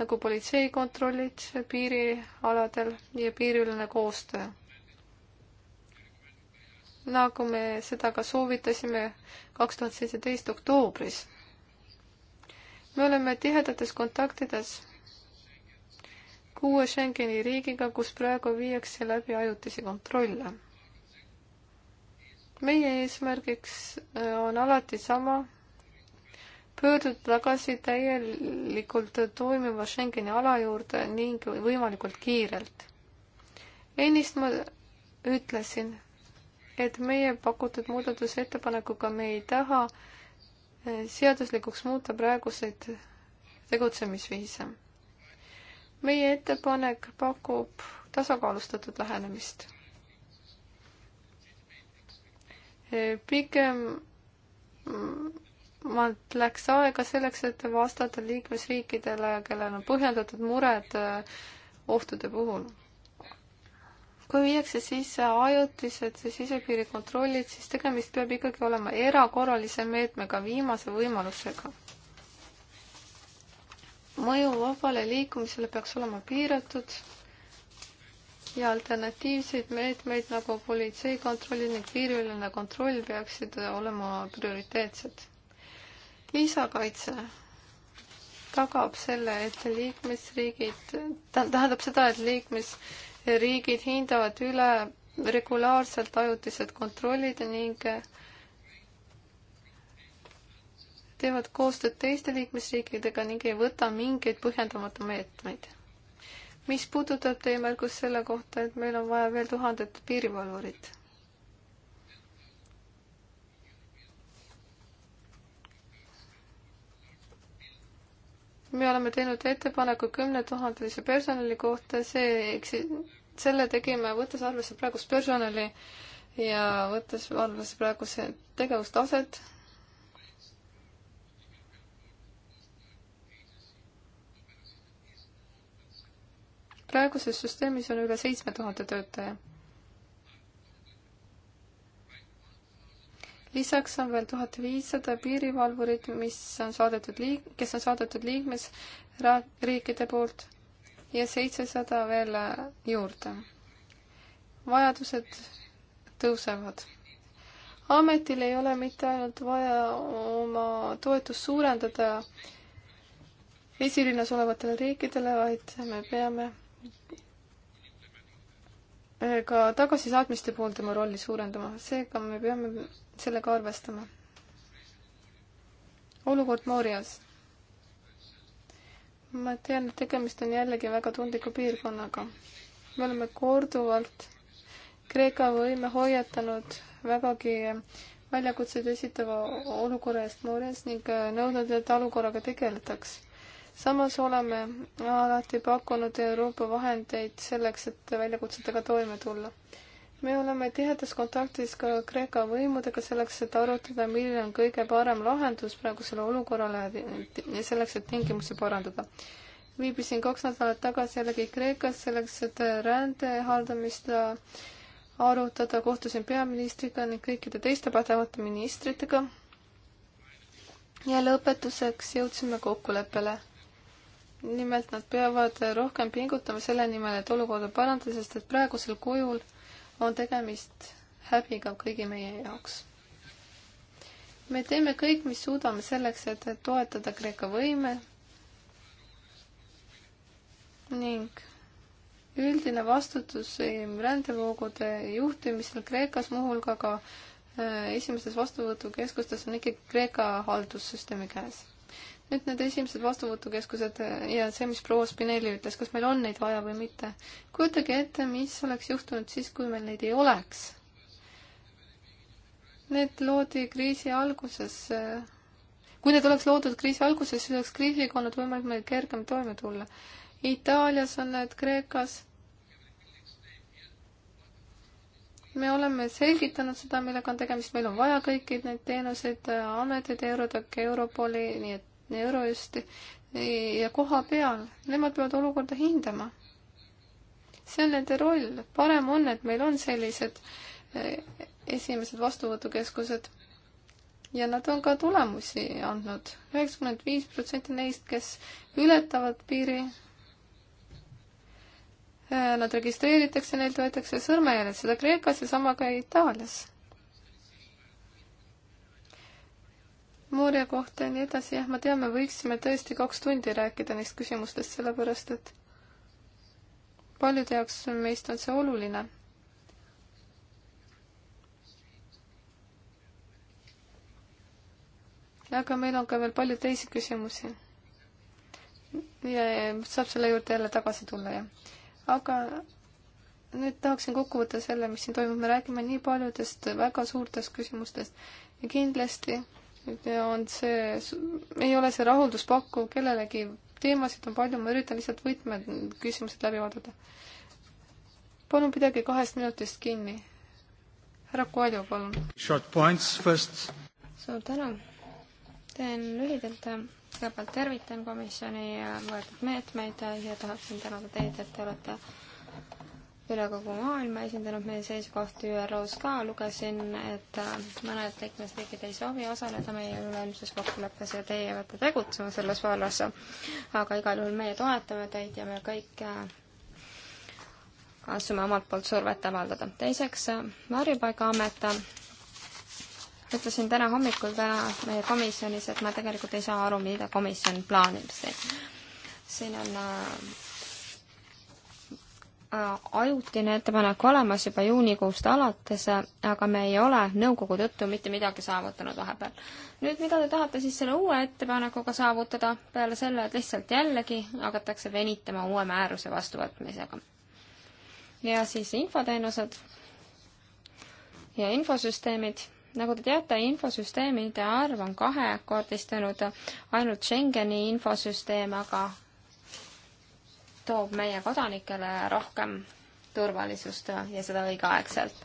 nagu politseikontrollid piirialadel ja piiriülene koostöö. nagu me seda ka soovitasime kaks tuhat seitseteist oktoobris. me oleme tihedates kontaktides kuue Schengeni riigiga, kus praegu viiakse läbi ajutisi kontrolle. meie eesmärgiks äh, on alati sama, pöörduda tagasi täielikult toimiva Schengeni ala juurde ning võimalikult kiirelt. ennist ma ütlesin, et meie pakutud muudatusettepanekuga me ei taha äh, seaduslikuks muuta praeguseid tegutsemisviise meie ettepanek pakub tasakaalustatud lähenemist. pigem maalt läks aega selleks, et vastata liikmesriikidele, kellel on põhjendatud mured eh, ohtude puhul. kui viiakse sisse ajutised sisepiirikontrollid, siis tegemist peab ikkagi olema erakorralise meetmega, viimase võimalusega mõju vabale liikumisele peaks olema piiratud ja alternatiivseid meetmeid nagu politseikontrolli ning piiriülene kontroll peaksid olema prioriteetsed. viisakaitse tagab selle, et liikmesriigid, tähendab seda, et liikmesriigid hindavad üle regulaarselt ajutised kontrollid ning teevad koostööd teiste liikmesriikidega ning ei võta mingeid põhjendamata meetmeid. mis puudutab teie märgust selle kohta, et meil on vaja veel tuhandet piirivalvurit? me oleme teinud ettepaneku kümnetuhandelise personali kohta, see, selle tegime, võttes arvesse praegust personali ja võttes arvesse praeguse tegevustaset praeguses süsteemis on üle seitsme tuhande töötaja. lisaks on veel tuhat viissada piirivalvurit, mis on saadetud liik-, kes on saadetud liikmesriikide poolt ja seitsesada veel äh, juurde. vajadused tõusevad. ametil ei ole mitte ainult vaja oma toetust suurendada esilinnas olevatele riikidele, vaid me peame ka tagasisaatmiste puhul tema rolli suurendama, seega me peame sellega arvestama. olukord Moorias. ma tean, et tegemist on jällegi väga tundliku piirkonnaga. me oleme korduvalt Kreeka võime hoiatanud vägagi väljakutseid esitava olukorra eest Moorias ning nõudnud, et olukorraga tegeletaks samas oleme alati pakkunud Euroopa vahendeid selleks, et väljakutsetega toime tulla. me oleme tihedas kontaktis ka Kreeka võimudega selleks, et arutada, milline on kõige parem lahendus praegusele olukorrale ja selleks, et tingimusi parandada. viibisin kaks nädalat tagasi jällegi Kreekas selleks, et rände haldamist arutada, kohtusin peaministriga ning kõikide teiste pädevate ministritega ja lõpetuseks jõudsime kokkuleppele nimelt nad peavad rohkem pingutama selle nimel, et olukorda parandada, sest et praegusel kujul on tegemist häbiga kõigi meie jaoks. me teeme kõik, mis suudame selleks, et toetada Kreeka võime ning üldine vastutus rändevoogude juhtimisel Kreekas, muuhulga ka äh, esimestes vastuvõtukeskustes on ikkagi Kreeka haldussüsteemi käes nüüd need esimesed vastuvõtukeskused ja see, mis proua Spinelli ütles, kas meil on neid vaja või mitte. kujutage ette, mis oleks juhtunud siis, kui meil neid ei oleks. Need loodi kriisi alguses. kui need oleks loodud kriisi alguses, siis oleks kriisiga olnud võimalik meil kergem toime tulla. Itaalias on need, Kreekas. me oleme selgitanud seda, millega on tegemist, meil on vaja kõiki neid teenuseid, ameteid, Eurodac, Europoli, nii et Eurojusti ja koha peal, nemad peavad olukorda hindama. see on nende roll, parem on, et meil on sellised eh, esimesed vastuvõtukeskused ja nad on ka tulemusi andnud. üheksakümmend viis protsenti neist, kes ületavad piiri, eh, nad registreeritakse, neilt võetakse sõrmejäljed, seda Kreekas ja sama ka Itaalias. Mooria kohta ja nii edasi, jah, ma tean, me võiksime tõesti kaks tundi rääkida neist küsimustest, sellepärast et paljude jaoks meist on see oluline. aga meil on ka veel palju teisi küsimusi. ja saab selle juurde jälle tagasi tulla, jah. aga nüüd tahaksin kokku võtta selle, mis siin toimub, me räägime nii paljudest väga suurtest küsimustest ja kindlasti on see, ei ole see rahulduspakkuv kellelegi, teemasid on palju, ma üritan lihtsalt võtmeküsimused läbi vaadata. palun pidage kahest minutist kinni. härra Koaljo, palun. Short points first. suur tänu. teen lühidalt, kõigepealt tervitan komisjoni võetud meetmeid ja tahaksin tänada teid, et te olete üle kogu maailma esindanud meie seisukohti ÜRO-s ka, lugesin, et äh, mõned liikmesriigid ei soovi osaleda meie üleilmses kokkuleppes ja teie peate tegutsema selles vallas. aga igal juhul meie toetame teid ja me kõik katsume äh, omalt poolt survet avaldada. teiseks, äh, Varjupaigaamet ütlesin täna hommikul täna meie komisjonis, et ma tegelikult ei saa aru, mida komisjon plaanib siin. siin on ajutine ettepanek olemas juba juunikuust alates, aga me ei ole nõukogu tõttu mitte midagi saavutanud vahepeal. nüüd, mida te tahate siis selle uue ettepanekuga saavutada, peale selle, et lihtsalt jällegi hakatakse venitama uue määruse vastuvõtmisega? ja siis infoteenused ja infosüsteemid. nagu te teate, infosüsteemide arv on kahekordistunud, ainult Schengeni infosüsteem aga toob meie kodanikele rohkem turvalisust ja seda õigeaegselt.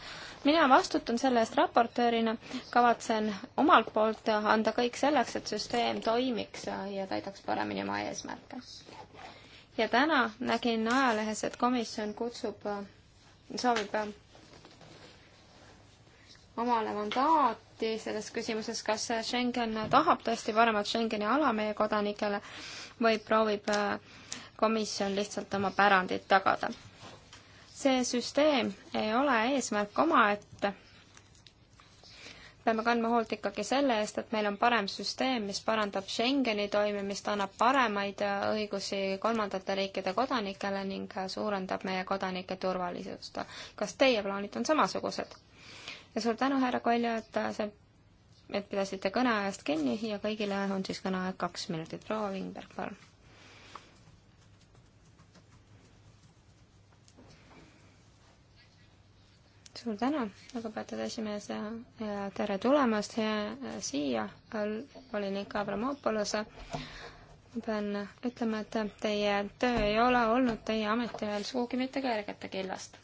mina vastutan selle eest raportöörina, kavatsen omalt poolt anda kõik selleks, et süsteem toimiks ja täidaks paremini oma eesmärke. ja täna nägin ajalehes, et komisjon kutsub, soovib omale mandaati selles küsimuses, kas Schengen tahab tõesti paremat Schengeni ala meie kodanikele või proovib äh, komisjon lihtsalt oma pärandit tagada. see süsteem ei ole eesmärk omaette, peame kandma hoolt ikkagi selle eest, et meil on parem süsteem, mis parandab Schengeni toimimist, annab paremaid õigusi kolmandate riikide kodanikele ning suurendab meie kodanike turvalisust. kas teie plaanid on samasugused? ja suur tänu, härra Kolja, et see, et pidasite kõneajast kinni ja kõigile on siis kõneaeg kaks minutit. proua Vingberg, palun suur tänu, lugupeetud esimees ja tere tulemast ja siia, volinik Avramopolos. ma pean ütlema, et teie töö ei ole olnud teie ametiajal sugugi mitte kergete killast.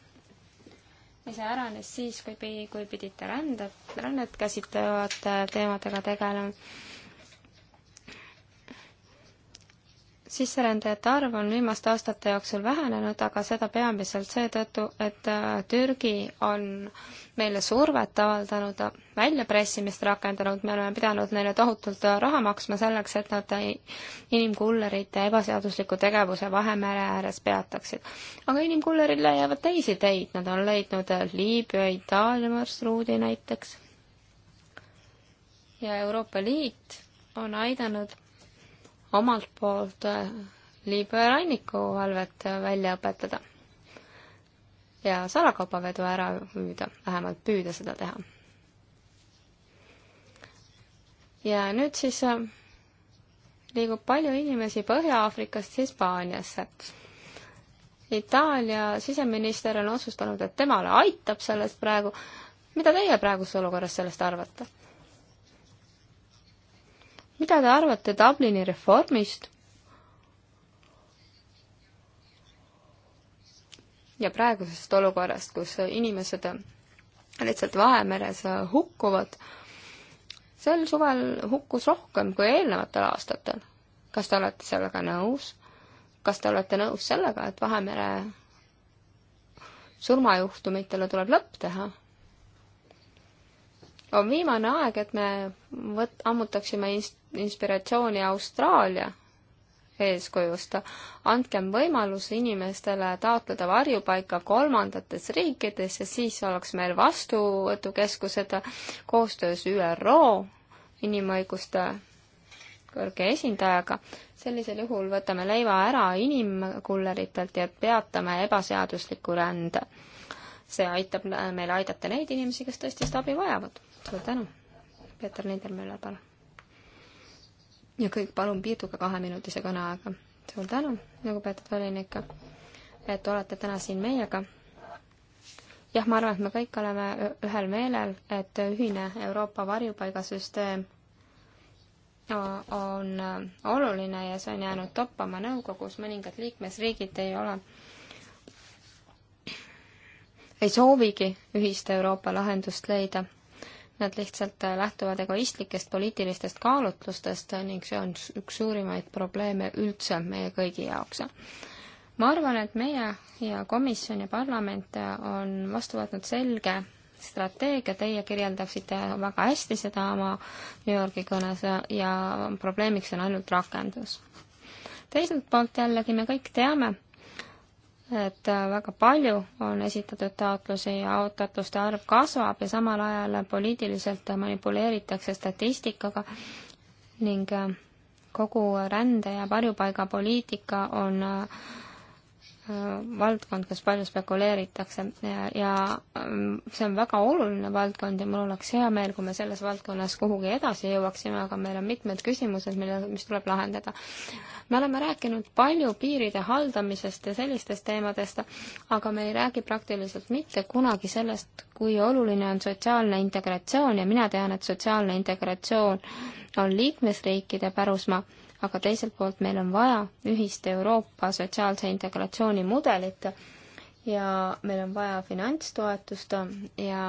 iseäranis siis, kui, kui pidite rändet, rännet käsitlevate teemadega tegelema sisserändajate arv on viimaste aastate jooksul vähenenud, aga seda peamiselt seetõttu, et äh, Türgi on meile survet avaldanud, väljapressimist rakendanud, me oleme pidanud neile tohutult äh, raha maksma selleks, et nad äh, inimkullerite ebaseadusliku tegevuse Vahemere ääres peataksid. aga inimkullerile jäävad teisi teid, nad on leidnud Liibüa, Itaalia marsruudi näiteks. ja Euroopa Liit on aidanud omalt poolt äh, Liibüa rannikuvalvet äh, välja õpetada ja salakaubavedu ära müüda, vähemalt püüda seda teha. ja nüüd siis äh, liigub palju inimesi Põhja-Aafrikast Hispaaniasse. Itaalia siseminister on otsustanud, et temale aitab sellest praegu. mida teie praeguses olukorras sellest arvate? mida te arvate Dublini reformist? ja praegusest olukorrast, kus inimesed lihtsalt Vahemeres hukkuvad, sel suvel hukkus rohkem kui eelnevatel aastatel. kas te olete sellega nõus? kas te olete nõus sellega, et Vahemere surmajuhtumitele tuleb lõpp teha? on viimane aeg, et me võt-, ammutaksime inst-, inspiratsiooni Austraalia eeskujust, andkem võimalus inimestele taotleda varjupaika kolmandates riikides ja siis oleks meil vastuvõtukeskused koostöös ÜRO inimõiguste kõrge esindajaga. sellisel juhul võtame leiva ära inimkulleritelt ja peatame ebaseadusliku rände. see aitab meil aidata neid inimesi, kes tõesti seda abi vajavad. suur tänu. Peeter Niidermüller, palun ja kõik palun piirduge kaheminutise kõneaega. suur tänu, lugupeetud volinik, et olete täna siin meiega. jah, ma arvan, et me kõik oleme ühel meelel, et ühine Euroopa varjupaigasüsteem on äh, oluline ja see on jäänud toppama nõukogus, mõningad liikmesriigid ei ole, ei soovigi ühist Euroopa lahendust leida Nad lihtsalt äh, lähtuvad egoistlikest poliitilistest kaalutlustest ning see on üks suurimaid probleeme üldse meie kõigi jaoks. ma arvan, et meie ja komisjon ja parlament äh, on vastu võtnud selge strateegia, teie kirjeldaksite väga hästi seda oma New Yorgi kõnes ja probleemiks on ainult rakendus. teiselt poolt jällegi me kõik teame, et äh, väga palju on esitatud taotlusi ja taotluste arv kasvab ja samal ajal poliitiliselt manipuleeritakse statistikaga ning äh, kogu rände- ja varjupaigapoliitika on äh, Äh, valdkond, kus palju spekuleeritakse ja, ja ähm, see on väga oluline valdkond ja mul oleks hea meel, kui me selles valdkonnas kuhugi edasi jõuaksime, aga meil on mitmed küsimused, mille, mis tuleb lahendada. me oleme rääkinud palju piiride haldamisest ja sellistest teemadest, aga me ei räägi praktiliselt mitte kunagi sellest, kui oluline on sotsiaalne integratsioon ja mina tean, et sotsiaalne integratsioon on liikmesriikide pärusmaa aga teiselt poolt meil on vaja ühist Euroopa sotsiaalse integratsiooni mudelit ja meil on vaja finantstoetust ja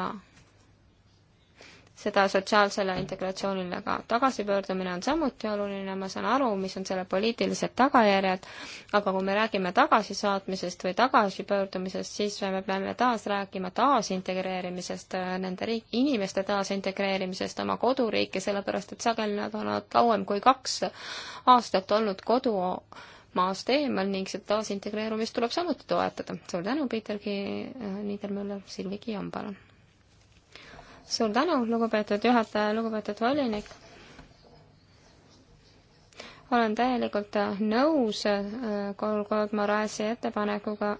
seda sotsiaalsele integratsioonile ka. tagasipöördumine on samuti oluline, ma saan aru, mis on selle poliitilised tagajärjed, aga kui me räägime tagasisaatmisest või tagasipöördumisest, siis me peame taas rääkima taasintegreerimisest, nende riik, inimeste taasintegreerimisest oma koduriiki, sellepärast et sageli nad on olnud kauem kui kaks aastat olnud kodu maast eemal ning seda taasintegreerumist tuleb samuti toetada. suur tänu, Peeter Ki-, Niidermüller, Silvi Kiam, palun! suur tänu, lugupeetud juhataja, lugupeetud volinik. olen täielikult nõus äh, Kolgod Marasi ettepanekuga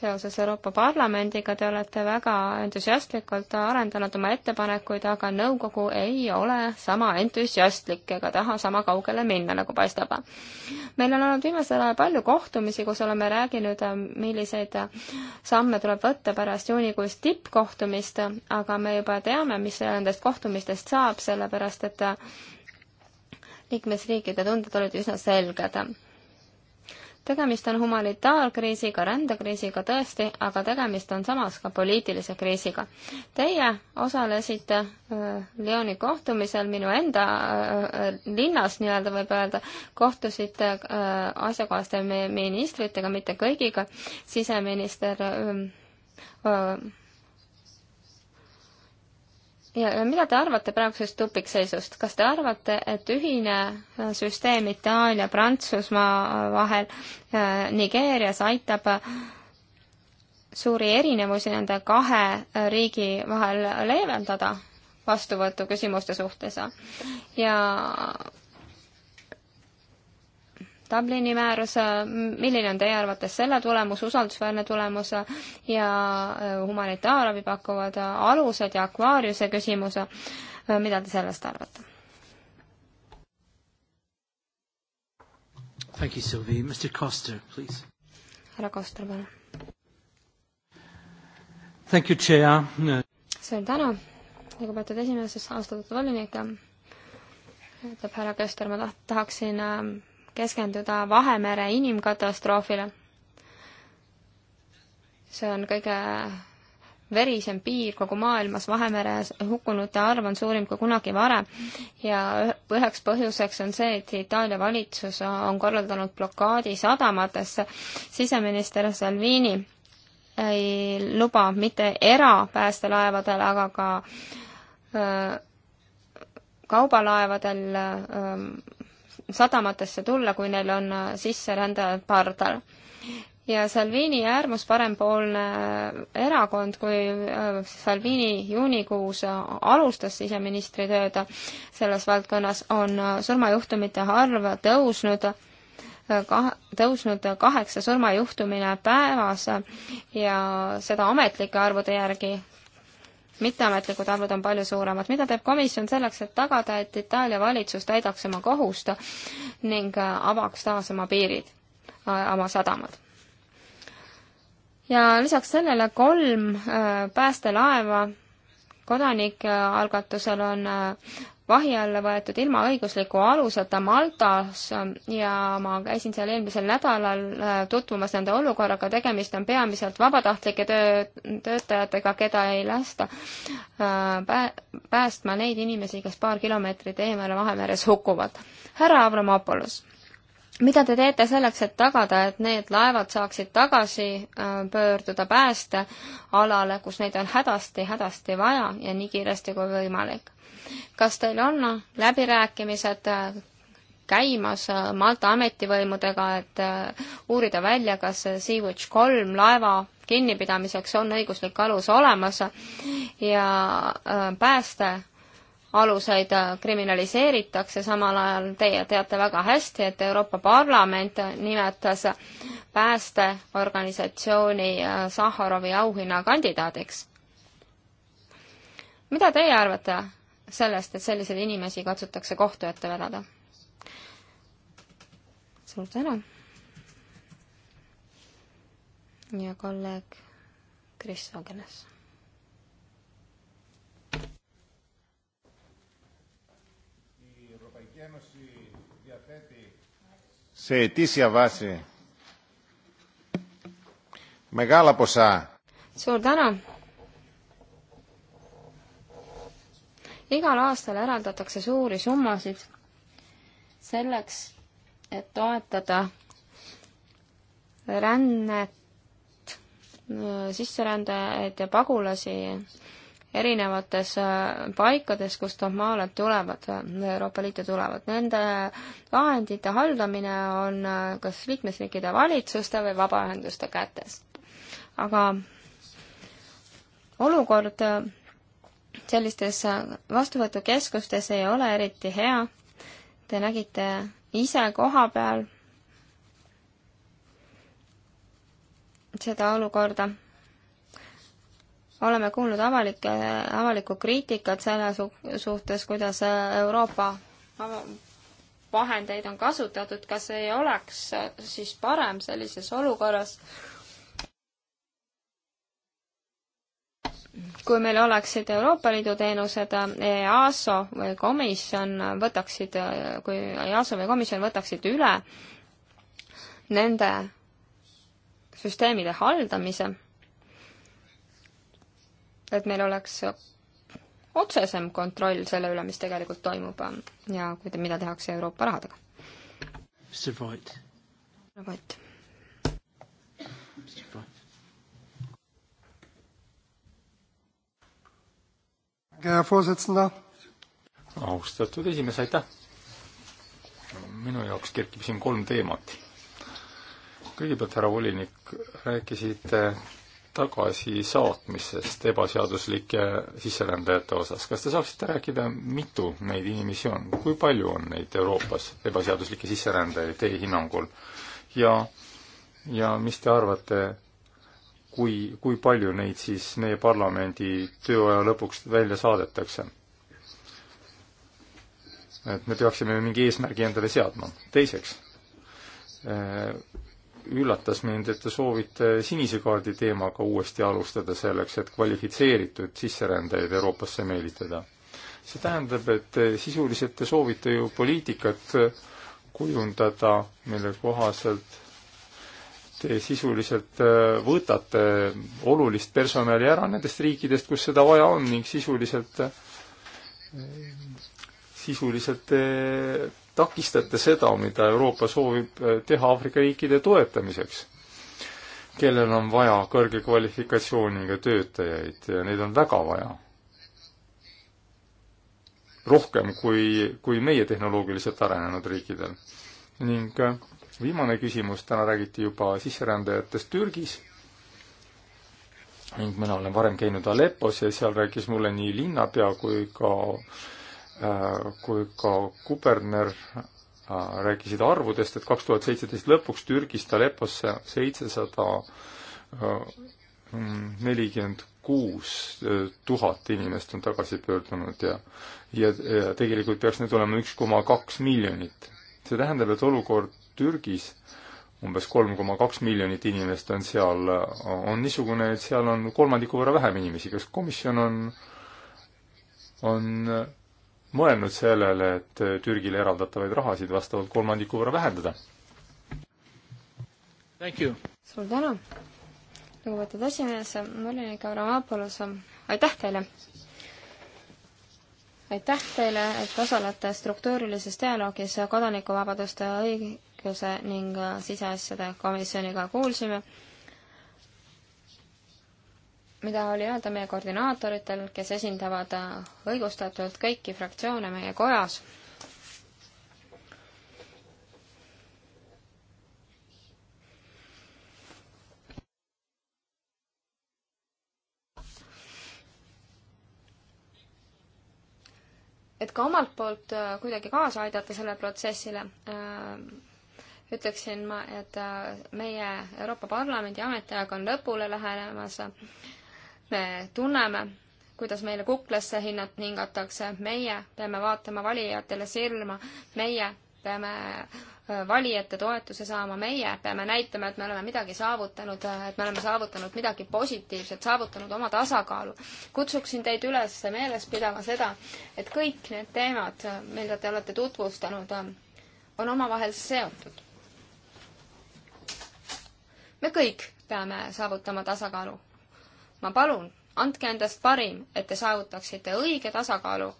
seoses Euroopa Parlamendiga, te olete väga entusiastlikult arendanud oma ettepanekuid, aga nõukogu ei ole sama entusiastlik ega taha sama kaugele minna, nagu paistab. meil on olnud viimasel ajal palju kohtumisi, kus oleme rääkinud, milliseid samme tuleb võtta pärast juunikuist tippkohtumist, aga me juba teame, mis nendest kohtumistest saab, sellepärast et liikmesriikide tunded olid üsna selged tegemist on humanitaarkriisiga, rändekriisiga tõesti, aga tegemist on samas ka poliitilise kriisiga. Teie osalesite äh, Lyoni kohtumisel minu enda äh, äh, linnas nii-öelda võib öelda, kohtusite asjakohaste ministritega, mitte kõigiga, siseminister ja mida te arvate praegusest tupikseisust, kas te arvate, et ühine äh, süsteem Itaalia, Prantsusmaa äh, vahel äh, Nigeerias aitab äh, suuri erinevusi nende kahe riigi vahel leevendada vastuvõtu küsimuste suhtes ja Dublini määrus, milline on teie arvates selle tulemus, usaldusväärne tulemus ja äh, humanitaarabi pakuvad alused ja akvaariuse küsimus, äh, mida te sellest arvate? Thank you, Sylvie. Mr. Coster, please. härra Koster, palun. Thank you, Chair no.. suur tänu, lugupeetud esimees, austatud volinik. ütleb härra Köster, ma taht-, tahaksin äh, keskenduda Vahemere inimkatastroofile. see on kõige verisem piir kogu maailmas, Vahemeres hukkunute arv on suurim kui kunagi varem ja üheks põhjuseks on see, et Itaalia valitsus on korraldanud blokaadi sadamatesse. siseminister Salvini ei luba mitte erapäästelaevadel, aga ka öö, äh, kaubalaevadel öö, ähm, sadamatesse tulla, kui neil on äh, sisserändajad pardal. ja Salvini äärmusparempoolne äh, erakond, kui äh, Salvini juunikuus alustas siseministri tööd selles valdkonnas, on surmajuhtumite arv tõusnud kah-, tõusnud kaheksa surmajuhtumine päevas ja seda ametlike arvude järgi mitteametlikud arvud on palju suuremad. mida teeb komisjon selleks, et tagada, et Itaalia valitsus täidaks oma kohust ning äh, avaks taas oma piirid, äh, oma sadamad? ja lisaks sellele kolm äh, päästelaeva kodanike algatusel on vahi alla võetud ilma õigusliku aluseta Maltas ja ma käisin seal eelmisel nädalal äh, tutvumas nende olukorraga, tegemist on peamiselt vabatahtlike töö, töötajatega, keda ei lasta äh, pää-, päästma neid inimesi, kes paar kilomeetrit eemale Vahemeres hukkuvad. härra Avramopoulos mida te teete selleks, et tagada, et need laevad saaksid tagasi äh, pöörduda päästealale, kus neid on hädasti-hädasti vaja ja nii kiiresti kui võimalik? kas teil on äh, läbirääkimised äh, käimas Malta ametivõimudega, et uurida välja, kas Sea-Watch kolm laeva kinnipidamiseks on õiguslik alus olemas ja pääste aluseid äh, kriminaliseeritakse, samal ajal teie teate väga hästi, et Euroopa Parlament nimetas päästeorganisatsiooni äh, Sahharovi auhinna kandidaadiks. mida teie arvate sellest, et selliseid inimesi katsutakse kohtu ette vedada? suur tänu! ja kolleeg Kris Agenes σε ετήσια βάση μεγάλα ποσά. Suur tänu! igal aastal eraldatakse suuri summasid selleks, et toetada rännet, sisserändajaid ja pagulasi erinevates äh, paikades, kust Somaalad tulevad, Euroopa Liitu tulevad. Nende vahendite haldamine on äh, kas liikmesriikide valitsuste või vabaühenduste kätes. aga olukord äh, sellistes vastuvõtukeskustes ei ole eriti hea. Te nägite ise koha peal seda olukorda oleme kuulnud avalike, avalikku kriitikat selle su suhtes, kuidas äh, Euroopa vahendeid on kasutatud, kas ei oleks äh, siis parem sellises olukorras, kui meil oleksid Euroopa Liidu teenused, äh, EASO või komisjon võtaksid, kui EASO või komisjon võtaksid üle nende süsteemide haldamise et meil oleks otsesem kontroll selle üle, mis tegelikult toimub ja kuida-, mida tehakse Euroopa rahadega. Mr Voigt. härra Voigt. Mr Voigt. Herr Vorsitzender. austatud esimees, aitäh! minu jaoks kerkib siin kolm teemat. kõigepealt, härra volinik, rääkisite tagasisaatmisest ebaseaduslike sisserändajate osas. kas te saaksite rääkida, mitu neid inimesi on, kui palju on neid Euroopas, ebaseaduslikke sisserändajaid teie hinnangul? ja, ja mis te arvate, kui, kui palju neid siis meie parlamendi tööaja lõpuks välja saadetakse? et me peaksime mingi eesmärgi endale seadma. teiseks, üllatas mind, et te soovite sinise kaardi teemaga uuesti alustada selleks, et kvalifitseeritud sisserändajaid Euroopasse meelitada. see tähendab, et sisuliselt te soovite ju poliitikat kujundada, mille kohaselt te sisuliselt äh, võtate olulist personali ära nendest riikidest, kus seda vaja on ning sisuliselt äh, sisuliselt äh, takistate seda, mida Euroopa soovib äh, teha Aafrika riikide toetamiseks, kellel on vaja kõrge kvalifikatsiooniga töötajaid ja neid on väga vaja. rohkem kui, kui meie tehnoloogiliselt arenenud riikidel. ning äh, viimane küsimus, täna räägiti juba sisserändajatest Türgis ning mina olen varem käinud Aleppos ja seal rääkis mulle nii linnapea kui ka äh, Äh, kui ka kuberner äh, rääkisid arvudest, et kaks tuhat seitseteist lõpuks Türgis Alepposse seitsesada äh, nelikümmend kuus tuhat inimest on tagasi pöördunud ja, ja, ja tegelikult peaks neid olema üks koma kaks miljonit. see tähendab, et olukord Türgis, umbes kolm koma kaks miljonit inimest on seal, on niisugune, et seal on kolmandiku võrra vähem inimesi, kas komisjon on, on mõelnud sellele, et Türgile eraldatavaid rahasid vastavalt kolmandiku võrra vähendada? suur tänu, lugupeetud esimees, Marinika Avramopoulos, aitäh teile! aitäh teile, et osalete struktuurilises dialoogis kodanikuvabaduste õiguse ning siseasjade komisjoniga, kuulsime mida oli öelda meie koordinaatoritel, kes esindavad äh, õigustatult kõiki fraktsioone meie kojas. et ka omalt poolt äh, kuidagi kaasa aidata sellele protsessile äh, ütleksin ma, et meie Euroopa Parlamendi ametiaeg on lõpule lähenemas me tunneme, kuidas meile kuklasse hinnat hingatakse, meie peame vaatama valijatele silma, meie peame äh, valijate toetuse saama, meie peame näitama, et me oleme midagi saavutanud, äh, et me oleme saavutanud midagi positiivset, saavutanud oma tasakaalu. kutsuksin teid üles meeles pidama seda, et kõik need teemad, äh, mida te olete tutvustanud, on omavahel seotud. me kõik peame saavutama tasakaalu ma palun, andke endast parim, et te saavutaksite õige tasakaalu.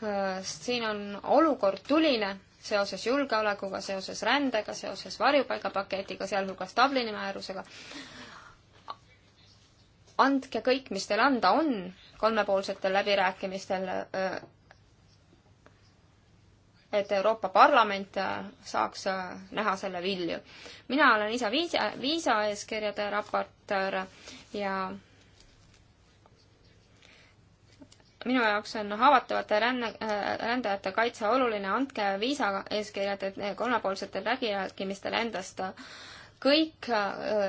sest äh, siin on olukord tuline seoses julgeolekuga, seoses rändega, seoses varjupaigapaketiga, sealhulgas Dublini määrusega. andke kõik, mis teil anda on kolmepoolsetel läbirääkimistel äh, et Euroopa Parlament äh, saaks äh, näha selle vilju. mina olen ise viisa, viisaeeskirjade raportöör ja minu jaoks on haavatavate ränne, äh, rändajate kaitse oluline, andke viisaeeskirjad kolmepoolsetel läbirääkimistel endast kõik,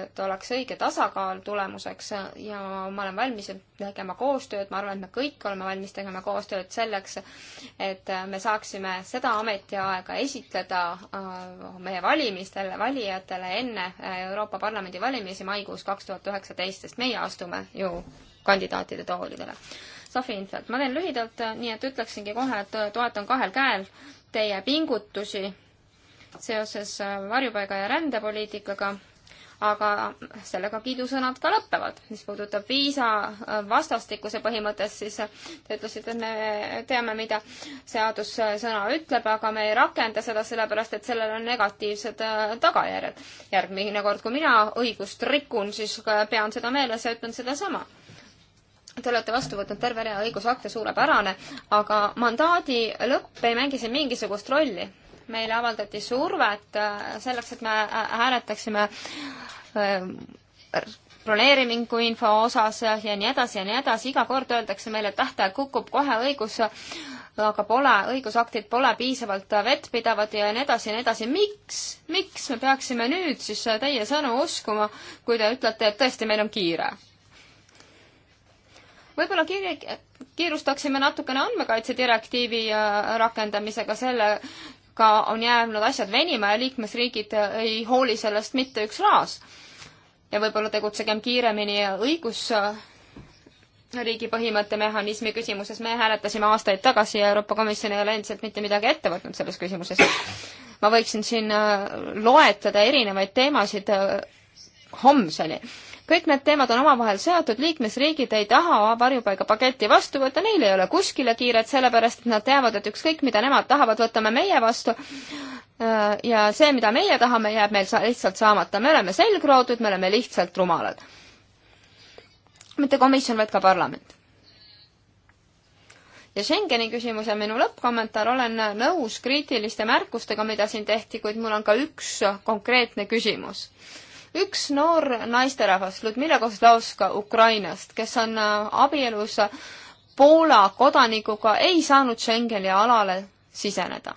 et oleks õige tasakaal tulemuseks ja ma olen valmis tegema koostööd, ma arvan, et me kõik oleme valmis tegema koostööd selleks, et me saaksime seda ametiaega esitleda äh, meie valimistele, valijatele enne Euroopa Parlamendi valimisi maikuus kaks tuhat üheksateist, sest meie astume ju kandidaatide toolidele. Sofi Infeld, ma teen lühidalt, nii et ütleksingi kohe, et toetan kahel käel teie pingutusi seoses äh, varjupaiga ja rändepoliitikaga, aga sellega kiidusõnad ka lõpevad. mis puudutab viisa äh, vastastikuse põhimõttest, siis äh, te ütlesite, et me teame, mida seadussõna ütleb, aga me ei rakenda seda sellepärast, et sellel on negatiivsed tagajärjed. järgmine kord, kui mina õigust rikun, siis pean seda meeles ja ütlen sedasama Te olete vastu võtnud terve rea õigusakte, suurepärane, aga mandaadi lõpp ei mängi siin mingisugust rolli meile avaldati survet äh, selleks, et me äh, hääletaksime äh, broneeringu info osas ja, ja nii edasi ja nii edasi, iga kord öeldakse meile, et tähtaeg kukub kohe õigus, aga pole, õigusaktid pole piisavalt vettpidavad ja nii edasi ja nii edasi. miks, miks me peaksime nüüd siis teie sõnu uskuma, kui te ütlete, et tõesti, meil on kiire? võib-olla kiir-, kiirustaksime natukene andmekaitse direktiivi rakendamisega selle ka on jäänud asjad venima ja liikmesriigid ei hooli sellest mitte üks laas. ja võib-olla tegutsegem kiiremini õigusriigi põhimõtte mehhanismi küsimuses. me hääletasime aastaid tagasi ja Euroopa Komisjon ei ole endiselt mitte midagi ette võtnud selles küsimuses. ma võiksin siin äh, loetleda erinevaid teemasid äh, homseni kõik need teemad on omavahel seotud, liikmesriigid ei taha varjupaigapaketti vastu võtta, neil ei ole kuskile kiiret, sellepärast et nad teavad, et ükskõik, mida nemad tahavad, võtame meie vastu. Äh, ja see, mida meie tahame, jääb meil lihtsalt saamata, me oleme selgroodud, me oleme lihtsalt rumalad. mitte komisjon, vaid ka parlament ja Schengeni küsimus ja minu lõppkommentaar, olen nõus kriitiliste märkustega, mida siin tehti, kuid mul on ka üks konkreetne küsimus üks noor naisterahvas, Ludmila Kozlovska Ukrainast, kes on äh, abielus Poola kodanikuga, ei saanud Schengeni alale siseneda.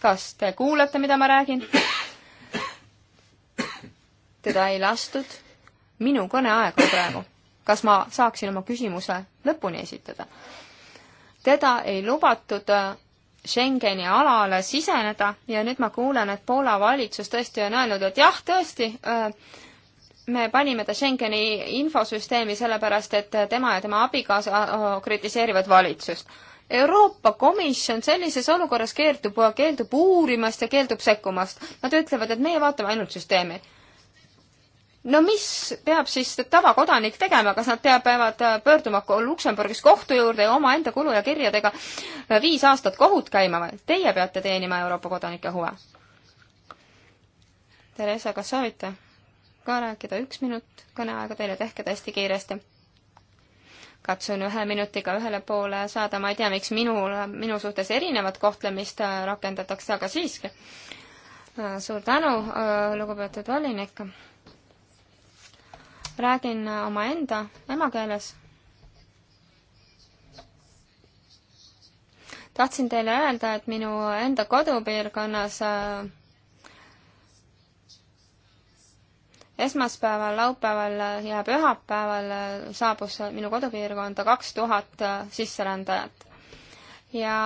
kas te kuulete, mida ma räägin? teda ei lastud. minu kõneaeg on praegu. kas ma saaksin oma küsimuse lõpuni esitada? teda ei lubatud äh, Schengeni alale siseneda ja nüüd ma kuulen, et Poola valitsus tõesti on öelnud, et jah, tõesti, äh, me panime ta Schengeni infosüsteemi sellepärast, et tema ja tema abikaasa äh, kritiseerivad valitsust. Euroopa Komisjon sellises olukorras keeldub, keeldub uurimast ja keeldub sekkumast. Nad ütlevad, et meie vaatame ainult süsteemi no mis peab siis tavakodanik tegema, kas nad teab, peavad äh, pöörduma Luksemburgis kohtu juurde ja omaenda kulu ja kirjadega äh, viis aastat kohut käima või? Teie peate teenima Euroopa kodanike huve. Theresa, kas soovite ka rääkida üks minut kõneaega teile, tehke ta hästi kiiresti. katsun ühe minutiga ühele poole saada, ma ei tea, miks minul, minu suhtes erinevat kohtlemist äh, rakendatakse, aga siiski. suur tänu, lugupeetud volinik räägin omaenda emakeeles. tahtsin teile öelda, et minu enda kodupiirkonnas äh, esmaspäeval, laupäeval ja pühapäeval äh, saabus minu kodupiirkonda kaks tuhat äh, sisserändajat. ja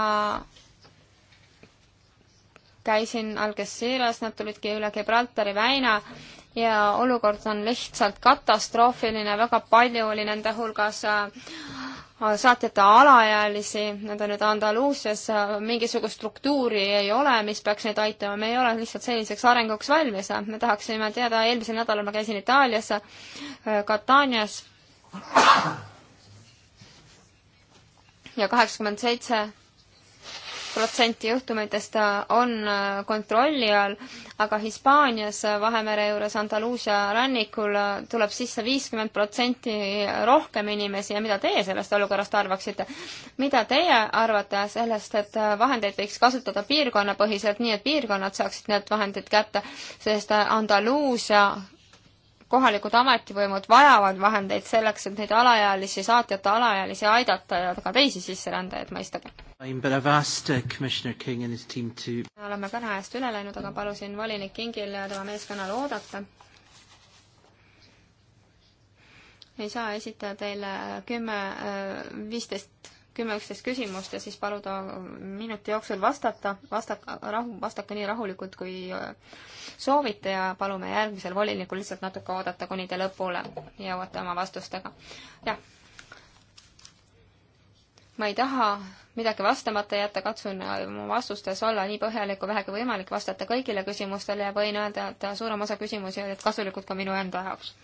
käisin Algeciras, nad tulidki üle Gibraltari väina ja olukord on lihtsalt katastroofiline, väga palju oli nende hulgas äh, saatjate alaealisi, nad on nüüd Andaluusias, mingisugust struktuuri ei ole, mis peaks neid aitama, me ei ole lihtsalt selliseks arenguks valmis. me tahaksime teada, eelmisel nädalal ma käisin Itaalias, Katanias äh, ja kaheksakümmend seitse protsenti juhtumitest äh, on äh, kontrolli all, aga Hispaanias äh, Vahemere juures Andaluusia rannikul tuleb sisse viiskümmend protsenti rohkem inimesi ja mida teie sellest olukorrast arvaksite? mida teie arvate sellest, et vahendeid võiks kasutada piirkonnapõhiselt, nii et piirkonnad saaksid need vahendid kätte, sest Andaluusia kohalikud ametivõimud vajavad vahendeid selleks, et neid alaealisi, saatjate alaealisi aidata ja ka teisi sisserändajaid mõistagi. Uh, me oleme kõne ajast üle läinud, aga palusin volinik Kingil ja tema meeskonnal oodata. ei saa esitada teile kümme, äh, viisteist kümme, üksteist küsimust ja siis paluda minuti jooksul vastata, vastaka, rahu, vastake nii rahulikult, kui äh, soovite ja palume järgmisel volinikul lihtsalt natuke oodata, kuni te lõpule jõuate oma vastustega. jah. ma ei taha midagi vastamata jätta, katsun oma äh, vastustes olla nii põhjalik kui vähegi võimalik, vastata kõigile küsimustele ja võin öelda, et äh, suurem osa küsimusi olid kasulikud ka minu enda jaoks.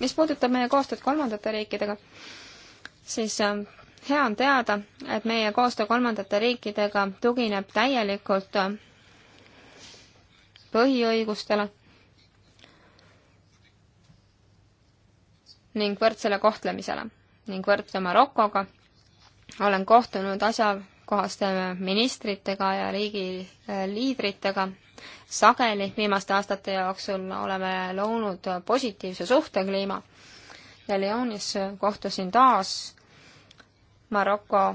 mis puudutab meie koostööd kolmandate riikidega, siis äh, hea on teada, et meie koostöö kolmandate riikidega tugineb täielikult põhiõigustele ning võrdsele kohtlemisele ning võrdle Marokoga. olen kohtunud asjakohaste ministritega ja riigi äh, liidritega. sageli viimaste aastate jooksul oleme loonud positiivse suhtekliima ja Lyonis kohtusin taas Maroko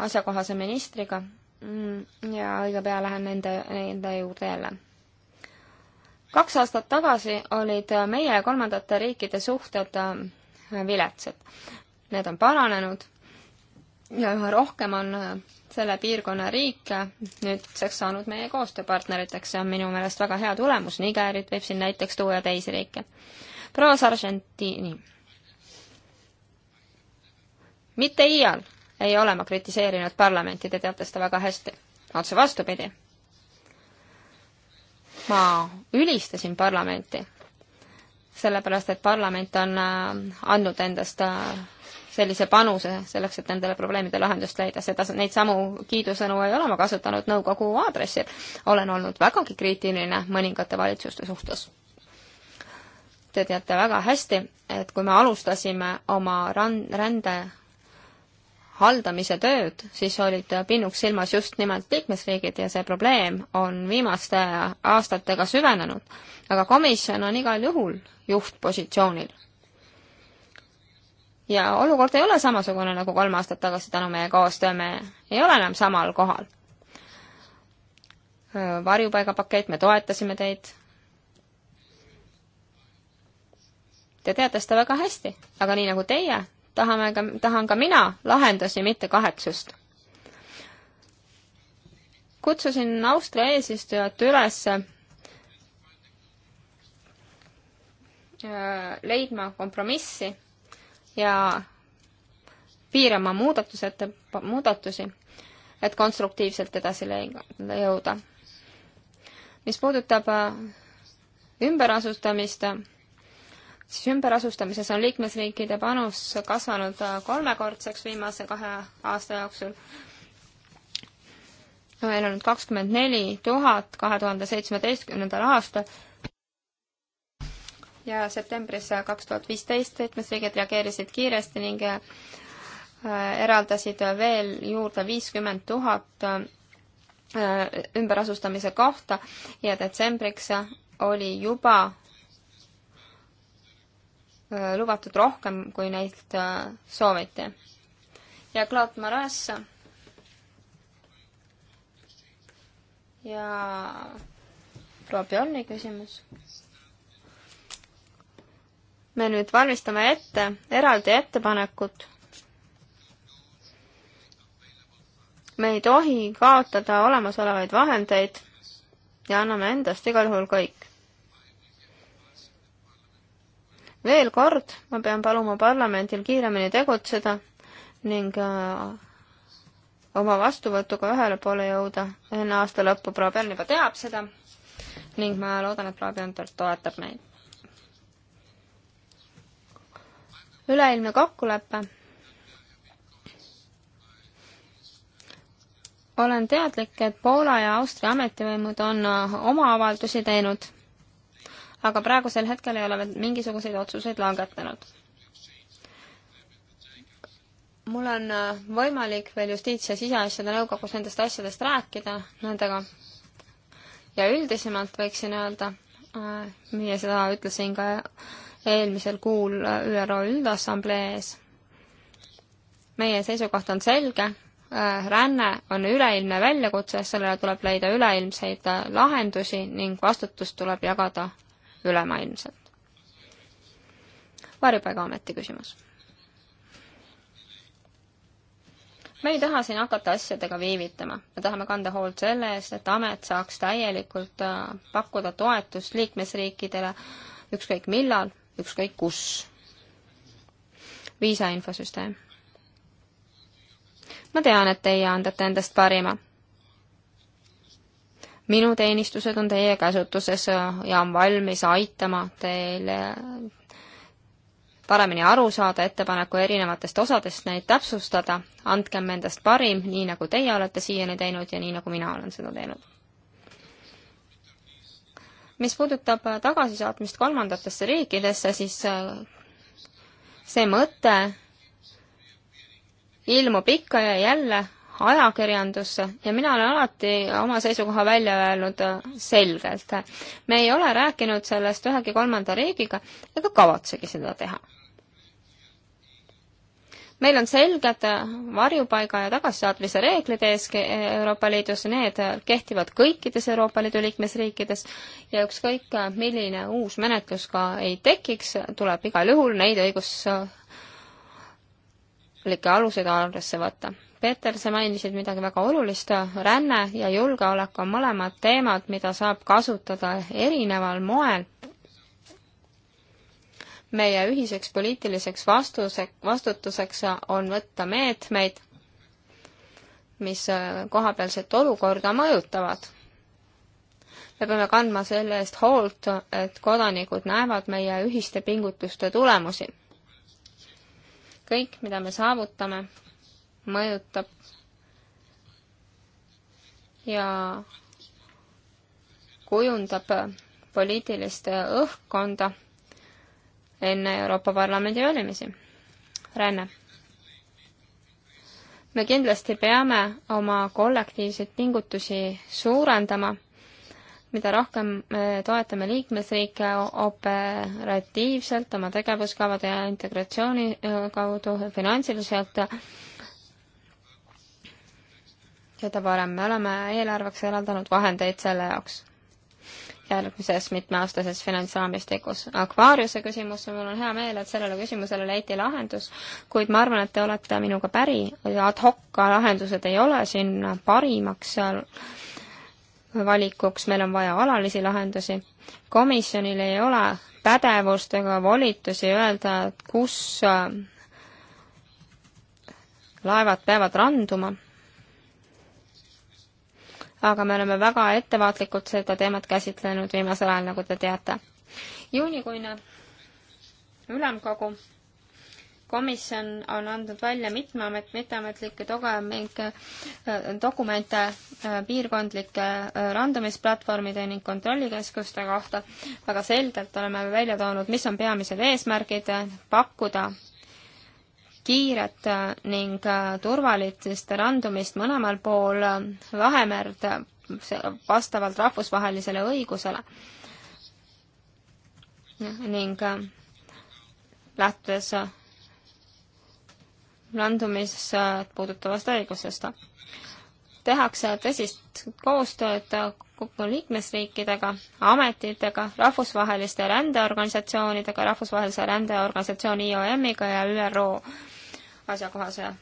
asjakohase ministriga mm, ja õige pea lähen nende, nende juurde jälle. kaks aastat tagasi olid meie ja kolmandate riikide suhted äh, viletsad. Need on paranenud ja üha rohkem on äh, selle piirkonna riike nüüdseks saanud meie koostööpartneriteks, see on minu meelest väga hea tulemus, Nigerit võib siin näiteks tuua ja teisi riike. proua Sargentini mitte iial ei ole ma kritiseerinud parlamenti, te teate seda väga hästi. otse vastupidi. ma ülistasin parlamenti, sellepärast et parlament on äh, andnud endast äh, sellise panuse selleks, et nendele probleemide lahendust leida, seda, neid samu kiidusõnu ei ole ma kasutanud nõukogu aadressil. olen olnud vägagi kriitiline mõningate valitsuste suhtes. Te teate väga hästi, et kui me alustasime oma ran-, rände haldamise tööd, siis olid pinnuks silmas just nimelt liikmesriigid ja see probleem on viimaste aastatega süvenenud. aga komisjon on igal juhul juhtpositsioonil. ja olukord ei ole samasugune nagu kolm aastat tagasi tänu meie koostöö, me ei ole enam samal kohal. varjupaigapakett, me toetasime teid. Te teate seda väga hästi, aga nii nagu teie, tahame ka, tahan ka mina lahendusi, mitte kahetsust. kutsusin Austria eesistujat üles äh, leidma kompromissi ja piirama muudatusete, muudatusi, et konstruktiivselt edasi jõuda. mis puudutab äh, ümberasustamist, siis ümberasustamises on liikmesriikide panus kasvanud äh, kolmekordseks viimase kahe aasta jooksul. meil on nüüd kakskümmend neli tuhat kahe tuhande seitsmeteistkümnendal aastal ja septembris äh, kaks tuhat viisteist liikmesriigid reageerisid kiiresti ning äh, eraldasid veel juurde viiskümmend tuhat ümberasustamise kohta ja detsembriks oli juba Äh, lubatud rohkem, kui neilt äh, sooviti. ja Claude Maras ja proua Bjorni küsimus. me nüüd valmistame ette eraldi ettepanekut. me ei tohi kaotada olemasolevaid vahendeid ja anname endast igal juhul kõik. veel kord ma pean paluma parlamendil kiiremini tegutseda ning äh, oma vastuvõtuga ühele poole jõuda enne aasta lõppu. Braabjan juba teab seda ning ma loodan, et Braabjan toetab meid. üleilmne kokkulepe. olen teadlik, et Poola ja Austria ametivõimud on äh, oma avaldusi teinud aga praegusel hetkel ei ole me mingisuguseid otsuseid langetanud. mul on äh, võimalik veel justiits- ja siseasjade nõukogus nendest asjadest rääkida nendega ja üldisemalt võiksin öelda, ja äh, seda ütlesin ka eelmisel kuul äh, ÜRO Üldassamblee ees, meie seisukoht on selge, ränne on üleilmne väljakutse, sellele tuleb leida üleilmseid lahendusi ning vastutust tuleb jagada ülemaailmselt. varjupaigaameti küsimus. me ei taha siin hakata asjadega viivitama, me tahame kanda hoolt selle eest, et amet saaks täielikult äh, pakkuda toetust liikmesriikidele ükskõik millal, ükskõik kus. viisa infosüsteem. ma tean, et teie andate endast parima minu teenistused on teie käsutuses äh, ja on valmis aitama teile äh, paremini aru saada ettepaneku erinevatest osadest, neid täpsustada, andkem endast parim, nii nagu teie olete siiani teinud ja nii nagu mina olen seda teinud. mis puudutab äh, tagasisaatmist kolmandatesse riikidesse, siis see mõte ilmub ikka ja jälle ajakirjandusse ja mina olen alati oma seisukoha välja öelnud äh, selgelt. me ei ole rääkinud sellest ühegi kolmanda riigiga ega kavatsegi seda teha meil on selged äh, varjupaiga ja tagasisaatmise reeglid ees Euroopa Liidus, need äh, kehtivad kõikides Euroopa Liidu liikmesriikides ja ükskõik, milline uus menetlus ka ei tekiks, tuleb igal juhul neid õiguslikke aluseid arvesse võtta. Peeter, sa mainisid midagi väga olulist, ränne ja julgeolek on mõlemad teemad, mida saab kasutada erineval moel. meie ühiseks poliitiliseks vastuse, vastutuseks on võtta meetmeid, mis kohapealset olukorda mõjutavad. me peame kandma selle eest hoolt, et kodanikud näevad meie ühiste pingutuste tulemusi. kõik, mida me saavutame mõjutab ja kujundab poliitilist õhkkonda enne Euroopa Parlamendi valimisi. ränne. me kindlasti peame oma kollektiivseid pingutusi suurendama, mida rohkem me toetame liikmesriike operatiivselt oma tegevuskavade ja integratsiooni kaudu finantsiliselt, seda parem, me oleme eelarveks eraldanud vahendeid selle jaoks järgmises mitmeaastases finantsraamistikus. Aquariuse küsimus, mul on hea meel, et sellele küsimusele leiti lahendus, kuid ma arvan, et te olete minuga päri, ad hoc lahendused ei ole siin parimaks seal valikuks, meil on vaja alalisi lahendusi. komisjonil ei ole pädevust ega volitusi öelda, et kus laevad peavad randuma aga me oleme väga ettevaatlikult seda teemat käsitlenud viimasel ajal, nagu te teate. juunikuine ülemkogu komisjon on andnud välja mitmeamet, mitteametlikke äh, dokumente, dokumente äh, piirkondlike äh, randumisplatvormide ning kontrollikeskuste kohta. väga selgelt oleme välja toonud, mis on peamised eesmärgid, pakkuda kiiret ning turvalist randumist mõlemal pool Vahemerd vastavalt rahvusvahelisele õigusele ning lähtudes randumist puudutavast õigusest. tehakse tõsist koostööd kokku liikmesriikidega, ametitega, rahvusvaheliste rändeorganisatsioonidega, rahvusvahelise rändeorganisatsiooni IOM-iga ja ÜRO asjakohase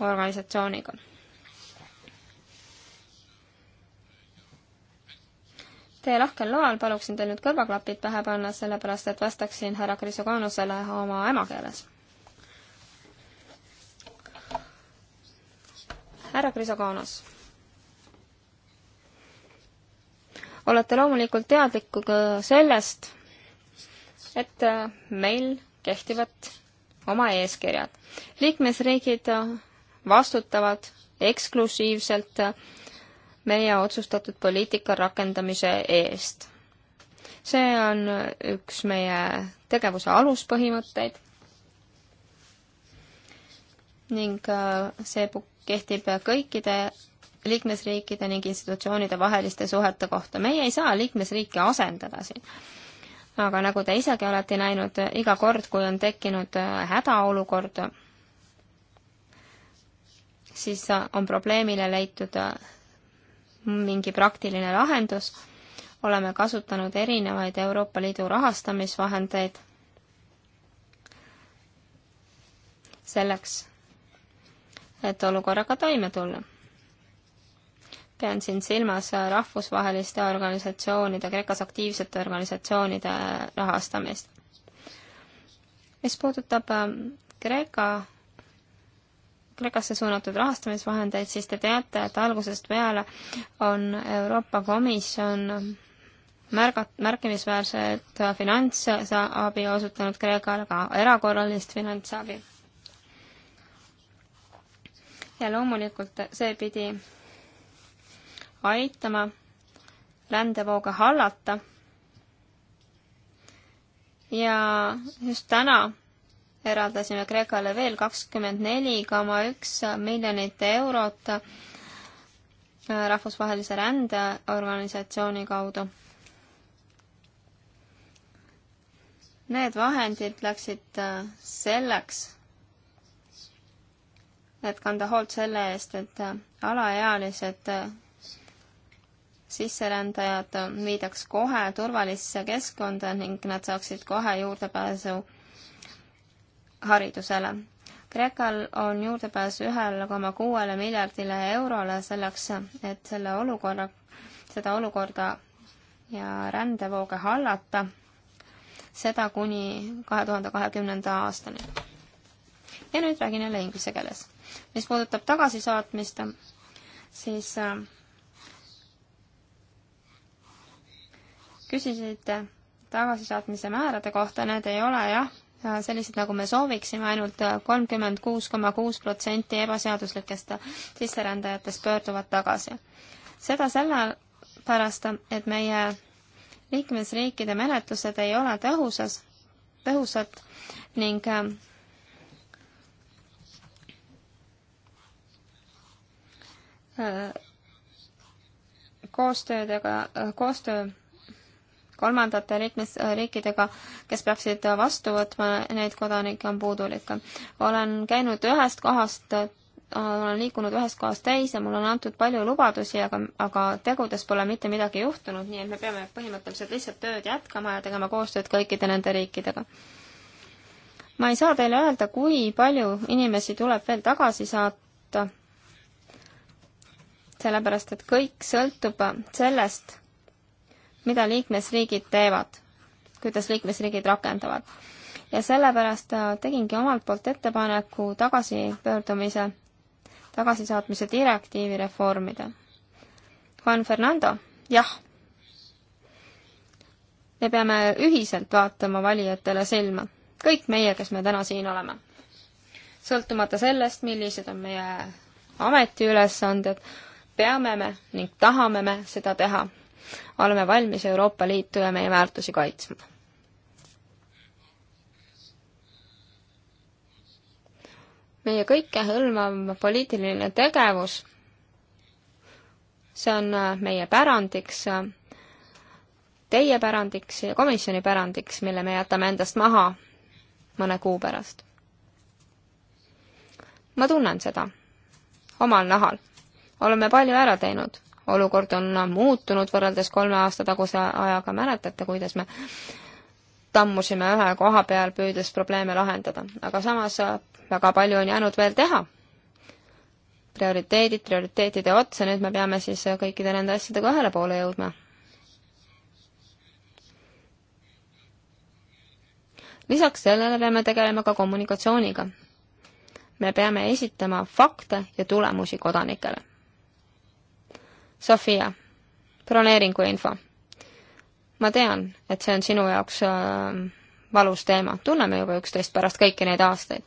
organisatsiooniga. Teie lahkel loal paluksin teil nüüd kõrvaklapid pähe panna, sellepärast et vastaksin härra Krisoganusele oma emakeeles. härra Krisoganus olete loomulikult teadlikud äh, sellest, et äh, meil kehtivat oma eeskirjad. liikmesriigid vastutavad eksklusiivselt meie otsustatud poliitika rakendamise eest. see on üks meie tegevuse aluspõhimõtteid ning äh, see kehtib kõikide liikmesriikide ning institutsioonide vaheliste suhete kohta. meie ei saa liikmesriike asendada siin aga nagu te isegi olete näinud, iga kord, kui on tekkinud äh, hädaolukord, siis äh, on probleemile leitud äh, mingi praktiline lahendus, oleme kasutanud erinevaid Euroopa Liidu rahastamisvahendeid selleks, et olukorraga toime tulla pean siin silmas rahvusvaheliste organisatsioonide, Kreekas aktiivsete organisatsioonide rahastamist. mis puudutab ähm, Kreeka, Kreekasse suunatud rahastamisvahendeid, siis te teate, et algusest peale on Euroopa Komisjon märgat-, märkimisväärset finantsabi osutanud Kreekale, ka erakorralist finantsabi. ja loomulikult see pidi aitama rändevooga hallata. ja just täna eraldasime Kreekale veel kakskümmend neli koma üks miljonit eurot äh, rahvusvahelise rändeorganisatsiooni kaudu. Need vahendid läksid äh, selleks, et kanda hoolt selle eest, et äh, alaealised sisserändajad viidaks kohe turvalisse keskkonda ning nad saaksid kohe juurdepääsu haridusele. Kreekal on juurdepääs ühele koma kuuele miljardile eurole selleks, et selle olukorra, seda olukorda ja rändevooge hallata, seda kuni kahe tuhande kahekümnenda aastani. ja nüüd räägin jälle inglise keeles. mis puudutab tagasisaatmist, siis äh, küsisite tagasisaatmise määrade kohta, need ei ole jah, sellised, nagu me sooviksime ainult, ainult kolmkümmend kuus koma kuus protsenti ebaseaduslikest sisserändajatest pöörduvad tagasi. seda sellepärast, et meie liikmesriikide menetlused ei ole tõhusas, tõhusad ning äh, koostöödega, koostöö kolmandate liikmesriikidega, kes peaksid vastu võtma neid kodanikke, on puudulik. olen käinud ühest kohast olen liikunud ühest kohast teise, mulle on antud palju lubadusi, aga, aga tegudes pole mitte midagi juhtunud, nii et me peame põhimõtteliselt lihtsalt tööd jätkama ja tegema koostööd kõikide nende riikidega. ma ei saa teile öelda, kui palju inimesi tuleb veel tagasi saata, sellepärast et kõik sõltub sellest, mida liikmesriigid teevad, kuidas liikmesriigid rakendavad. ja sellepärast äh, tegingi omalt poolt ettepaneku tagasipöördumise, tagasisaatmise direktiivi reformida. Juan Fernando, jah. me peame ühiselt vaatama valijatele silma, kõik meie, kes me täna siin oleme. sõltumata sellest, millised on meie ametiülesanded, peame me ning tahame me seda teha oleme valmis Euroopa Liitu ja meie väärtusi kaitsma. meie kõike hõlmav poliitiline tegevus, see on äh, meie pärandiks, äh, teie pärandiks ja komisjoni pärandiks, mille me jätame endast maha mõne kuu pärast. ma tunnen seda omal nahal. oleme palju ära teinud olukord on muutunud võrreldes kolme aasta taguse ajaga, mäletate, kuidas me tammusime ühe koha peal, püüdes probleeme lahendada, aga samas väga palju on jäänud veel teha. prioriteedid prioriteetide otsa, nüüd me peame siis kõikide nende asjadega ühele poole jõudma. lisaks sellele peame tegelema ka kommunikatsiooniga. me peame esitama fakte ja tulemusi kodanikele Sofia, broneeringu info. ma tean, et see on sinu jaoks äh, valus teema, tunneme juba üksteist pärast kõiki neid aastaid.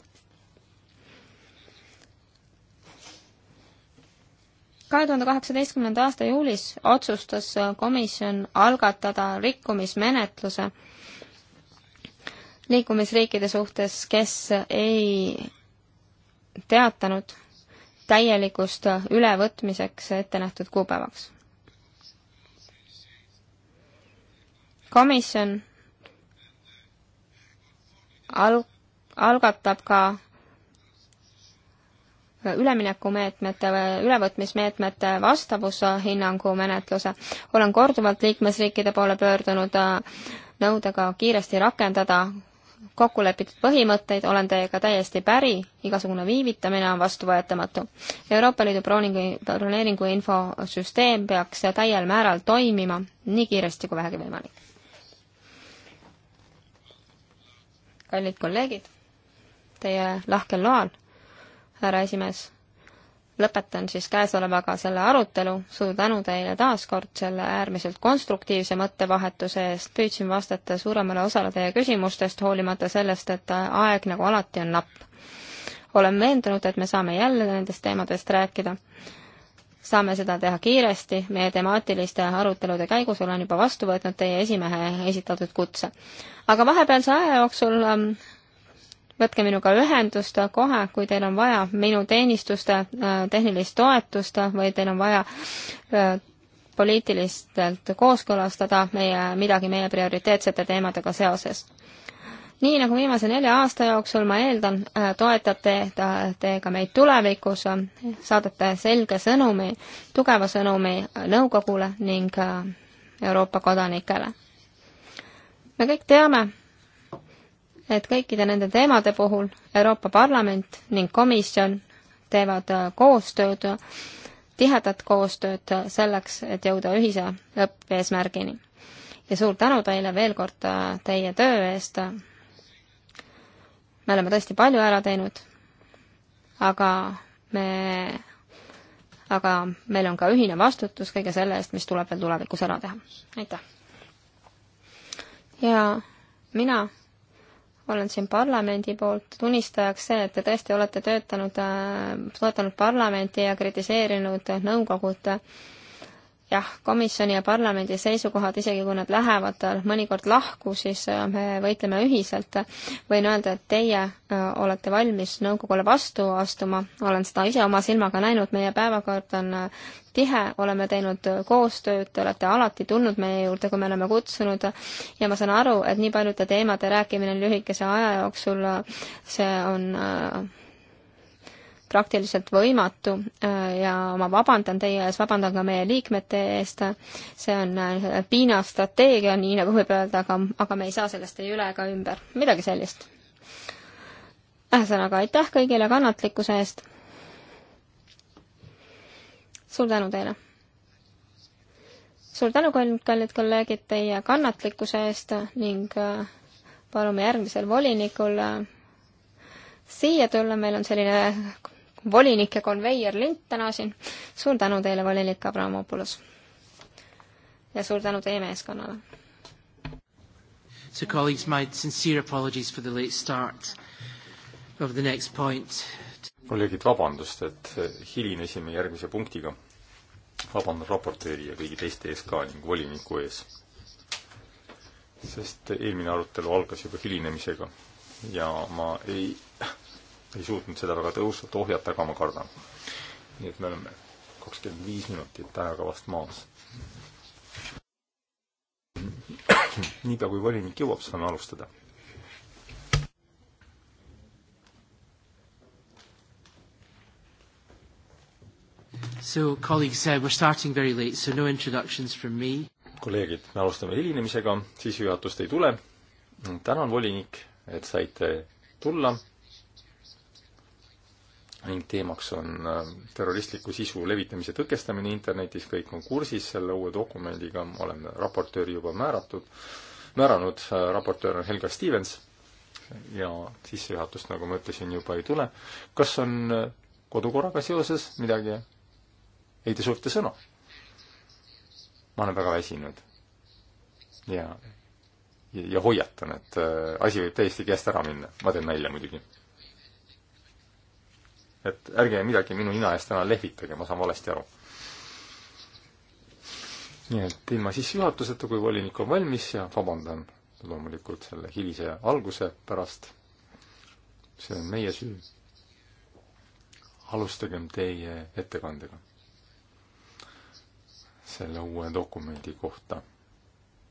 kahe tuhande kaheksateistkümnenda aasta juulis otsustas äh, komisjon algatada rikkumismenetluse liikumisriikide suhtes, kes ei teatanud täielikust ülevõtmiseks ette nähtud kuupäevaks. komisjon al-, algatab ka üleminekumeetmete või ülevõtmismeetmete vastavushinnangu menetluse. olen korduvalt liikmesriikide poole pöördunud äh, nõudega kiiresti rakendada kokku lepitud põhimõtteid, olen teiega täiesti päri, igasugune viivitamine on vastuvõetamatu. Euroopa Liidu broningu, broneeringu infosüsteem peaks täiel määral toimima nii kiiresti kui vähegi võimalik. kallid kolleegid, teie lahkel loal, härra esimees lõpetan siis käesolevaga selle arutelu, suur tänu teile taas kord selle äärmiselt konstruktiivse mõttevahetuse eest, püüdsin vastata suuremale osale teie küsimustest, hoolimata sellest, et aeg nagu alati on napp. olen veendunud, et me saame jälle nendest teemadest rääkida. saame seda teha kiiresti, meie temaatiliste arutelude käigus olen juba vastu võtnud teie esimehe esitatud kutse. aga vahepealse aja jooksul ähm, võtke minuga ühendust kohe, kui teil on vaja minu teenistuste äh, tehnilist toetust või teil on vaja äh, poliitilistelt kooskõlastada meie, midagi meie prioriteetsete teemadega seoses. nii nagu viimase nelja aasta jooksul, ma eeldan, äh, toetate te ka meid tulevikus, saadate selge sõnumi, tugeva sõnumi nõukogule ning Euroopa kodanikele. me kõik teame, et kõikide nende teemade puhul Euroopa Parlament ning komisjon teevad äh, koostööd, tihedat koostööd äh, selleks, et jõuda ühise lõppeesmärgini. ja suur tänu teile veel kord äh, teie töö eest. me oleme tõesti palju ära teinud, aga me, aga meil on ka ühine vastutus kõige selle eest, mis tuleb veel tulevikus ära teha. aitäh! ja mina olen siin parlamendi poolt tunnistajaks see, et te tõesti olete töötanud, äh, toetanud parlamenti ja kritiseerinud nõukogud jah, komisjoni ja parlamendi seisukohad, isegi kui nad lähevad äh, mõnikord lahku, siis äh, me võitleme ühiselt. võin öelda, et teie äh, olete valmis nõukogule vastu astuma, olen seda ise oma silmaga näinud, meie päevakord on tihe, oleme teinud koostööd, te olete alati tulnud meie juurde, kui me oleme kutsunud ja ma saan aru, et nii paljude teemade rääkimine lühikese aja jooksul, see on praktiliselt võimatu äh, ja ma vabandan teie ees, vabandan ka meie liikmete eest, see on äh, piinav strateegia, nii nagu võib öelda, aga, aga me ei saa sellest ei üle ega ümber, midagi sellist. ühesõnaga, aitäh kõigile kannatlikkuse eest. suur tänu teile! suur tänu, kallid kolleegid, teie kannatlikkuse eest ning äh, palume järgmisel volinikul siia tulla, meil on selline volinike konveierlint täna siin. suur tänu teile, volinik Abramopoulos. ja suur tänu teie meeskonnale. So colleagues, my sincere apologies for the late start of the next point. kolleegid, vabandust, et eh, hilinesime järgmise punktiga. vabandan raportööri ja kõigi teiste ees ka ning voliniku ees. sest eelmine arutelu algas juba hilinemisega ja ma ei ei suutnud seda väga tõhusalt ohjata, aga ma kardan. nii et me oleme kakskümmend viis minutit ajakavast maas. niipea kui volinik jõuab, saame alustada. So colleagues said uh, we're starting very late, so no introductions from me. kolleegid, me alustame hilinemisega, sissejuhatust ei tule. tänan, volinik, et saite tulla ning teemaks on äh, terroristliku sisu levitamise tõkestamine internetis, kõik on kursis selle uue dokumendiga, oleme raportööri juba määratud, määranud, äh, raportöör on Helga Stevens ja sissejuhatust, nagu ma ütlesin, juba ei tule. kas on äh, kodukorraga seoses midagi? ei, te soovite sõna? ma olen väga väsinud. ja, ja, ja hoiatan, et asi võib täiesti käest ära minna. ma teen nalja muidugi et ärge midagi minu nina eest täna lehvitage, ma saan valesti aru. nii et ilma sissejuhatuseta, kui volinik on valmis ja vabandan loomulikult selle hilise alguse pärast, see on meie süü. alustagem teie ettekandega selle uue dokumendi kohta,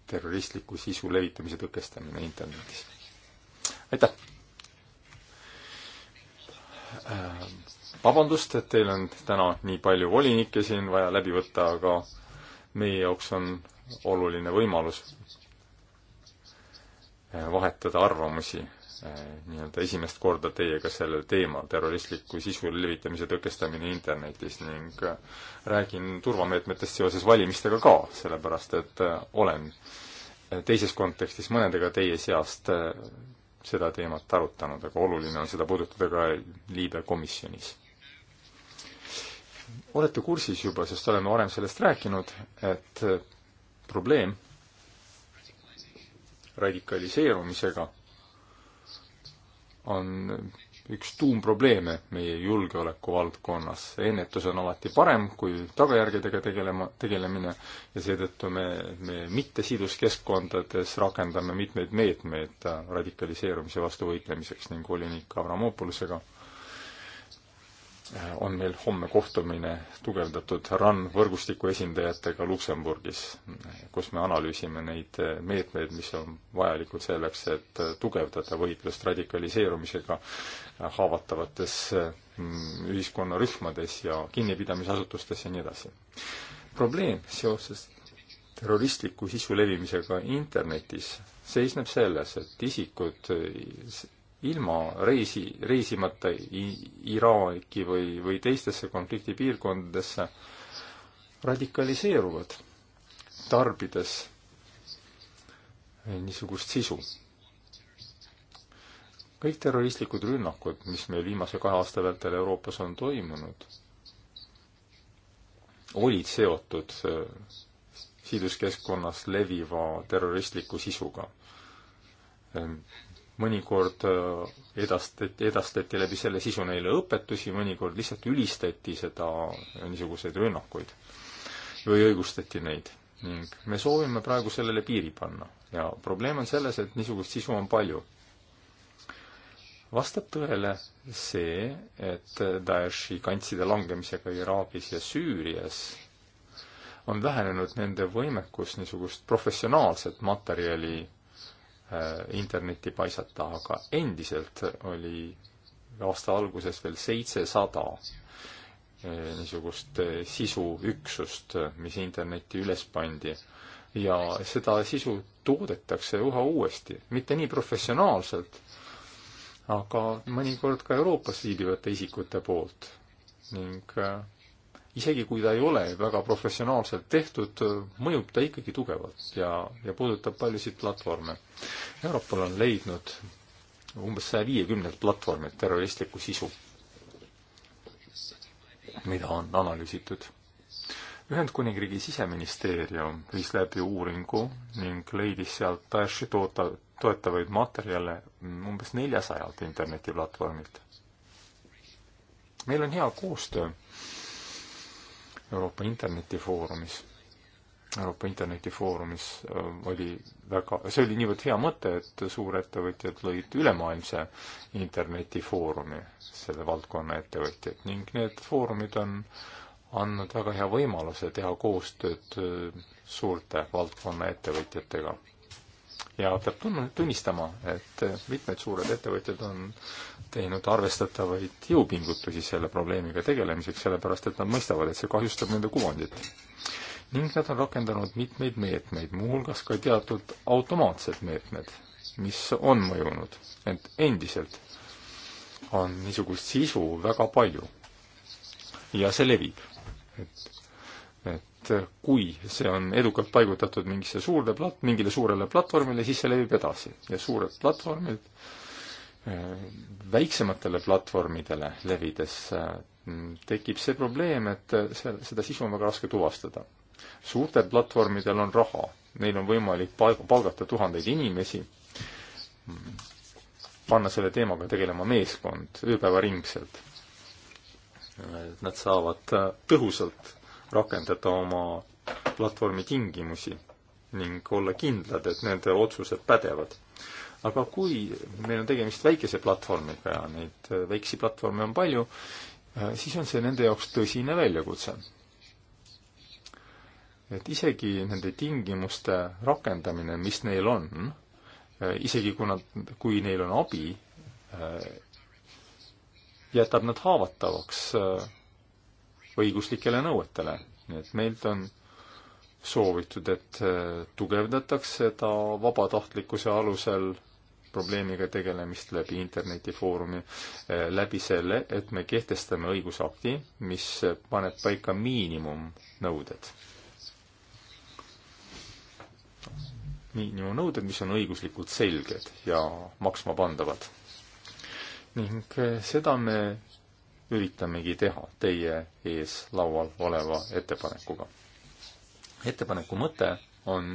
terroristliku sisu levitamise tõkestamine internetis. aitäh! Äh, vabandust, et teil on täna nii palju volinikke siin vaja läbi võtta, aga meie jaoks on oluline võimalus äh, vahetada arvamusi äh, nii-öelda esimest korda teiega sellel teemal, terroristliku sisu levitamise tõkestamine internetis ning räägin turvameetmetest seoses valimistega ka, sellepärast et olen teises kontekstis mõnedega teie seast seda teemat arutanud, aga oluline on seda puudutada ka liibe komisjonis. olete kursis juba, sest oleme varem sellest rääkinud, et probleem radikaliseerumisega on üks tuumprobleeme meie julgeoleku valdkonnas. ennetus on alati parem kui tagajärgedega tegelema, tegelemine ja seetõttu me, me mittesiduskeskkondades rakendame mitmeid meetmeid radikaliseerumise vastu võitlemiseks ning volinik Avramopolusega eh, on meil homme kohtumine tugevdatud RAN võrgustiku esindajatega Luksemburgis, kus me analüüsime neid meetmeid, mis on vajalikud selleks, et tugevdada võitlust radikaliseerumisega haavatavates mm, ühiskonnarühmades ja kinnipidamisasutustes ja nii edasi. probleem seoses terroristliku sisu levimisega internetis seisneb selles, et isikud eh, ilma reisi, reisimata Iraaki või, või teistesse konfliktipiirkondadesse radikaliseeruvad, tarbides niisugust sisu kõik terroristlikud rünnakud, mis meil viimase kahe aasta vältel Euroopas on toimunud, olid seotud äh, siduskeskkonnas leviva terroristliku sisuga. Ähm, mõnikord äh, edastati, edastati läbi selle sisu neile õpetusi, mõnikord lihtsalt ülistati seda, äh, niisuguseid rünnakuid või õigustati neid ning me soovime praegu sellele piiri panna ja probleem on selles, et niisugust sisu on palju vastab tõele see, et Daeshi kantside langemisega Iraagis ja Süürias on vähenenud nende võimekus niisugust professionaalset materjali äh, internetti paisata, aga endiselt oli aasta alguses veel seitsesada äh, niisugust äh, sisuüksust, äh, mis internetti üles pandi. ja seda sisu toodetakse üha uuesti, mitte nii professionaalselt, aga mõnikord ka Euroopas viibivate isikute poolt ning äh, isegi kui ta ei ole väga professionaalselt tehtud, mõjub ta ikkagi tugevalt ja, ja puudutab paljusid platvorme. Europol on leidnud umbes saja viiekümnelt platvormilt terroristlikku sisu, mida on analüüsitud Ühendkuningriigi siseministeerium viis läbi uuringu ning leidis sealt Daeshi toota, toetavaid materjale umbes neljasajalt internetiplatvormilt. meil on hea koostöö Euroopa Internetifoorumis. Euroopa Internetifoorumis äh, oli väga, see oli niivõrd hea mõte, et suurettevõtjad lõid ülemaailmse internetifoorumi, selle valdkonna ettevõtjad ning need foorumid on äh, andnud väga hea võimaluse teha koostööd äh, suurte valdkonna ettevõtjatega. ja peab tunnistama, et äh, mitmed suured ettevõtjad on teinud arvestatavaid jõupingutusi selle probleemiga tegelemiseks, sellepärast et nad mõistavad, et see kahjustab nende kuvandit. ning nad on rakendanud mitmeid meetmeid, muuhulgas ka teatud automaatsed meetmed, mis on mõjunud, et endiselt on niisugust sisu väga palju ja see levib et, et kui see on edukalt paigutatud mingisse suurde plat-, mingile suurele platvormile, siis see levib edasi ja suured platvormid äh, väiksematele platvormidele levides äh, tekib see probleem, et see, seda sisu on väga raske tuvastada. suurtel platvormidel on raha, neil on võimalik palgata tuhandeid inimesi, panna selle teemaga tegelema meeskond ööpäevaringselt et nad saavad tõhusalt rakendada oma platvormi tingimusi ning olla kindlad, et nende otsused pädevad. aga kui meil on tegemist väikese platvormiga ja neid väikesi platvorme on palju, siis on see nende jaoks tõsine väljakutse. et isegi nende tingimuste rakendamine, mis neil on, isegi kui nad, kui neil on abi jätab nad haavatavaks äh, õiguslikele nõuetele. nii et meilt on soovitud, et äh, tugevdataks seda vabatahtlikkuse alusel probleemiga tegelemist läbi internetifoorumi, äh, läbi selle, et me kehtestame õigusakti, mis paneb paika miinimumnõuded. miinimumnõuded, mis on õiguslikult selged ja maksma pandavad ning eh, seda me üritamegi teha teie ees laual oleva ettepanekuga. ettepaneku mõte on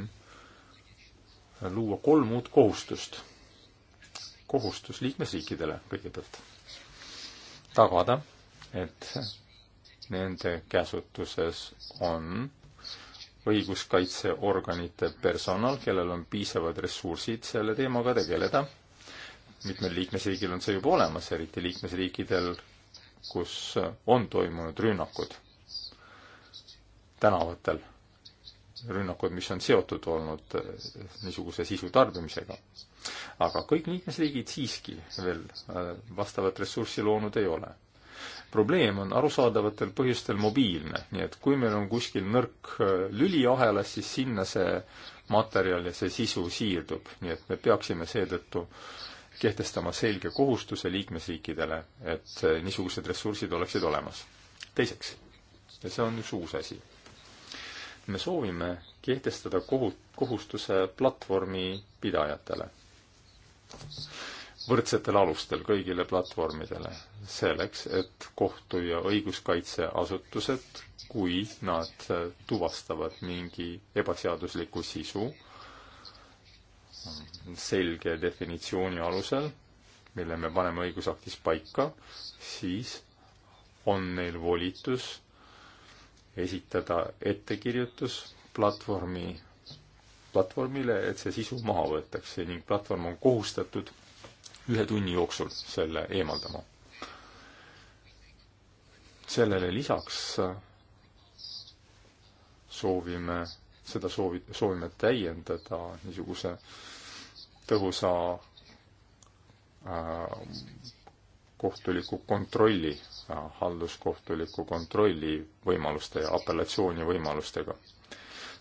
luua kolm uut kohustust. kohustus liikmesriikidele kõigepealt tagada, et nende käsutuses on õiguskaitseorganite personal, kellel on piisavad ressursid selle teemaga tegeleda mitmel liikmesriigil on see juba olemas, eriti liikmesriikidel, kus on toimunud rünnakud tänavatel, rünnakud, mis on seotud olnud eh, niisuguse sisu tarbimisega. aga kõik liikmesriigid siiski veel eh, vastavat ressurssi loonud ei ole. probleem on arusaadavatel põhjustel mobiilne, nii et kui meil on kuskil nõrk eh, lüli ahelas, siis sinna see materjal ja see sisu siirdub, nii et me peaksime seetõttu äh, kehtestama selge kohustuse liikmesriikidele, et eh, niisugused ressursid oleksid olemas. teiseks, ja see on üks uus asi, me soovime kehtestada kohu-, kohustuse platvormi pidajatele, võrdsetel alustel kõigile platvormidele, selleks, et kohtu- ja õiguskaitseasutused, kui nad eh, tuvastavad mingi ebaseadusliku sisu, selge definitsiooni alusel, mille me paneme õigusaktis paika, siis on neil volitus esitada ettekirjutus platvormi, platvormile, et see sisu maha võetakse ning platvorm on kohustatud ühe tunni jooksul selle eemaldama. sellele lisaks soovime seda soovi, soovime täiendada niisuguse tõhusa äh, kohtuliku kontrolli äh,, halduskohtuliku kontrolli võimaluste ja apellatsiooni võimalustega.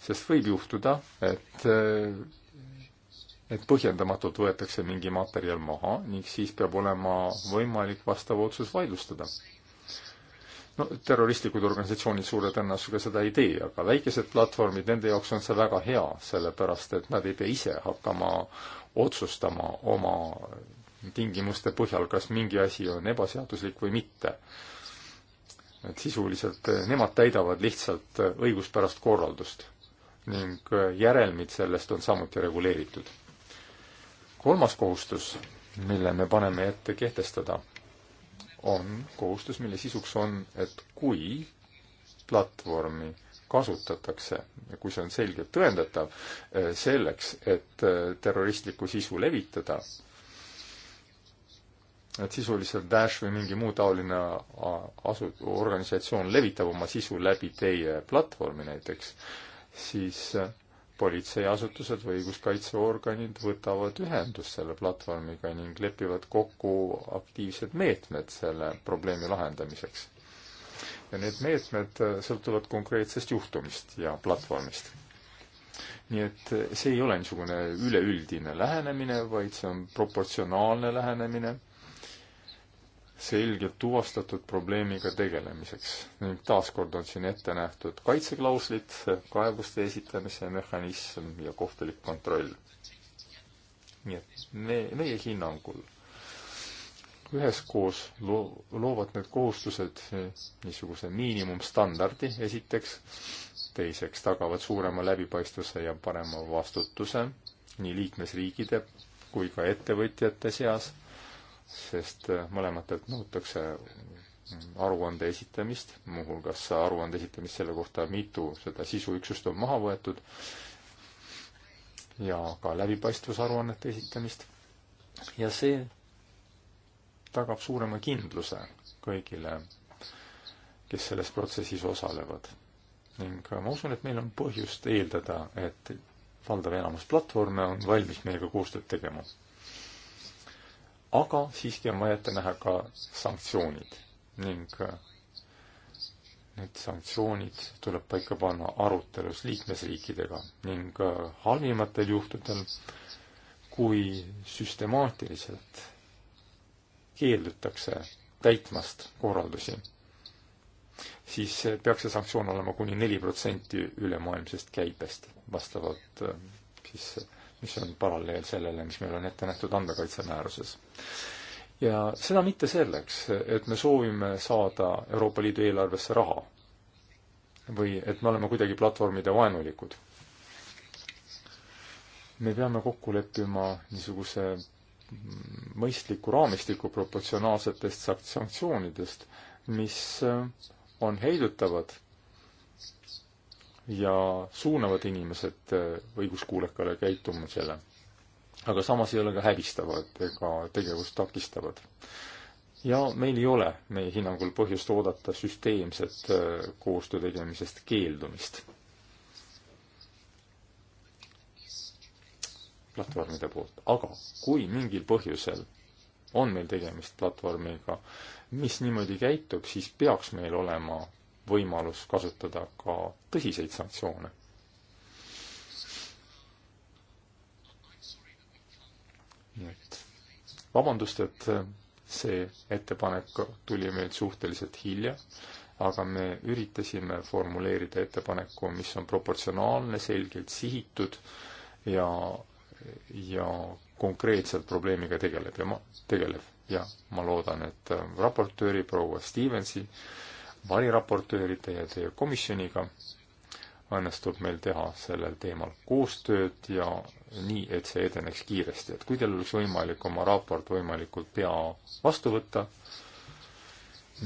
sest võib juhtuda, et äh, et põhjendamatult võetakse mingi materjal maha ning siis peab olema võimalik vastav otsus vaidlustada no terroristlikud organisatsioonid suure tõenäosusega seda ei tee, aga väikesed platvormid, nende jaoks on see väga hea, sellepärast et nad ei pea ise hakkama otsustama oma tingimuste põhjal, kas mingi asi on ebaseaduslik või mitte. et sisuliselt eh, nemad täidavad lihtsalt eh, õiguspärast korraldust ning eh, järelmid sellest on samuti reguleeritud. kolmas kohustus, mille me paneme ette kehtestada on kohustus, mille sisuks on, et kui platvormi kasutatakse ja kui see on selgelt tõendatav, eh, selleks, et eh, terroristlikku sisu levitada, et sisuliselt Daesh või mingi muu taoline asu-, organisatsioon levitab oma sisu läbi teie platvormi näiteks, siis eh, politseiasutused või õiguskaitseorganid võtavad ühendust selle platvormiga ning lepivad kokku aktiivsed meetmed selle probleemi lahendamiseks. ja need meetmed äh, sõltuvad konkreetsest juhtumist ja platvormist. nii et äh, see ei ole niisugune üleüldine lähenemine, vaid see on proportsionaalne lähenemine selgelt tuvastatud probleemiga tegelemiseks ning taaskord on siin ette nähtud kaitseklauslid, kaebuste esitamise mehhanism ja kohtulik kontroll. nii et me, meie hinnangul üheskoos loo-, loovad need kohustused niisuguse miinimumstandardi esiteks, teiseks tagavad suurema läbipaistvuse ja parema vastutuse nii liikmesriigide kui ka ettevõtjate seas sest äh, mõlematelt nõutakse mm, aruande esitamist, muuhulgas aruande esitamist selle kohta, mitu seda sisuüksust on maha võetud ja ka läbipaistvusaruannete esitamist. ja see tagab suurema kindluse kõigile, kes selles protsessis osalevad. ning äh, ma usun, et meil on põhjust eeldada, et valdav enamus platvorme on valmis meiega koostööd tegema aga siiski on vaja ette näha ka sanktsioonid ning äh, need sanktsioonid tuleb paika panna arutelus liikmesriikidega ning äh, halvimatel juhtudel, kui süstemaatiliselt keeldutakse täitmast korraldusi, siis äh, peaks see sanktsioon olema kuni neli protsenti ülemaailmsest käibest, vastavalt siis mis on paralleel sellele, mis meil on ette nähtud andmekaitsemääruses. ja seda mitte selleks, et me soovime saada Euroopa Liidu eelarvesse raha või et me oleme kuidagi platvormide vaenulikud. me peame kokku leppima niisuguse mõistliku raamistiku proportsionaalsetest sanktsioonidest, mis on heidutavad ja suunavad inimesed äh, õiguskuulekale käitumisele. aga samas ei ole ka häbistavad ega tegevust takistavad. ja meil ei ole meie hinnangul põhjust oodata süsteemset äh, koostöö tegemisest keeldumist. platvormide poolt, aga kui mingil põhjusel on meil tegemist platvormiga, mis niimoodi käitub, siis peaks meil olema võimalus kasutada ka tõsiseid sanktsioone. nii et vabandust, et see ettepanek tuli meilt suhteliselt hilja, aga me üritasime formuleerida ettepaneku, mis on proportsionaalne, selgelt sihitud ja, ja konkreetselt probleemiga tegeleb ja ma, tegeleb ja ma loodan, et raportööri proua Stevensi äh, variraportööride ja teie komisjoniga õnnestub meil teha sellel teemal koostööd ja nii, et see edeneks kiiresti. et kui teil oleks võimalik oma raport võimalikult pea vastu võtta,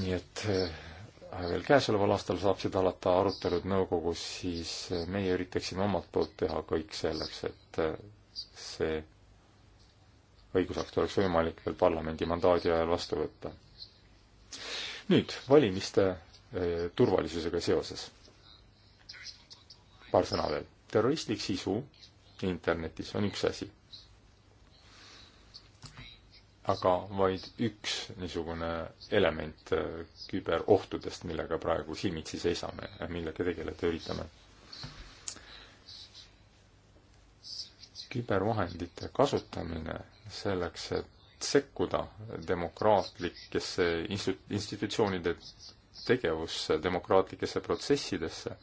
nii et äh, veel käesoleval aastal saaksid alata arutelud nõukogus, siis äh, meie üritaksime omalt poolt teha kõik selleks, et äh, see õigusakt oleks võimalik veel parlamendi mandaadi ajal vastu võtta nüüd valimiste eh, turvalisusega seoses. paar sõna veel. terroristlik sisu internetis on üks asi. aga vaid üks niisugune element eh, küberohtudest, millega praegu silmitsi seisame ja millega tegeleda üritame. kübervahendite kasutamine selleks, et sekkuda demokraatlikesse institutsioonide tegevusse, demokraatlikesse protsessidesse,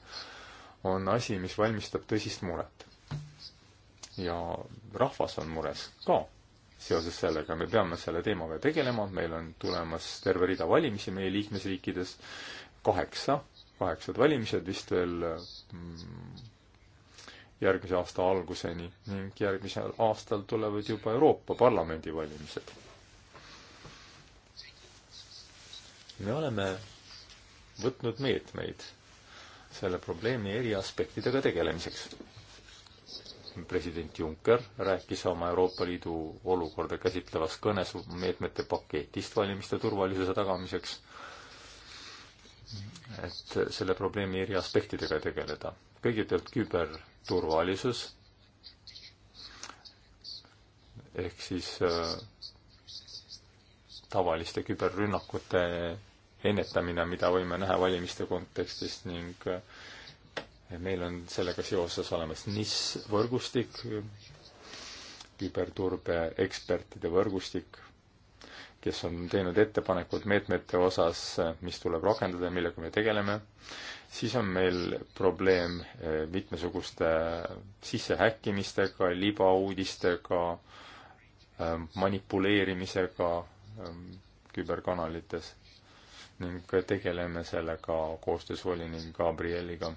on asi, mis valmistab tõsist muret. ja rahvas on mures ka seoses sellega, me peame selle teemaga tegelema, meil on tulemas terve rida valimisi meie liikmesriikides, kaheksa, kaheksad valimised vist veel mm, järgmise aasta alguseni ning järgmisel aastal tulevad juba Euroopa Parlamendi valimised. me oleme võtnud meetmeid selle probleemi eri aspektidega tegelemiseks. president Juncker rääkis oma Euroopa Liidu olukorda käsitlevas kõnes meetmete paketist valimiste turvalisuse tagamiseks, et selle probleemi eri aspektidega tegeleda kõigepealt küberturvalisus ehk siis äh, tavaliste küberrünnakute ennetamine, mida võime näha valimiste kontekstis ning äh, meil on sellega seoses olemas NIS võrgustik, küberturbe ekspertide võrgustik, kes on teinud ettepanekud meetmete osas, mis tuleb rakendada ja millega me tegeleme siis on meil probleem eh, mitmesuguste sissehäkkimistega, libauudistega, eh, manipuleerimisega eh, küberkanalites ning tegeleme sellega koostöös volinik Gabrieliga.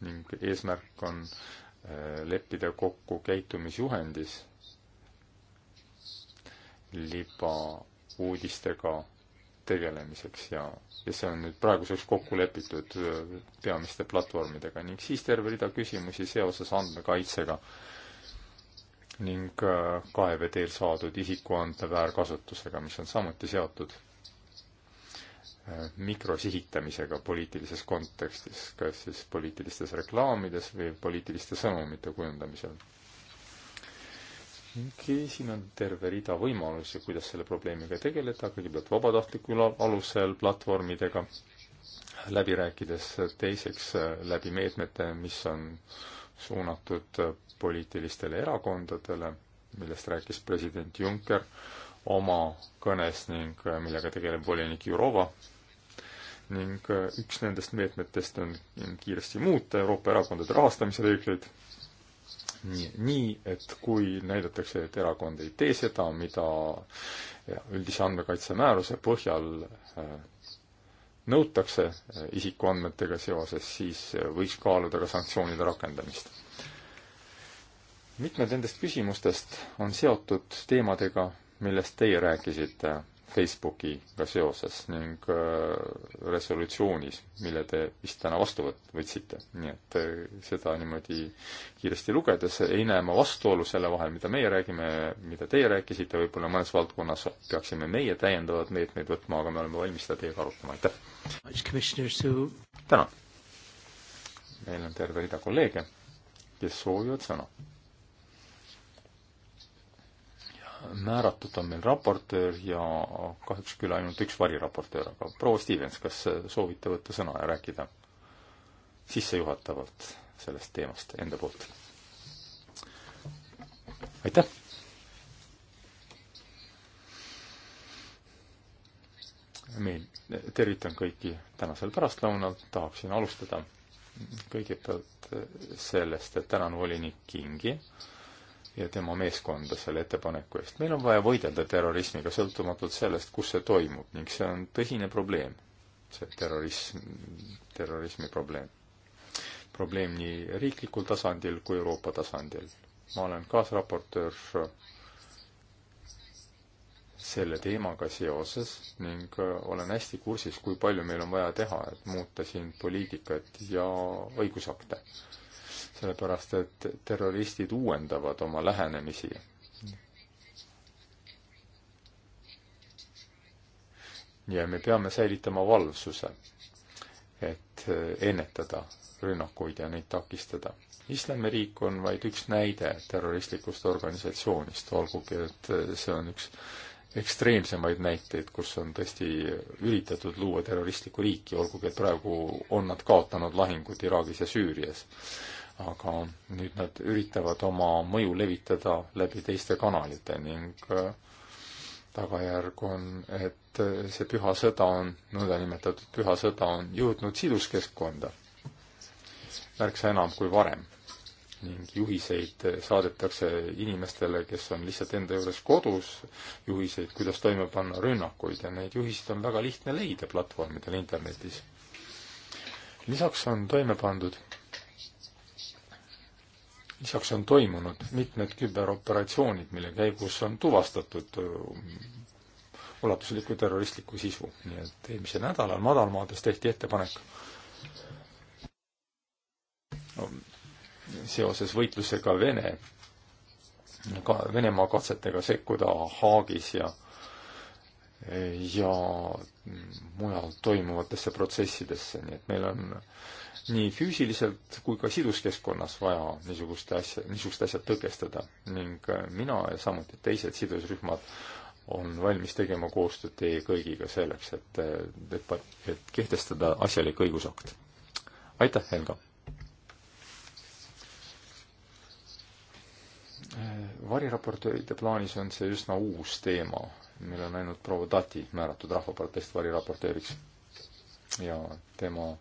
ning eesmärk on leppida kokku käitumisjuhendis libauudistega tegelemiseks ja, ja see on nüüd praeguseks kokku lepitud äh, peamiste platvormidega ning siis terve rida küsimusi seoses andmekaitsega ning äh, kaeve teel saadud isikuandme väärkasutusega, mis on samuti seotud äh, mikrosihitamisega poliitilises kontekstis, kas siis poliitilistes reklaamides või poliitiliste sõnumite kujundamisel ning siin on terve rida võimalusi, kuidas selle probleemiga tegeleda, kõigepealt vabatahtlikul alusel platvormidega läbi rääkides, teiseks äh, läbi meetmete, mis on suunatud äh, poliitilistele erakondadele, millest rääkis president Juncker oma kõnes ning äh, millega tegeleb volinik Jurova, ning üks nendest meetmetest on kiiresti muuta Euroopa erakondade rahastamise reegleid nii, nii, et kui näidatakse, et erakond ei tee seda, mida üldise andmekaitse määruse põhjal äh, nõutakse äh, isikuandmetega seoses, siis äh, võiks kaaluda ka sanktsioonide rakendamist. mitmed nendest küsimustest on seotud teemadega, millest teie rääkisite Facebookiga seoses ning äh, resolutsioonis, mille te vist täna vastu võt-, võtsite. nii et äh, seda niimoodi kiiresti lugedes ei näe ma vastuolu selle vahel, mida meie räägime, mida teie rääkisite, võib-olla mõnes valdkonnas peaksime meie täiendavad meetmeid võtma, aga me oleme valmis seda teiega arutama, aitäh! tänan! meil on terve rida kolleege, kes soovivad sõna määratud on meil raportöör ja kahjuks küll ainult üks variraportöör, aga proua Stevens, kas soovite võtta sõna ja rääkida sissejuhatavalt sellest teemast enda poolt? aitäh! meil, tervitan kõiki tänasel pärastlõunal, tahaksin alustada kõigepealt sellest, et tänan volinik Kingi äh, ja tema meeskonda selle ettepaneku eest. meil on vaja võidelda terrorismiga sõltumatult sellest, kus see toimub ning see on tõsine probleem, see terrorism, terrorismi probleem. probleem nii riiklikul tasandil kui Euroopa tasandil. ma olen kaasraportöör selle teemaga seoses ning olen hästi kursis, kui palju meil on vaja teha, et muuta siin poliitikat ja õigusakte sellepärast et terroristid uuendavad oma lähenemisi. ja me peame säilitama valvsuse, et ennetada rünnakuid ja neid takistada. islamiriik on vaid üks näide terroristlikust organisatsioonist, olgugi et see on üks ekstreemsemaid näiteid, kus on tõesti üritatud luua terroristlikku riiki, olgugi et praegu on nad kaotanud lahingud Iraagis ja Süürias aga nüüd nad üritavad oma mõju levitada läbi teiste kanalite ning äh, tagajärg on, et äh, see püha sõda on, nõndanimetatud püha sõda on jõudnud siduskeskkonda märksa enam kui varem ning juhiseid äh, saadetakse inimestele, kes on lihtsalt enda juures kodus, juhiseid, kuidas toime panna rünnakuid ja neid juhiseid on väga lihtne leida platvormidel internetis. lisaks on toime pandud lisaks on toimunud mitmed küberoperatsioonid, mille käigus on tuvastatud äh, ulatuslikku terroristlikku sisu, nii et eelmisel nädalal madalmaades tehti ettepanek no, seoses võitlusega Vene, ka Venemaa katsetega sekkuda Haagis ja ja mujal toimuvatesse protsessidesse, nii et meil on nii füüsiliselt kui ka siduskeskkonnas vaja niisugust asja, niisugust asja tõkestada ning äh, mina ja samuti teised sidusrühmad on valmis tegema koostööd teie kõigiga selleks, et, äh, et, et kehtestada asjalik õigusakt. aitäh, Helga! Äh, variraportööride plaanis on see üsna uus teema, meil on ainult proua Tati määratud rahvaprotest variraportööriks ja tema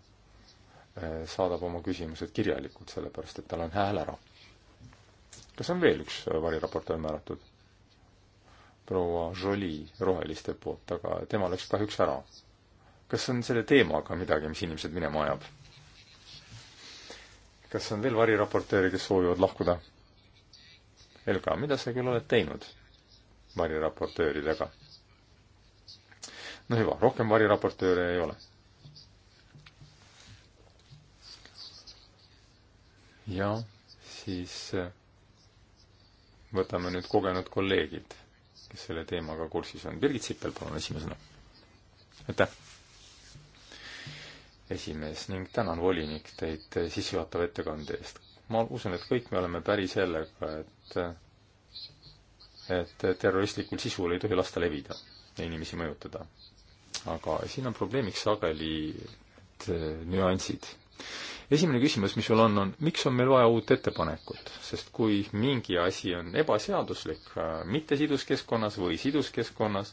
Äh, saadab oma küsimused kirjalikult, sellepärast et tal on hääl ära. kas on veel üks äh, variraportöör määratud? proua Jolie roheliste poolt, aga tema läks kahjuks ära. kas on selle teemaga midagi, mis inimesed minema ajab? kas on veel variraportööre, kes soovivad lahkuda? Helga, mida sa küll oled teinud variraportööridega? no hüva, rohkem variraportööre ei ole ja siis äh, võtame nüüd kogenud kolleegid, kes selle teemaga kursis on. Birgit Sippel, palun esimesena. aitäh! esimees ning tänan, volinik, teid sissejuhatava ettekande eest. ma usun, et kõik me oleme päri sellega, et et terroristlikul sisul ei tohi lasta levida ja inimesi mõjutada. aga siin on probleemiks sageli äh, nüansid esimene küsimus, mis sul on, on miks on meil vaja uut ettepanekut, sest kui mingi asi on ebaseaduslik äh, mittesiduskeskkonnas või siduskeskkonnas,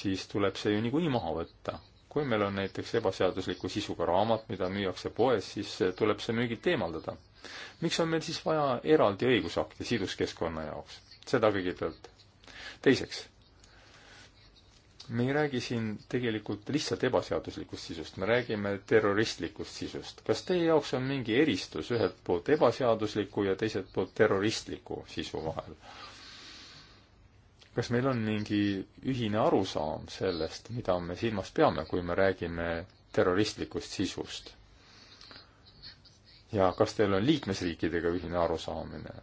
siis tuleb see ju niikuinii maha võtta. kui meil on näiteks ebaseadusliku sisuga raamat, mida müüakse poes, siis äh, tuleb see müügilt eemaldada. miks on meil siis vaja eraldi õigusakti siduskeskkonna jaoks? seda kõigepealt. teiseks me ei räägi siin tegelikult lihtsalt ebaseaduslikust sisust, me räägime terroristlikust sisust. kas teie jaoks on mingi eristus ühelt poolt ebaseadusliku ja teiselt poolt terroristliku sisu vahel? kas meil on mingi ühine arusaam sellest, mida me silmas peame, kui me räägime terroristlikust sisust? ja kas teil on liikmesriikidega ühine arusaamine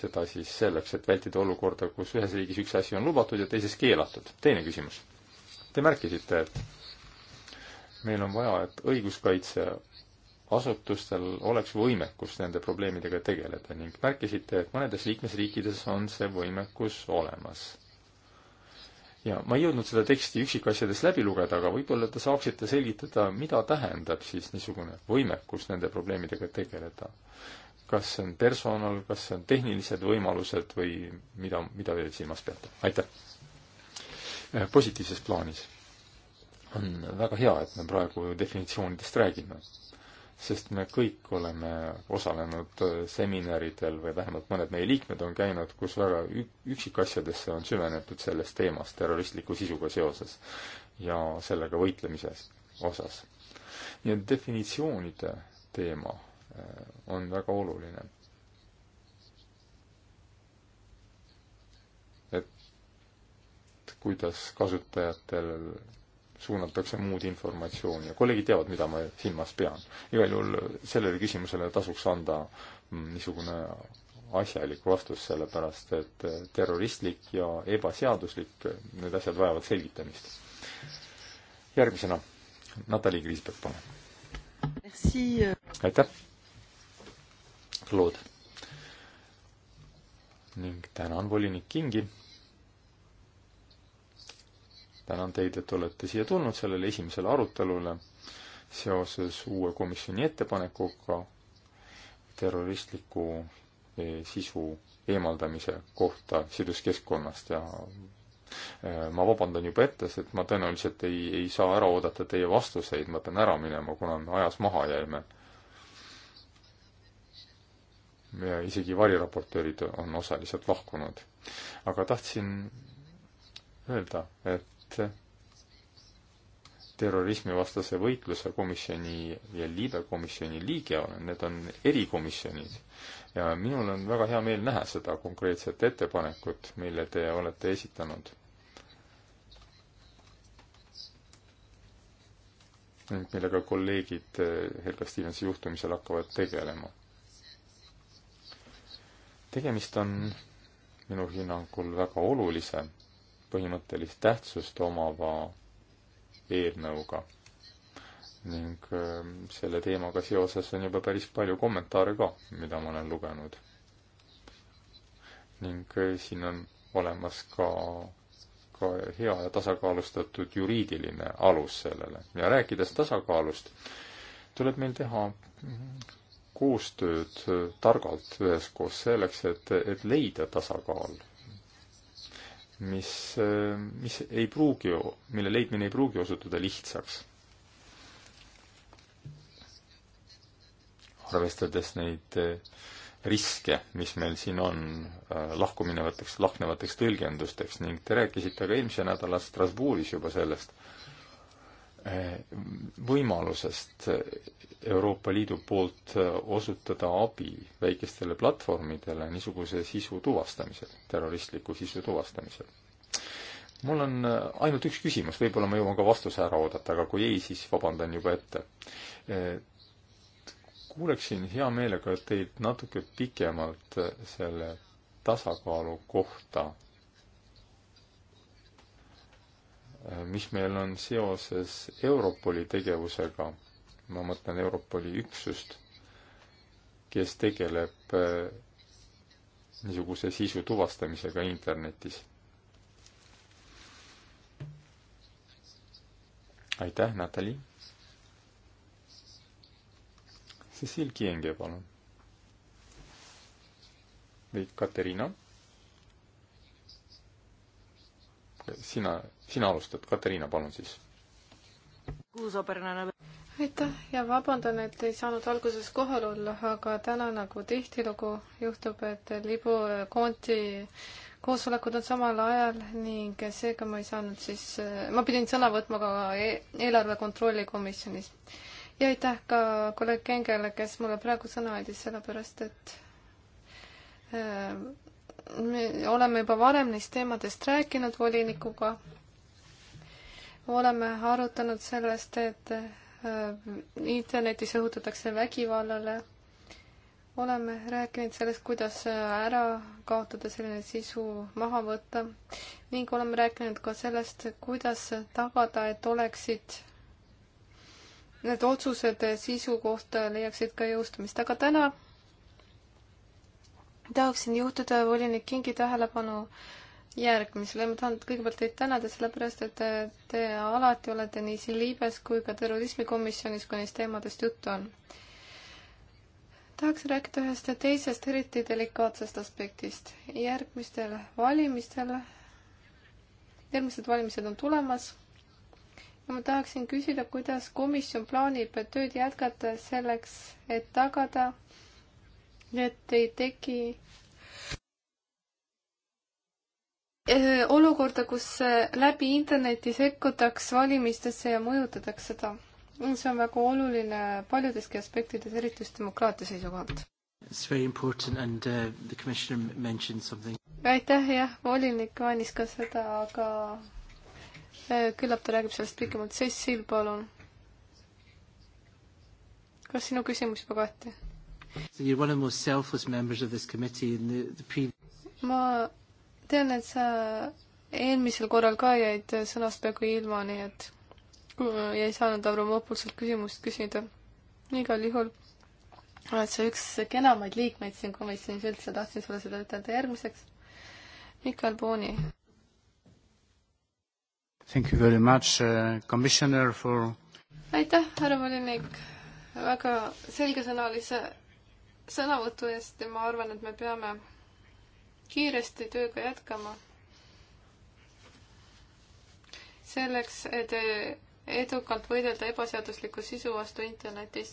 seda siis selleks, et vältida olukorda, kus ühes riigis üks asi on lubatud ja teises keelatud. teine küsimus. Te märkisite, et meil on vaja, et õiguskaitseasutustel oleks võimekus nende probleemidega tegeleda ning märkisite, et mõnedes liikmesriikides on see võimekus olemas. ja ma ei jõudnud seda teksti üksikasjades läbi lugeda, aga võib-olla te saaksite selgitada, mida tähendab siis niisugune võimekus nende probleemidega tegeleda kas see on personal, kas see on tehnilised võimalused või mida, mida te silmas peate? aitäh! Äh, positiivses plaanis on väga hea, et me praegu definitsioonidest räägime, sest me kõik oleme osalenud äh, seminaridel või vähemalt mõned meie liikmed on käinud, kus väga üksikasjadesse on süvenetud selles teemas terroristliku sisuga seoses ja sellega võitlemises osas. nii et definitsioonide teema Äh, on väga oluline. et kuidas kasutajatel suunatakse muud informatsiooni ja kolleegid teavad, mida ma silmas pean. igal juhul sellele küsimusele tasuks anda mm, niisugune asjalik vastus, sellepärast et terroristlik ja ebaseaduslik, need asjad vajavad selgitamist. järgmisena Natalja Kriisberg, palun. Euh. aitäh! Claude. ning tänan volinik Kingi. tänan teid, et olete siia tulnud sellele esimesele arutelule seoses uue komisjoni ettepanekuga terroristliku e, sisu eemaldamise kohta siduskeskkonnast ja e, ma vabandan juba ette, sest ma tõenäoliselt ei, ei saa ära oodata teie vastuseid, ma pean ära minema, kuna me ajas maha jäime ja isegi variraportöörid on osaliselt lahkunud. aga tahtsin öelda, et terrorismivastase võitluse komisjoni ja liibekomisjoni liige olen, need on erikomisjonid. ja minul on väga hea meel näha seda konkreetset ettepanekut, mille te olete esitanud. ning millega kolleegid Helga Stevensi juhtumisel hakkavad tegelema tegemist on minu hinnangul väga olulise, põhimõttelist tähtsust omava eelnõuga ning ähm, selle teemaga seoses on juba päris palju kommentaare ka, mida ma olen lugenud. ning äh, siin on olemas ka, ka hea ja tasakaalustatud juriidiline alus sellele ja rääkides tasakaalust, tuleb meil teha koostööd äh, targalt üheskoos selleks, et, et leida tasakaal, mis, äh, mis ei pruugi, mille leidmine ei pruugi osutuda lihtsaks. arvestades neid äh, riske, mis meil siin on lahkuminevateks, lahknevateks tõlgendusteks ning te rääkisite ka eelmise nädala Strasbourgis juba sellest, Eh, võimalusest Euroopa Liidu poolt osutada abi väikestele platvormidele niisuguse sisu tuvastamisel, terroristliku sisu tuvastamisel. mul on eh, ainult üks küsimus, võib-olla ma jõuan ka vastuse ära oodata, aga kui ei, siis vabandan juba ette. Eh, kuuleksin hea meelega teilt natuke pikemalt selle tasakaalu kohta Äh, mis meil on seoses Europoli tegevusega, ma mõtlen Europoli üksust, kes tegeleb äh, niisuguse sisu tuvastamisega internetis. aitäh, Natali. Cecil Kienge, palun. või Katariina sina, sina alustad, Katariina, palun siis. aitäh ja vabandan, et ei saanud alguses kohal olla, aga täna nagu tihtilugu juhtub, et libu konti koosolekud on samal ajal ning seega ma ei saanud siis, ma pidin sõna võtma ka e-, eelarve kontrolli komisjonis. ja aitäh ka kolleeg Kengele, kes mulle praegu sõna andis, sellepärast et äh, me oleme juba varem neist teemadest rääkinud volinikuga. oleme arutanud sellest, et äh, internetis õhutatakse vägivallale. oleme rääkinud sellest, kuidas äh, ära kaotada selline sisu, maha võtta ning oleme rääkinud ka sellest, kuidas tagada, et oleksid need otsused sisu kohta leiaksid ka jõustumist, aga täna tahaksin juhtida volinik Kingi tähelepanu järgmisele, ma tahan kõigepealt teid tänada, sellepärast et te, te alati olete nii siin Liibes kui ka terrorismikomisjonis, kui neist teemadest juttu on. tahaks rääkida ühest teisest eriti delikaatsest aspektist. järgmistel valimistel, järgmised valimised on tulemas ja ma tahaksin küsida, kuidas komisjon plaanib tööd jätkata selleks, et tagada et ei teki eh, olukorda, kus eh, läbi interneti sekkutaks valimistesse ja mõjutataks seda. see on väga oluline paljudeski aspektides, eriti just demokraatia seisukohalt. And, uh, aitäh, jah, volinik mainis ka seda, aga eh, küllap ta räägib sellest pikemalt. Cecil, palun. kas sinu küsimus juba kahti? ma tean, et sa eelmisel korral ka jäid sõnast peaaegu ilma, nii et ja ei saanud Avramopolselt küsimust küsida. igal juhul oled sa üks kenamaid liikmeid siin komisjonis üldse, tahtsin sulle seda ütelda. järgmiseks, Mikael Pooni. Thank you very much uh,, commissioner for aitäh, härra volinik, väga selgesõnalise sõnavõtu eest ja ma arvan, et me peame kiiresti tööga jätkama. selleks, et edukalt võidelda ebaseadusliku sisu vastu internetis.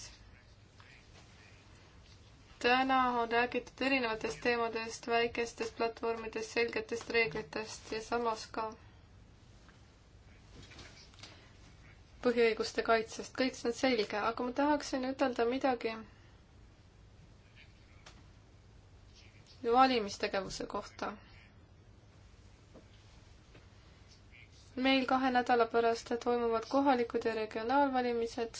täna on räägitud erinevatest teemadest, väikestest platvormidest, selgetest reeglitest ja samas ka põhiõiguste kaitsest, kõik see on selge, aga ma tahaksin ütelda midagi valimistegevuse kohta. meil kahe nädala pärast toimuvad kohalikud ja regionaalvalimised.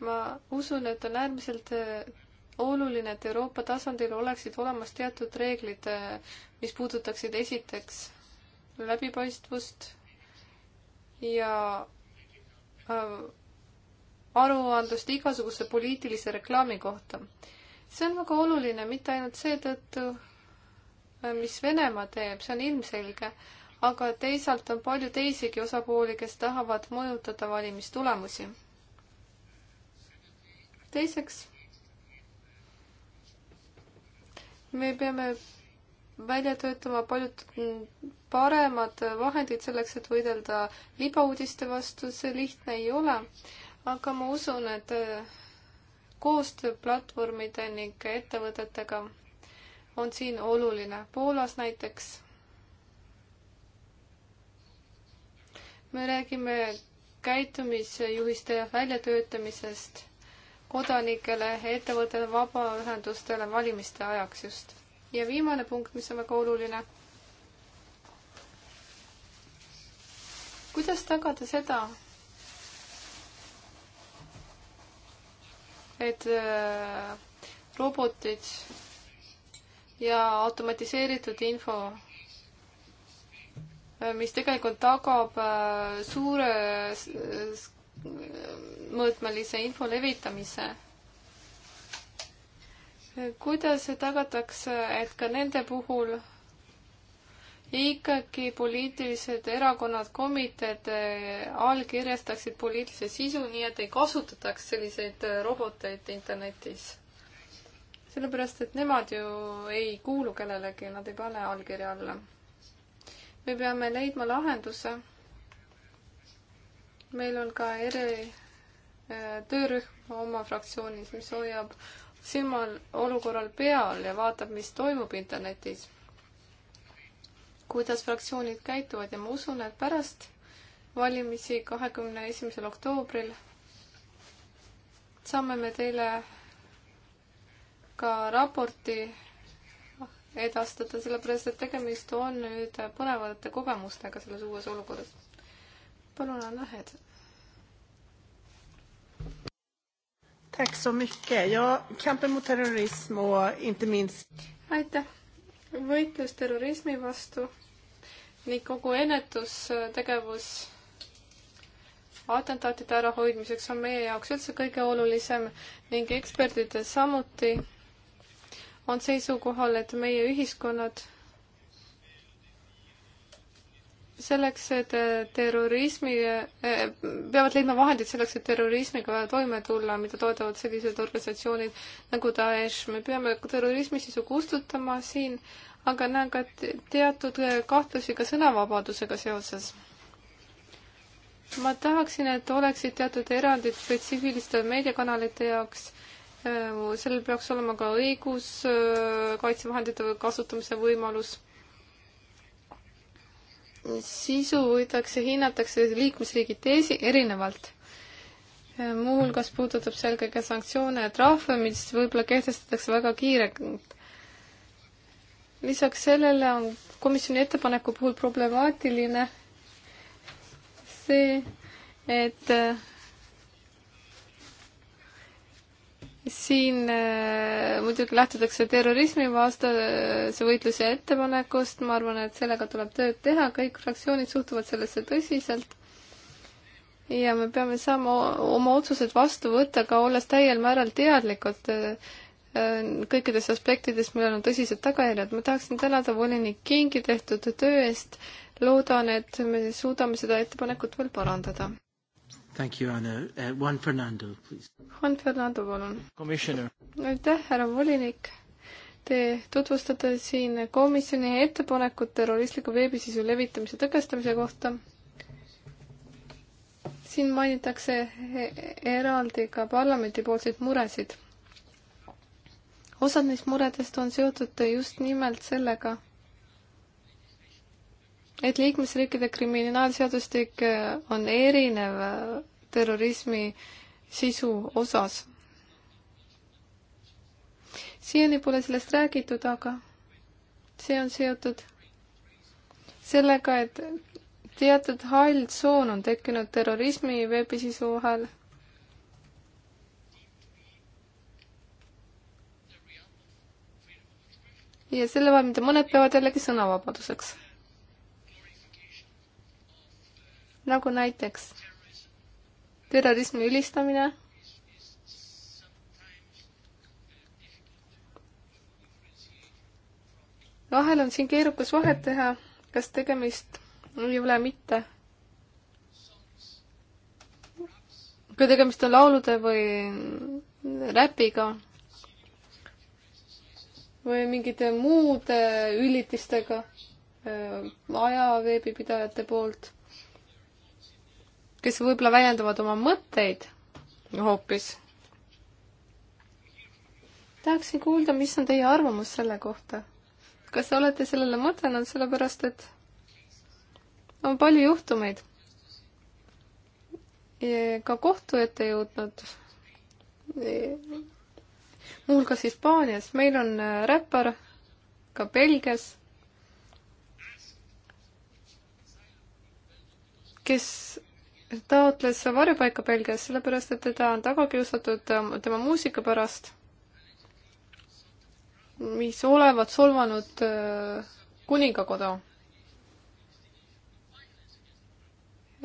ma usun, et on äärmiselt äh, oluline, et Euroopa tasandil oleksid olemas teatud reeglid, äh, mis puudutaksid esiteks läbipaistvust ja äh, aruandlust igasuguse poliitilise reklaami kohta see on väga oluline, mitte ainult seetõttu, äh, mis Venemaa teeb, see on ilmselge, aga teisalt on palju teisigi osapooli, kes tahavad mõjutada valimistulemusi. teiseks, me peame välja töötama paljud paremad vahendid selleks, et võidelda libauudiste vastu, see lihtne ei ole, aga ma usun, et äh, koostööplatvormide ning ettevõtetega on siin oluline. Poolas näiteks me räägime käitumisjuhiste väljatöötamisest kodanikele, ettevõttele, vabaühendustele valimiste ajaks just. ja viimane punkt, mis on väga oluline. kuidas tagada seda, et äh, robotid ja automatiseeritud info, äh, mis tegelikult tagab äh, suure mõõtmelise info levitamise kuidas tagatakse, et ka nende puhul ikkagi poliitilised erakonnad, komiteed eh, allkirjastaksid poliitilise sisu, nii et ei kasutataks selliseid eh, roboteid internetis. sellepärast, et nemad ju ei kuulu kellelegi, nad ei pane allkirja alla. me peame leidma lahenduse. meil on ka eri eh, töörühm oma fraktsioonis, mis hoiab silmal olukorral peal ja vaatab, mis toimub internetis kuidas fraktsioonid käituvad ja ma usun, et pärast valimisi kahekümne esimesel oktoobril saame me teile ka raporti edastada, sellepärast et tegemist on nüüd põnevate kogemustega selles uues olukorras. palun, Anna Hed. Tack så mycket. Ja, kampen mot terrorism och inte minst... Aitäh! võitlus terrorismi vastu ning kogu ennetustegevus atentaatide ärahoidmiseks on meie jaoks üldse kõige olulisem ning eksperdid samuti on seisukohal, et meie ühiskonnad selleks, et äh, terrorismi, äh, peavad leidma vahendid selleks, et terrorismiga toime tulla, mida toodavad sellised organisatsioonid nagu Daesh. me peame terrorismi sisu kustutama siin, aga näen ka teatud äh, kahtlusi ka sõnavabadusega seoses. ma tahaksin, et oleksid teatud erandid spetsiifiliste meediakanalite jaoks sellel peaks olema ka õigus kaitsevahendite kasutamise võimalus sisu võidakse, hinnatakse liikmesriigiti esi-, erinevalt. muuhulgas puudutab see eelkõige sanktsioone ja trahve, mis võib-olla kehtestatakse väga kiirelt. lisaks sellele on komisjoni ettepaneku puhul problemaatiline see, et äh, siin äh, muidugi lähtutakse terrorismivastase äh, võitluse ettepanekust, ma arvan, et sellega tuleb tööd teha, kõik fraktsioonid suhtuvad sellesse tõsiselt. ja me peame saama oma otsused vastu võtta ka olles täiel määral teadlikud äh, äh, kõikidest aspektidest, millel on tõsised tagajärjed. ma tahaksin tänada volinik Kingi tehtud töö eest, loodan, et me suudame seda ettepanekut veel parandada. Thank you, Anna. Uh, Juan Fernando, please. Juan Fernando, palun. Commissioner. aitäh, härra volinik. Te tutvustate siin komisjoni ettepanekut terroristliku veebisisu levitamise tõkestamise kohta. siin mainitakse eraldi ka parlamendipoolseid muresid. osad neist muredest on seotud just nimelt sellega, et liikmesriikide kriminaalseadustik äh, on erinev äh, terrorismi sisu osas. siiani pole sellest räägitud, aga see on seotud sellega, et teatud hall tsoon on tekkinud terrorismi veebisisu vahel. ja selle vahel, mida mõned peavad jällegi sõnavabaduseks nagu näiteks terrorismi ülistamine. vahel on siin keerukas vahet teha, kas tegemist ei ole mitte. kui tegemist on laulude või räpiga või mingite muude üllitistega äh, ajaveebipidajate poolt kes võib-olla väljendavad oma mõtteid hoopis. tahaksin kuulda, mis on teie arvamus selle kohta. kas te olete sellele mõtelnud, sellepärast et on palju juhtumeid Ja ka kohtu ette jõudnud. muuhulgas Hispaanias, meil on äh, räppar ka Belgias, kes taotles varjupaika Belgias, sellepärast et teda on taga kiusatud ähm, tema muusika pärast, mis olevat solvanud äh, kuningakoda.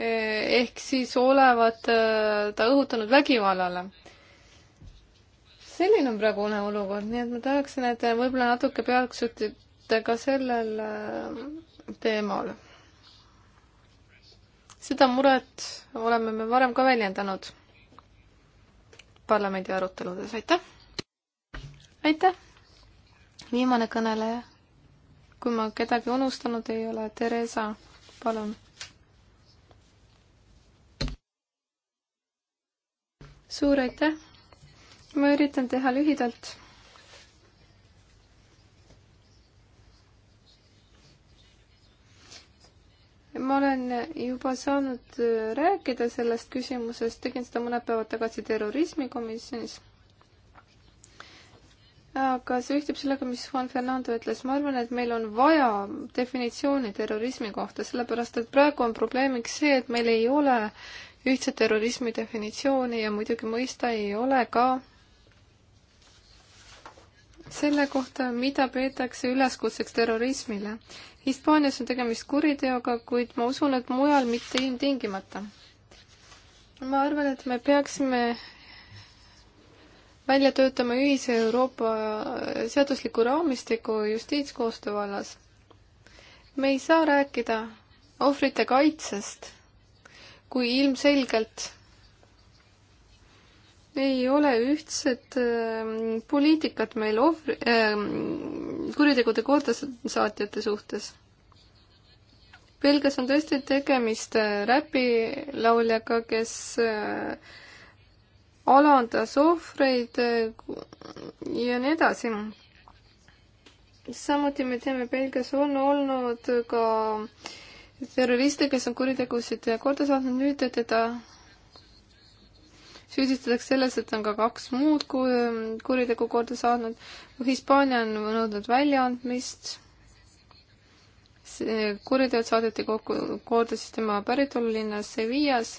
Eh, ehk siis olevat äh, ta õhutanud vägivallale. selline on praegune olukord, nii et ma tahaksin, et võib-olla natuke peaksite ka sellel äh, teemal seda muret oleme me varem ka väljendanud parlamendi aruteludes, aitäh! aitäh! viimane kõneleja. kui ma kedagi unustanud ei ole, Theresa, palun. suur aitäh! ma üritan teha lühidalt ma olen juba saanud äh, rääkida sellest küsimusest, tegin seda mõned päevad tagasi terrorismikomisjonis. aga see ühtib sellega, mis Juan Fernando ütles, ma arvan, et meil on vaja definitsiooni terrorismi kohta, sellepärast et praegu on probleemiks see, et meil ei ole ühtset terrorismi definitsiooni ja muidugi mõista ei ole ka selle kohta, mida peetakse üleskutseks terrorismile. Hispaanias on tegemist kuriteoga, kuid ma usun, et mujal mitte ilmtingimata. ma arvan, et me peaksime välja töötama ühise Euroopa seadusliku raamistiku justiitskoostöö vallas. me ei saa rääkida ohvrite kaitsest, kui ilmselgelt ei ole ühtset äh, poliitikat meil ohvri äh,, kuritegude kordasaatjate suhtes. Belgias on tõesti tegemist äh, räpilauljaga, kes äh, alandas ohvreid äh, ja nii edasi. samuti me teame, Belgias on olnud ka terroriste, kes on kuritegusid korda saatnud, nüüd teda süüdistatakse selles, et on ka kaks muud kuritegu korda saanud. Hispaania on nõudnud väljaandmist. kuriteod saadeti kokku korda siis tema päritolulinnas Sevillas.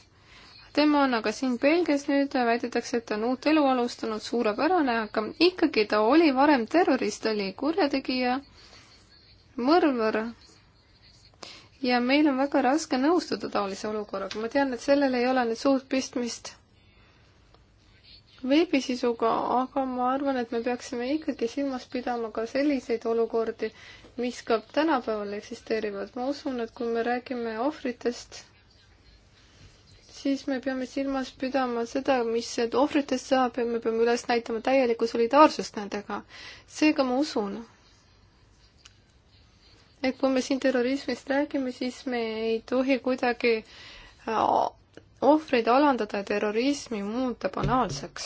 tema on aga siin Belgias nüüd, väidetakse, et ta on uut elu alustanud, suurepärane, aga ikkagi ta oli varem terrorist, oli kurjategija, mõrvar ja meil on väga raske nõustuda taolise olukorraga, ma tean, et sellel ei ole nüüd suurt pistmist veebisisuga, aga ma arvan, et me peaksime ikkagi silmas pidama ka selliseid olukordi, mis ka tänapäeval eksisteerivad. ma usun, et kui me räägime ohvritest, siis me peame silmas pidama seda, mis ohvritest saab ja me peame üles näitama täielikku solidaarsust nendega. seega ma usun, et kui me siin terrorismist räägime, siis me ei tohi kuidagi äh, ohvreid alandada ja terrorismi muuta banaalseks.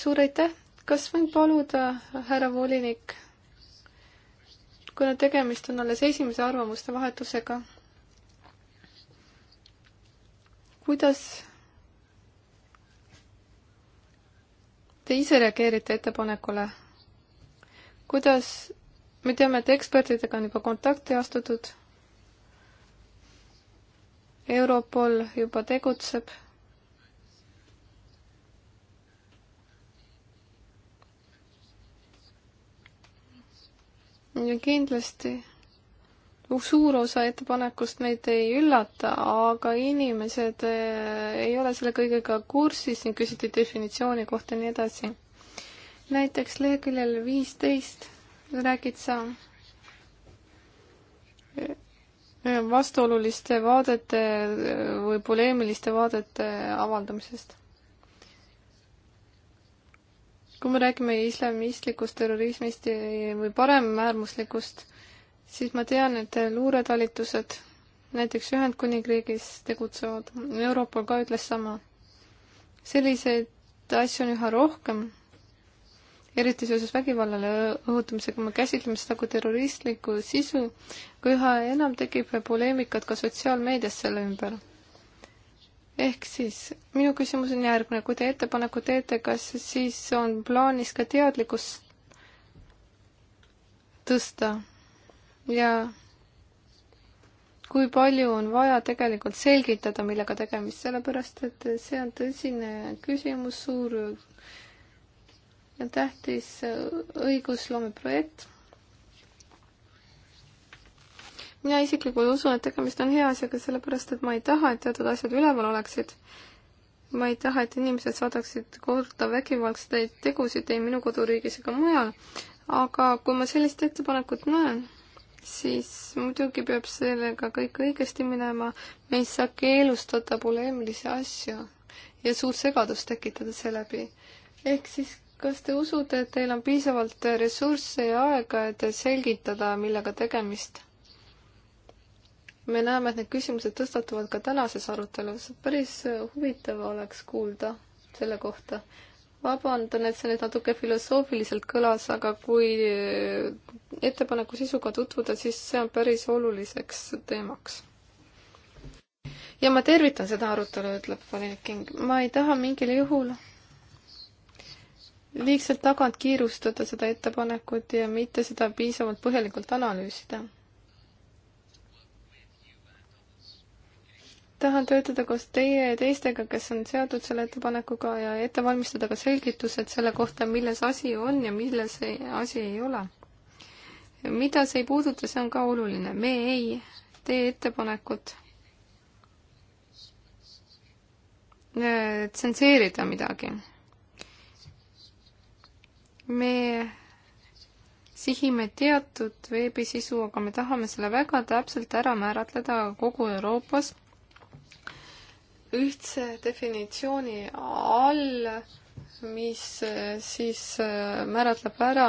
suur aitäh, kas võin paluda, härra volinik, kuna tegemist on alles esimese arvamuste vahetusega, kuidas te ise reageerite ettepanekule? kuidas, me teame, et ekspertidega on juba kontakti astutud Europol juba tegutseb. ja kindlasti suur osa ettepanekust meid ei üllata, aga inimesed eh, ei ole selle kõigega kursis, siin küsiti definitsiooni kohta ja nii edasi. näiteks leheküljel viisteist räägid sa vastuoluliste vaadete või poleemiliste vaadete avaldamisest. kui me räägime islamistlikust terrorismist või paremäärmuslikust, siis ma tean, et luuretalitused näiteks Ühendkuningriigis tegutsevad, Europol ka ütles sama. selliseid asju on üha rohkem eriti seoses vägivallale õhutamisega, me käsitleme seda kui terroristlikku sisu, kui üha enam tekib poleemikat ka sotsiaalmeedias selle ümber. ehk siis minu küsimus on järgmine, kui te ettepaneku teete, kas siis on plaanis ka teadlikkust tõsta ja kui palju on vaja tegelikult selgitada, millega tegemist, sellepärast et see on tõsine küsimus, suur tähtis äh, õigusloomeprojekt. mina isiklikult usun, et tegemist on hea asjaga, sellepärast et ma ei taha, et teatud asjad üleval oleksid. ma ei taha, et inimesed saadaksid korda vägivaldseid tegusid ei minu koduriigis ega mujal. aga kui ma sellist ettepanekut näen, siis muidugi peab sellega kõik õigesti minema, me ei saa keelustada poleemilisi asju ja suurt segadust tekitada seeläbi. ehk siis kas te usute, et teil on piisavalt ressursse ja aega, et selgitada, millega tegemist? me näeme, et need küsimused tõstatuvad ka tänases arutelus. päris huvitav oleks kuulda selle kohta. vabandan, et see nüüd natuke filosoofiliselt kõlas, aga kui äh, ettepaneku sisuga tutvuda, siis see on päris oluliseks teemaks. ja ma tervitan seda arutelu, ütleb volinik King. ma ei taha mingil juhul liigselt tagant kiirustada seda ettepanekut ja mitte seda piisavalt põhjalikult analüüsida. tahan töötada koos teie ja teistega, kes on seotud selle ettepanekuga ja ette valmistada ka selgitused selle kohta, milles asi on ja milles ei, asi ei ole. mida see ei puuduta, see on ka oluline, me ei tee ettepanekut äh, tsenseerida midagi me sihime teatud veebisisu, aga me tahame selle väga täpselt ära määratleda kogu Euroopas ühtse definitsiooni all, mis äh, siis äh, määratleb ära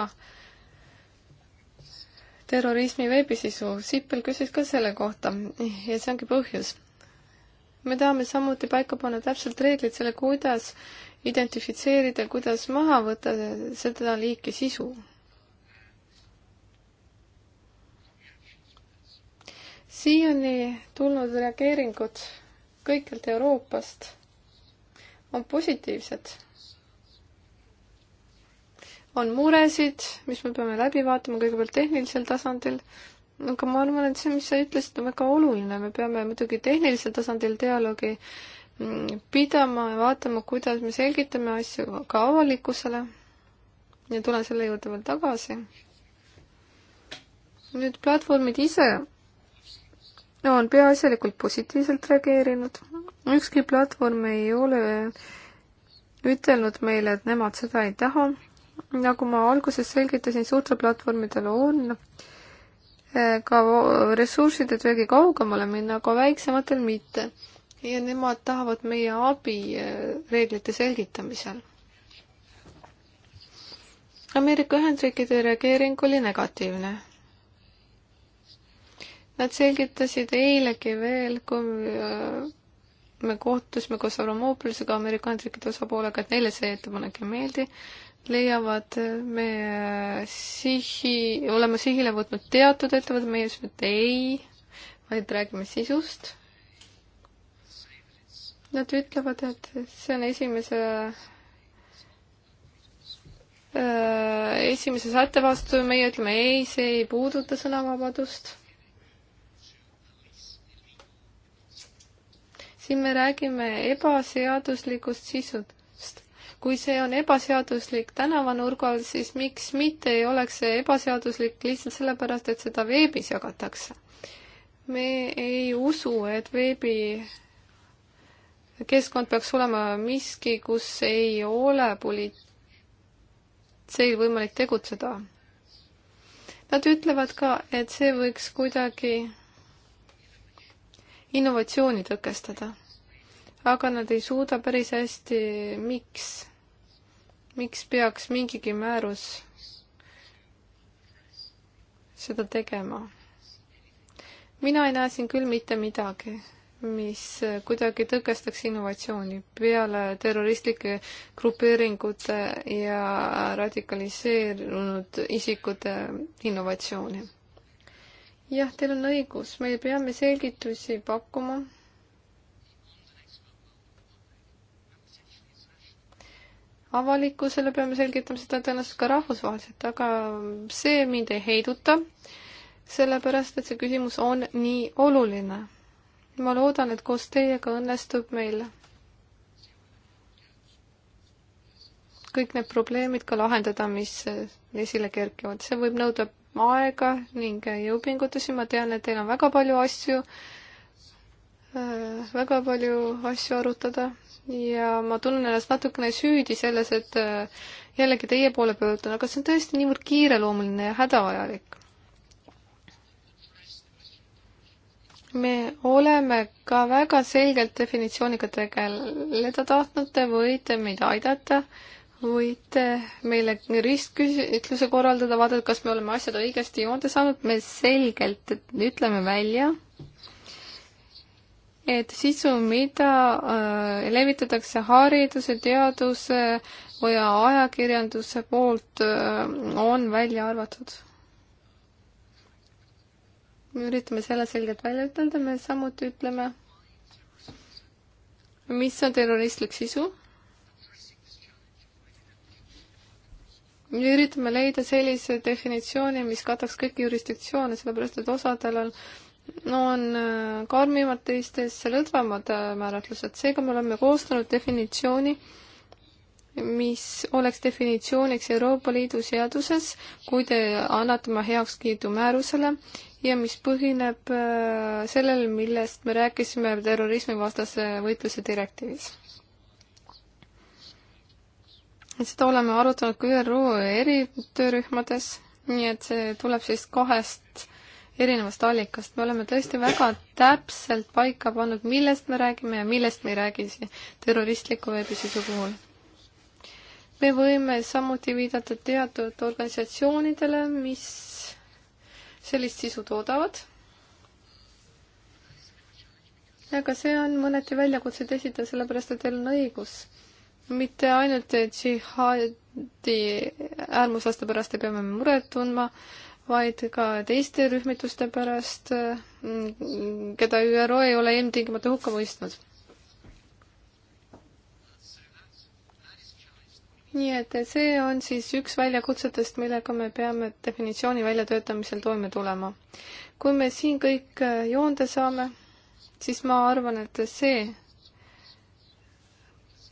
terrorismi veebisisu. Sippel küsis ka selle kohta ja see ongi põhjus. me tahame samuti paika panna täpselt reeglid selle, kuidas identifitseerida, kuidas maha võtta seda liiki sisu. siiani tulnud reageeringud kõikjalt Euroopast on positiivsed. on muresid, mis me peame läbi vaatama kõigepealt tehnilisel tasandil, aga ma arvan, et see, mis sa ütlesid, on väga oluline, me peame muidugi tehnilisel tasandil dialoogi äh, pidama ja vaatama, kuidas me selgitame asju ka avalikkusele. ja tulen selle juurde veel tagasi. nüüd platvormid ise on peaasjalikult positiivselt reageerinud. ükski platvorm ei ole ütelnud meile, et nemad seda ei taha. nagu ma alguses selgitasin, suurtel platvormidel on eh, ka ressursside veelgi kaugemale minna, aga väiksematel mitte ja nemad tahavad meie abi eh, reeglite selgitamisel. Ameerika Ühendriikide reageering oli negatiivne. Nad selgitasid eilegi veel, kui eh, me kohtusime koos Avramopolisega, Ameerika Ühendriikide osapoolega, et neile see ettepanek ei meeldi, leiavad eh, me sihi, oleme sihile võtnud teatud ettevõtted, meie ütlesime, et ei, vaid räägime sisust Nad ütlevad, et see on esimese äh, esimese sätte vastu meie ütleme ei, see ei puuduta sõnavabadust. siin me räägime ebaseaduslikust sisust. kui see on ebaseaduslik tänavanurgal, siis miks mitte ei oleks see ebaseaduslik lihtsalt sellepärast, et seda veebis jagatakse. me ei usu, et veebi keskkond peaks olema miski, kus ei ole politseil võimalik tegutseda. Nad ütlevad ka, et see võiks kuidagi innovatsiooni tõkestada. aga nad ei suuda päris hästi, miks, miks peaks mingigi määrus seda tegema. mina ei näe siin küll mitte midagi mis kuidagi tõkestaks innovatsiooni peale terroristlike grupeeringute ja radikaliseerunud isikute innovatsiooni. jah, teil on õigus, me peame selgitusi pakkuma avalikkusele peame selgitama seda tõenäoliselt ka rahvusvaheliselt, aga see mind ei heiduta, sellepärast et see küsimus on nii oluline ma loodan, et koos teiega õnnestub meil kõik need probleemid ka lahendada, mis esile kerkivad. see võib nõuda aega ning jõupingutusi, ma tean, et teil on väga palju asju, äh, väga palju asju arutada ja ma tunnen ennast natukene süüdi selles, et äh, jällegi teie poole pöördun, aga see on tõesti niivõrd kiireloomuline ja hädavajalik. me oleme ka väga selgelt definitsiooniga tegeleda tahtnud, te võite meid aidata, võite meile ristküsitluse korraldada, vaadata, kas me oleme asjad õigesti joonde saanud, me selgelt ütleme välja, et sisu, mida äh, levitatakse hariduse, teaduse või ajakirjanduse poolt äh,, on välja arvatud me üritame selle selgelt välja ütelda, me samuti ütleme, mis on terroristlik sisu. me üritame leida sellise definitsiooni, mis kataks kõiki jurisdiktsioone, sellepärast et osadel on no on äh, karmimad teistes lõdvemad äh, määratlused, seega me oleme koostanud definitsiooni, mis oleks definitsiooniks Euroopa Liidu seaduses, kui te annate oma heakskiidu määrusele ja mis põhineb äh, sellel, millest me rääkisime terrorismivastase võitluse direktiivis. seda oleme arutanud ka ÜRO eritöörühmades, nii et see tuleb siis kahest erinevast allikast, me oleme tõesti väga täpselt paika pannud, millest me räägime ja millest me ei räägi terroristliku veebisisu puhul. me võime samuti viidata teatud organisatsioonidele, mis sellist sisu toodavad. aga see on mõneti väljakutse tõsida, sellepärast et teil on õigus. mitte ainult džihaadi äärmuslaste pärast ei pea me muret tundma, vaid ka teiste rühmituste pärast, keda ÜRO ei ole ilmtingimata hukka mõistnud nii et see on siis üks väljakutsetest, millega me peame definitsiooni väljatöötamisel toime tulema. kui me siin kõik äh, joonde saame, siis ma arvan, et see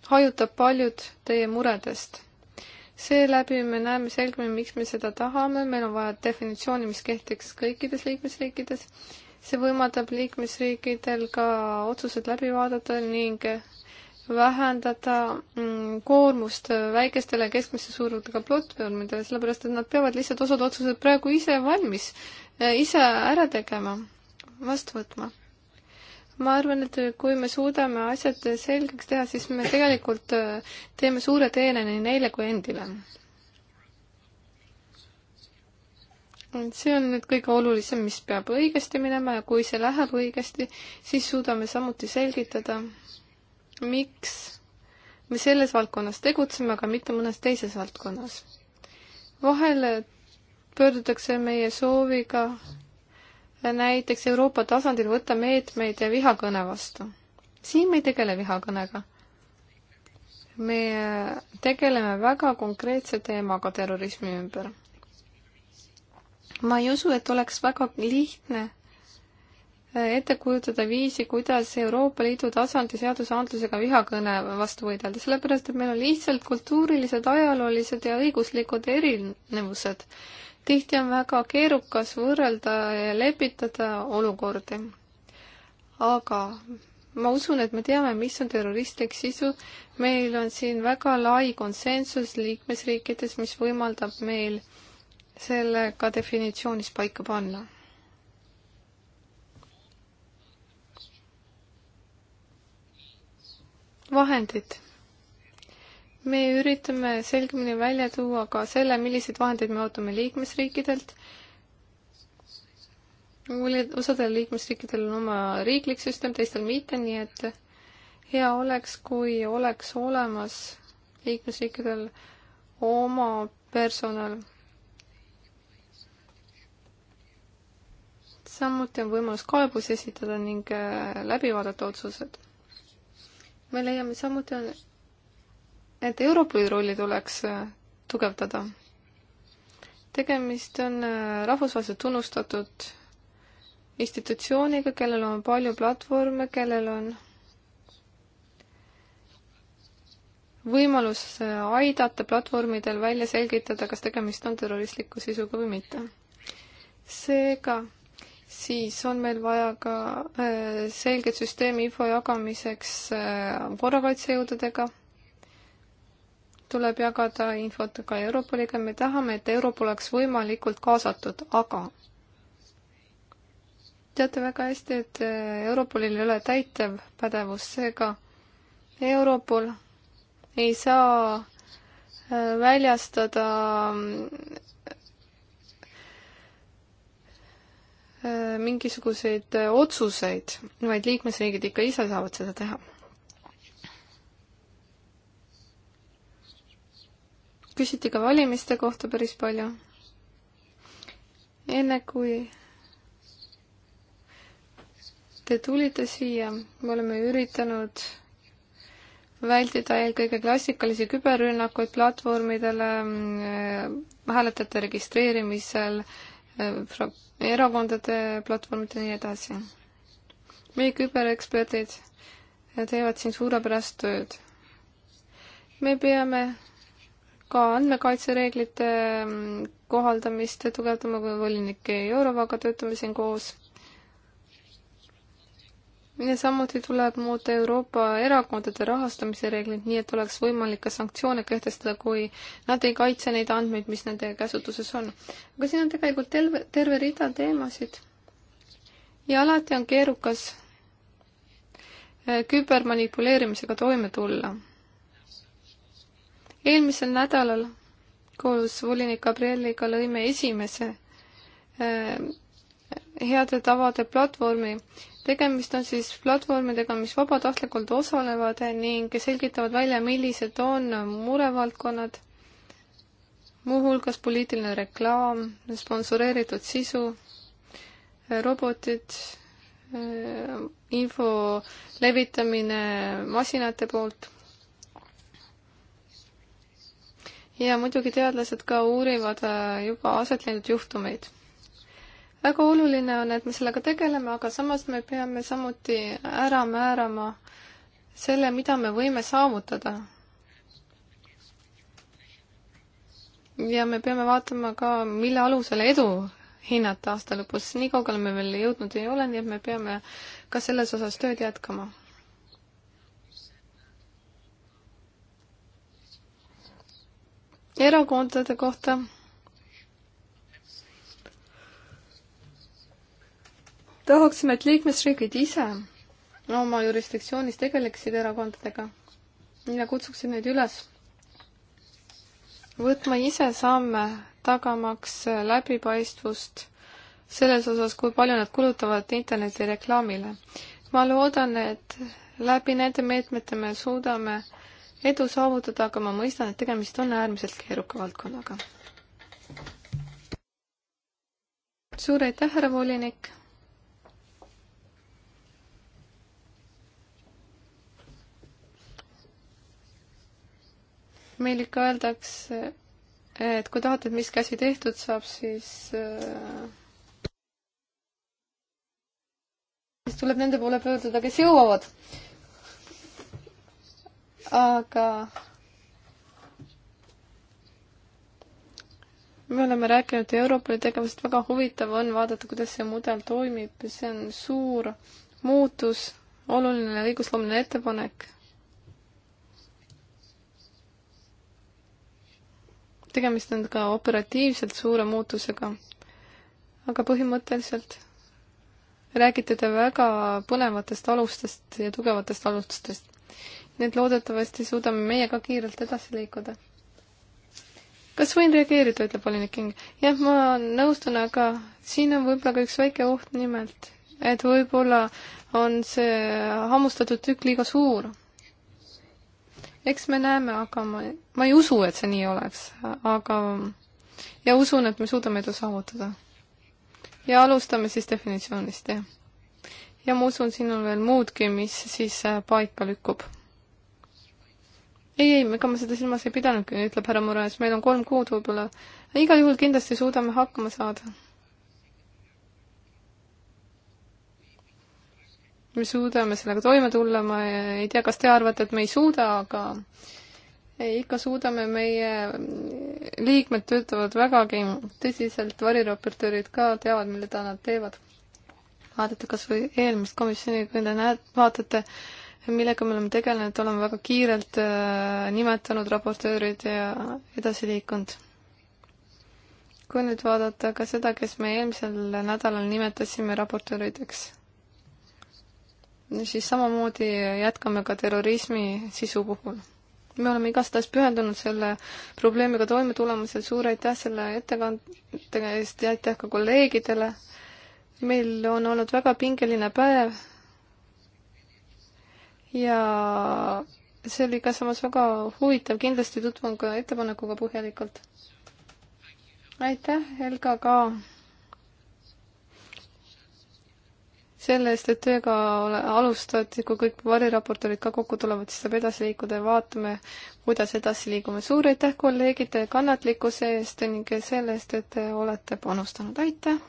hajutab paljud teie muredest. seeläbi me näeme selgemini, miks me seda tahame, meil on vaja definitsiooni, mis kehtiks kõikides liikmesriikides. see võimaldab liikmesriikidel ka otsused läbi vaadata ning vähendada mm, koormust väikestele ja keskmise suurusega platvormidele, sellepärast et nad peavad lihtsalt osad otsused praegu ise valmis, äh, ise ära tegema, vastu võtma. ma arvan, et kui me suudame asjad selgeks teha, siis me tegelikult äh, teeme suure teene nii neile kui endile. see on nüüd kõige olulisem, mis peab õigesti minema ja kui see läheb õigesti, siis suudame samuti selgitada miks me selles valdkonnas tegutseme, aga mitte mõnes teises valdkonnas. vahel pöördutakse meie sooviga näiteks Euroopa tasandil võtta meetmeid vihakõne vastu. siin me ei tegele vihakõnega. me tegeleme väga konkreetse teemaga terrorismi ümber. ma ei usu, et oleks väga lihtne ette kujutada viisi, kuidas Euroopa Liidu tasandi seadusandlusega vihakõne vastu võidelda, sellepärast et meil on lihtsalt kultuurilised, ajaloolised ja õiguslikud erinevused. tihti on väga keerukas võrrelda ja lepitada olukordi. aga ma usun, et me teame, mis on terroristlik sisu. meil on siin väga lai konsensus liikmesriikides, mis võimaldab meil selle ka definitsioonis paika panna vahendid. me üritame selgemini välja tuua ka selle, milliseid vahendeid me ootame liikmesriikidelt. osadel liikmesriikidel on oma riiklik süsteem, teistel mitte, nii et hea oleks, kui oleks olemas liikmesriikidel oma personal samuti on võimalus kaebus esitada ning äh, läbi vaadata otsused me leiame samuti, et Europoli rolli tuleks äh, tugevdada. tegemist on äh, rahvusvaheliselt tunnustatud institutsiooniga, kellel on palju platvorme, kellel on võimalus äh, aidata platvormidel välja selgitada, kas tegemist on terroristliku sisuga või mitte. seega siis on meil vaja ka äh, selget süsteemi info jagamiseks äh, korrakaitsejõududega. tuleb jagada infot ka Europoliga, me tahame, et Europol oleks võimalikult kaasatud, aga teate väga hästi, et äh, Europolil ei ole täitev pädevus, seega Europol ei saa väljastada Äh, mingisuguseid äh, otsuseid, vaid liikmesriigid ikka ise saavad seda teha. küsiti ka valimiste kohta päris palju. enne kui te tulite siia, me oleme üritanud vältida eelkõige klassikalisi küberrünnakuid platvormidele, äh, hääletajate registreerimisel äh,, erakondade platvormid ja nii edasi. meie kübereksperdid teevad siin suurepärast tööd. me peame ka andmekaitsereeglite mm, kohaldamist tugevdama, kui volinik Jourovaga töötame siin koos ja samuti tuleb muuta Euroopa erakondade rahastamise reeglid nii, et oleks võimalik ka sanktsioone kehtestada, kui nad ei kaitse neid andmeid, mis nende käsutuses on. aga siin on tegelikult terve, terve rida teemasid. ja alati on keerukas eh, kübermanipuleerimisega toime tulla. eelmisel nädalal koos volinik Gabrieliga lõime esimese eh, heade tavade platvormi tegemist on siis platvormidega, mis vabatahtlikult osalevad ning selgitavad välja, millised on murevaldkonnad, muuhulgas poliitiline reklaam, sponsoreeritud sisu, robotid, info levitamine masinate poolt ja muidugi teadlased ka uurivad juba aset leidnud juhtumeid väga oluline on, et me sellega tegeleme, aga samas me peame samuti ära määrama selle, mida me võime saavutada. ja me peame vaatama ka, mille alusel edu hinnata aasta lõpus, nii kaugele me veel jõudnud ei ole, nii et me peame ka selles osas tööd jätkama erakondade kohta tahaksime, et liikmesriigid ise oma jurisdiktsioonis tegeleksid erakondadega ja kutsuksin neid üles võtma ise samme, tagamaks läbipaistvust selles osas, kui palju nad kulutavad internetireklaamile. ma loodan, et läbi nende meetmete me suudame edu saavutada, aga ma mõistan, et tegemist on äärmiselt keeruka valdkonnaga. suur aitäh, härra volinik! meil ikka öeldakse, et kui tahate, et mis käsi tehtud saab, siis äh, siis tuleb nende poole pöörduda, kes jõuavad. aga me oleme rääkinud Europoli tegevusest, väga huvitav on vaadata, kuidas see mudel toimib, see on suur muutus, oluline õigusloomeline ettepanek. tegemist on ka operatiivselt suure muutusega. aga põhimõtteliselt räägite te väga põnevatest alustest ja tugevatest alustest. nii et loodetavasti suudame meie ka kiirelt edasi liikuda. kas võin reageerida, ütleb Olin King. jah, ma nõustun, aga siin on võib-olla ka üks väike oht nimelt, et võib-olla on see hammustatud tükk liiga suur eks me näeme, aga ma, ma ei usu, et see nii oleks, aga ja usun, et me suudame edu saavutada. ja alustame siis definitsioonist, jah. ja ma usun, siin on veel muudki, mis siis äh, paika lükkub. ei, ei, ega ma seda silmas ei pidanudki, ütleb härra Mures, meil on kolm kuud võib-olla. igal juhul kindlasti suudame hakkama saada me suudame sellega toime tulla, ma ei tea, kas te arvate, et me ei suuda, aga ei, ikka suudame, meie liikmed töötavad vägagi tõsiselt, variraportöörid ka teavad, mida nad teevad. vaadata kas või eelmist komisjoni, kui te näed, vaatate, millega me oleme tegelenud, oleme väga kiirelt äh, nimetanud raportöörid ja edasi liikunud. kui nüüd vaadata ka seda, kes me eelmisel nädalal nimetasime raportöörideks siis samamoodi jätkame ka terrorismi sisu puhul. me oleme igastahes pühendunud selle probleemiga toime tulemusel, suur aitäh selle ettekande eest ja aitäh ka kolleegidele. meil on olnud väga pingeline päev ja see oli ka samas väga huvitav, kindlasti tutvun ka ettepanekuga põhjalikult. aitäh, Helga ka selle eest, et tööga alustati, kui kõik variraportorid ka kokku tulevad, siis saab edasi liikuda ja vaatame, kuidas edasi liigume. suur aitäh, kolleegid, kannatlikkuse eest ning selle eest, et te olete panustanud, aitäh!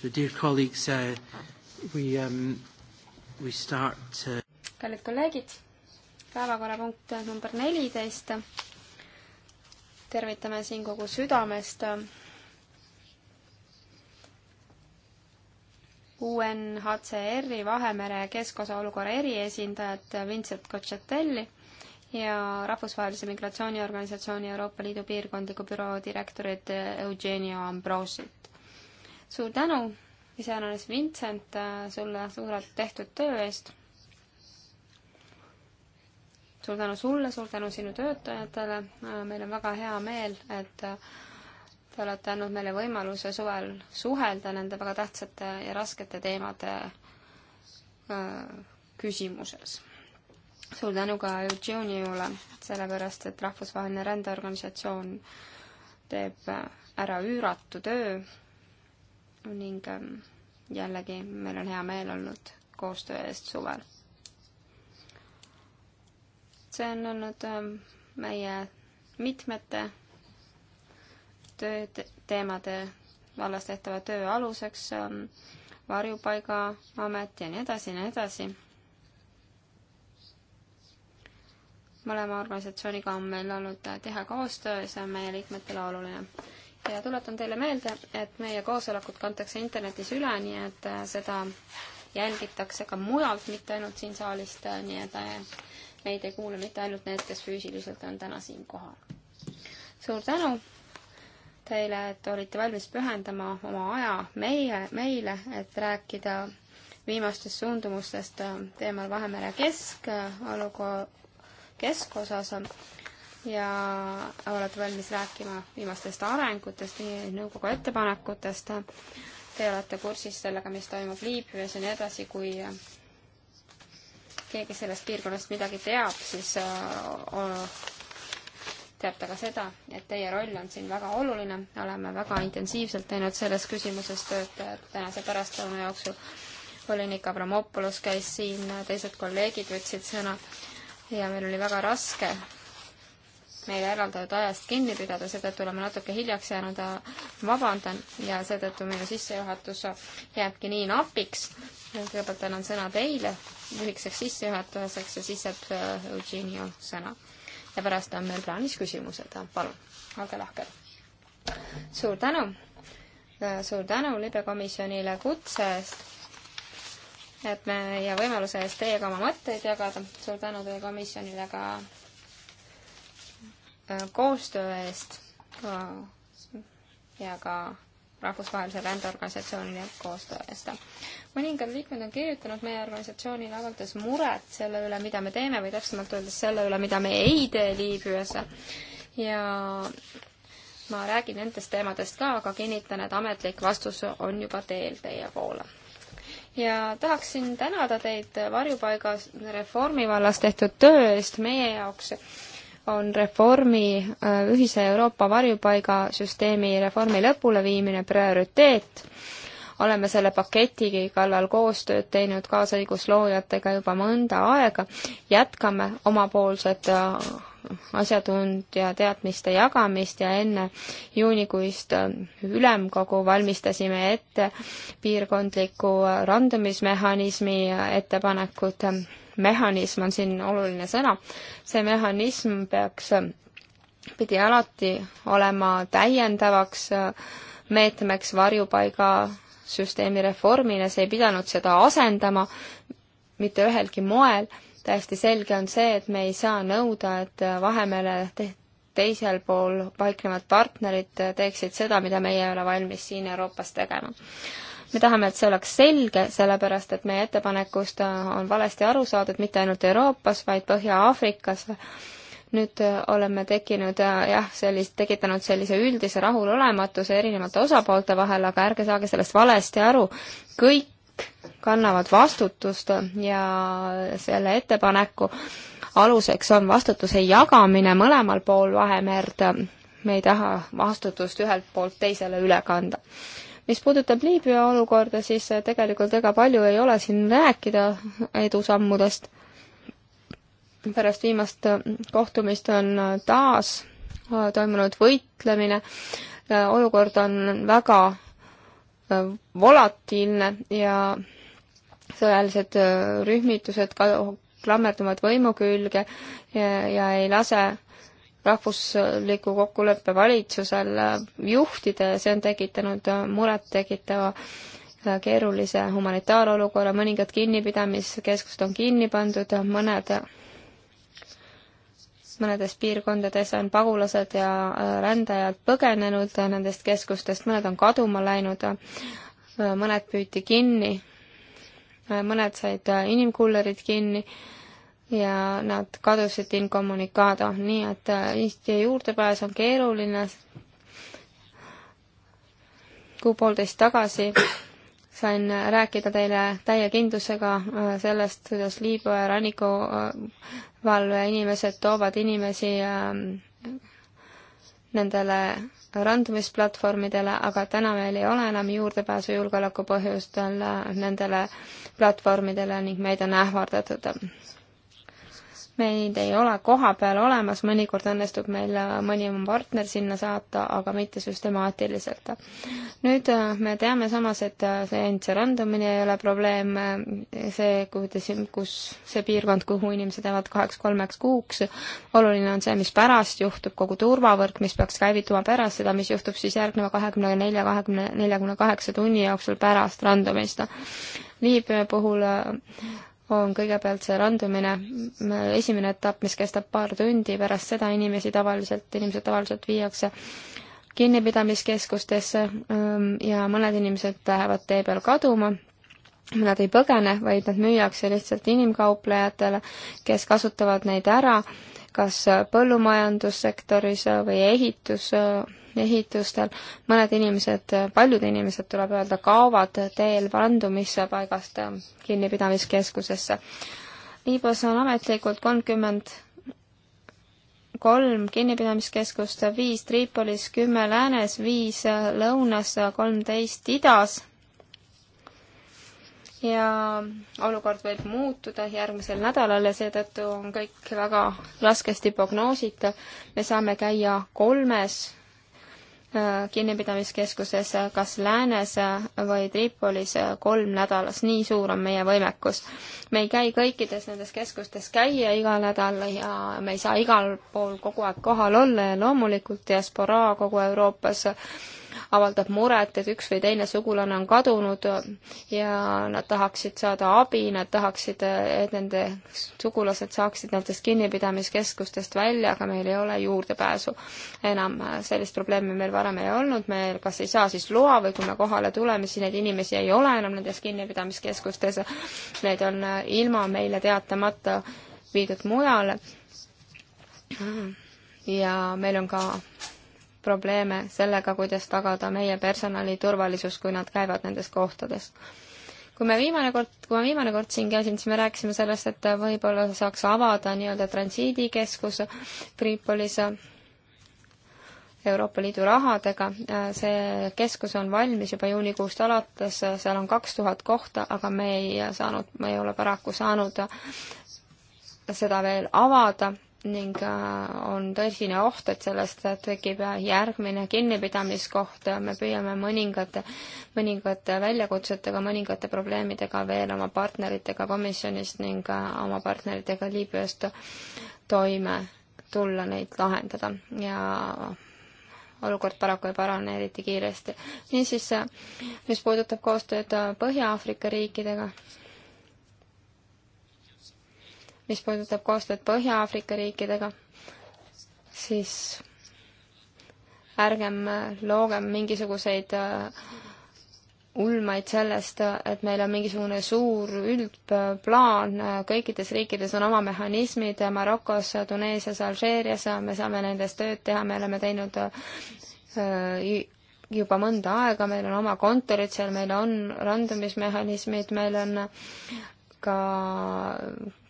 So dear colleagues, uh, we, um, we start uh... kallid kolleegid, päevakorrapunkt number neliteist. tervitame siin kogu südamest UNHCR-i uh, Vahemere keskosa olukorra eriesindajat Vincent Cocciatelli ja Rahvusvahelise Migratsiooniorganisatsiooni Euroopa Liidu piirkondliku büroo direktorit Eugenio Ambrosi suur tänu, iseäranis Vincent, äh, sulle suurelt tehtud töö eest. suur tänu sulle, suur tänu sinu töötajatele. Äh, meil on väga hea meel, et äh, te olete andnud meile võimaluse suvel suhelda nende väga tähtsate ja raskete teemade küsimuses. suur tänu ka Eugeniule, sellepärast et Rahvusvaheline Rändeorganisatsioon teeb ära üüratu töö ning ähm, jällegi meil on hea meel olnud koostöö eest suvel. see on olnud ähm, meie mitmete tööteemade vallas tehtava töö aluseks, ähm, varjupaigaamet ja nii edasi ja nii edasi mõlema organisatsiooniga on meil olnud äh, teha koostöös, on meie liikmetele oluline ja tuletan teile meelde, et meie koosolekut kantakse internetis üle, nii et äh, seda jälgitakse ka mujalt, mitte ainult siin saalist, äh, nii et äh, meid ei kuule mitte ainult need, kes füüsiliselt on täna siin kohal. suur tänu teile, et olite valmis pühendama oma aja meie, meile, et rääkida viimastest suundumustest teemal Vahemere kesk, olukorra keskosas ja olete valmis rääkima viimastest arengutest, nõukogu ettepanekutest. Te olete kursis sellega, mis toimub Liibüas ja nii edasi, kui keegi sellest piirkonnast midagi teab, siis äh, teab ta ka seda, et teie roll on siin väga oluline. oleme väga intensiivselt teinud selles küsimuses tööd tänase pärastlõuna jooksul. volinik Abramopoulos käis siin, teised kolleegid võtsid sõna ja meil oli väga raske meile eraldatud ajast kinni pidada, seetõttu oleme natuke hiljaks jäänud, vabandan, ja seetõttu minu sissejuhatus jääbki nii napiks. kõigepealt annan sõna teile lühikeseks sissejuhatuseks ja siis saab äh, Eugenio sõna. ja pärast on meil plaanis küsimused, palun, olge lahked. suur tänu, äh, suur tänu libekomisjonile kutse eest et me ja võimaluse eest teiega oma mõtteid jagada. suur tänu teie komisjonile ka Äh, koostöö eest ja ka rahvusvahelise rändeorganisatsiooni koostöö eest. mõningad liikmed on kirjutanud meie organisatsioonile avaldades muret selle üle, mida me teeme või täpsemalt öeldes selle üle, mida me ei tee Liibüas. ja ma räägin nendest teemadest ka, aga kinnitan, et ametlik vastus on juba teel teie poole ja tahaksin tänada teid varjupaigas reformi vallas tehtud töö eest meie jaoks on reformi, äh, ühise Euroopa varjupaigasüsteemi reformi lõpuleviimine prioriteet. oleme selle paketi kallal koostööd teinud kaasõigusloojatega juba mõnda aega, jätkame omapoolset äh, asjatundja teadmiste jagamist ja enne juunikuist äh, ülemkogu valmistasime ette piirkondliku randumismehhanismi ettepanekud mehhanism on siin oluline sõna, see mehhanism peaks, pidi alati olema täiendavaks äh, meetmeks varjupaigasüsteemi reformile, see ei pidanud seda asendama mitte ühelgi moel, täiesti selge on see, et me ei saa nõuda, et Vahemere teisel pool paiknevad partnerid teeksid seda, mida meie ei ole valmis siin Euroopas tegema me tahame, et see oleks selge, sellepärast et meie ettepanekust äh, on valesti aru saadud mitte ainult Euroopas, vaid Põhja-Aafrikas. nüüd äh, oleme tekkinud äh, jah, sellist, tekitanud sellise üldise rahulolematuse erinevate osapoolte vahel, aga ärge saage sellest valesti aru, kõik kannavad vastutust ja selle ettepaneku aluseks on vastutuse jagamine mõlemal pool Vahemerd. me ei taha vastutust ühelt poolt teisele üle kanda mis puudutab Liibüa olukorda, siis eh, tegelikult ega palju ei ole siin rääkida edusammudest. pärast viimast eh, kohtumist on eh, taas toimunud võitlemine, olukord on väga volatiilne ja sõjalised rühmitused klammerduvad võimu külge ja, ja ei lase rahvusliku kokkuleppe valitsusel juhtida ja see on tekitanud murettekitava keerulise humanitaarolukorra, mõningad kinnipidamiskeskused on kinni pandud, mõned, mõnedes piirkondades on pagulased ja äh, rändajad põgenenud nendest keskustest, mõned on kaduma läinud, mõned püüti kinni, mõned said äh, inimkullerid kinni ja nad kadusid incommunicado, nii et äh, Eesti juurdepääs on keeruline. kuu poolteist tagasi sain äh, rääkida teile täie kindlusega äh, sellest, kuidas Liibüa rannikuvalve inimesed toovad inimesi ähm, nendele randumisplatvormidele, aga täna meil ei ole enam juurdepääsu julgeoleku põhjustel nendele platvormidele ning meid on ähvardatud meid ei ole kohapeal olemas, mõnikord õnnestub meil äh, mõni oma partner sinna saata, aga mitte süstemaatiliselt. nüüd äh, me teame samas, et äh, see entserandumine ei ole probleem, see, kuidas, kus see piirkond, kuhu inimesed jäävad kaheks-kolmeks kuuks, oluline on see, mis pärast juhtub, kogu turvavõrk, mis peaks käivituma pärast seda, mis juhtub siis järgneva kahekümne nelja, kahekümne, neljakümne kaheksa tunni jooksul pärast randumist. Liibüa puhul on kõigepealt see randumine, esimene etapp, mis kestab paar tundi, pärast seda inimesi tavaliselt, inimesed tavaliselt viiakse kinnipidamiskeskustesse ähm, ja mõned inimesed lähevad tee peal kaduma, nad ei põgene, vaid nad müüakse lihtsalt inimkauplejatele, kes kasutavad neid ära kas põllumajandussektoris või ehitus- ehitustel, mõned inimesed, paljud inimesed, tuleb öelda, kaovad teel vandumisse paigast kinnipidamiskeskusesse. Liibüas on ametlikult kolmkümmend kolm kinnipidamiskeskust, viis Tripolis, kümme läänes, viis lõunas, kolmteist idas. ja olukord võib muutuda järgmisel nädalal ja seetõttu on kõik väga raskesti prognoositav. me saame käia kolmes Äh, kinnipidamiskeskuses äh, kas läänes äh, või Tripolis kolm nädalas, nii suur on meie võimekus. me ei käi kõikides nendes keskustes käia iga nädal ja me ei saa igal pool kogu aeg kohal olla ja loomulikult diasporaa kogu Euroopas avaldab muret, et üks või teine sugulane on kadunud ja nad tahaksid saada abi, nad tahaksid, et nende sugulased saaksid nendest kinnipidamiskeskustest välja, aga meil ei ole juurdepääsu enam. sellist probleemi meil varem ei olnud, me kas ei saa siis loa või kui me kohale tuleme, siis neid inimesi ei ole enam nendes kinnipidamiskeskustes, need on ilma meile teatamata viidud mujale. ja meil on ka probleeme sellega, kuidas tagada meie personali turvalisus, kui nad käivad nendes kohtades. kui me viimane kord, kui ma viimane kord siin käisin, siis me rääkisime sellest, et võib-olla saaks avada nii-öelda transiidikeskus Tripolis Euroopa Liidu rahadega, see keskus on valmis juba juunikuust alates, seal on kaks tuhat kohta, aga me ei saanud, me ei ole paraku saanud seda veel avada ning äh, on tõsine oht, et sellest tekib äh, järgmine kinnipidamiskoht, me püüame mõningate, mõningate väljakutsetega, mõningate probleemidega veel oma partneritega komisjonist ning äh, oma partneritega Liibüast toime tulla, neid lahendada ja olukord paraku ei parane eriti kiiresti. niisiis, mis puudutab koostööd Põhja-Aafrika riikidega, mis puudutab koostööd Põhja-Aafrika riikidega, siis ärgem loogem mingisuguseid äh, ulmaid sellest, et meil on mingisugune suur üldplaan, kõikides riikides on oma mehhanismid, Marokos, Tuneesias, Alžeerias, me saame nendes tööd teha, me oleme teinud äh, juba mõnda aega, meil on oma kontorid seal, meil on randumismehhanismid, meil on ka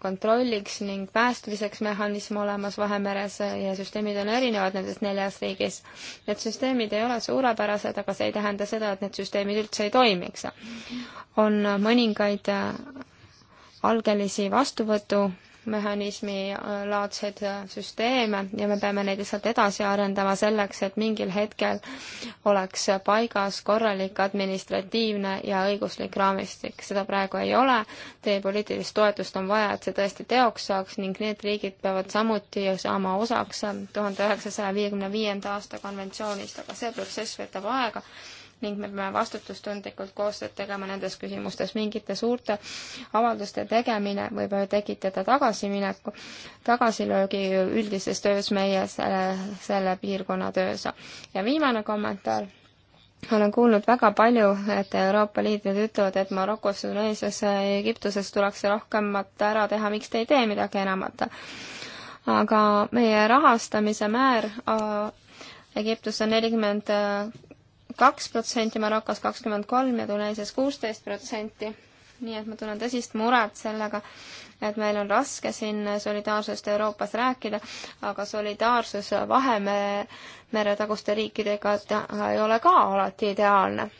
kontrolliks ning päästmiseks mehhanism olemas Vahemeres ja süsteemid on erinevad nendes neljas riigis. Need süsteemid ei ole suurepärased, aga see ei tähenda seda, et need süsteemid üldse ei toimiks. on mõningaid algelisi vastuvõtu mehhanismi äh, laadseid äh, süsteeme ja me peame neid lihtsalt edasi arendama selleks, et mingil hetkel oleks paigas korralik administratiivne ja õiguslik raamistik. seda praegu ei ole, teie poliitilist toetust on vaja, et see tõesti teoks saaks ning need riigid peavad samuti saama osaks äh, tuhande üheksasaja viiekümne viienda aasta konventsioonist, aga see protsess võtab aega ning me peame vastutustundlikult koostööd tegema nendes küsimustes. mingite suurte avalduste tegemine võib tekitada tagasimineku, tagasilöögi üldises töös meie selle, selle piirkonna töös. ja viimane kommentaar olen kuulnud väga palju, et Euroopa Liidud ütlevad, et Marokos, Tuneesias ja Egiptuses tuleks rohkemat ära teha, miks te ei tee midagi enamat. aga meie rahastamise määr äh, Egiptus on nelikümmend äh, kaks protsenti, Marokos kakskümmend kolm ja Tuneesias kuusteist protsenti. nii et ma tunnen tõsist muret sellega, et meil on raske siin solidaarsust Euroopas rääkida, aga solidaarsus Vahemere, meretaguste riikidega ei ole ka alati ideaalne.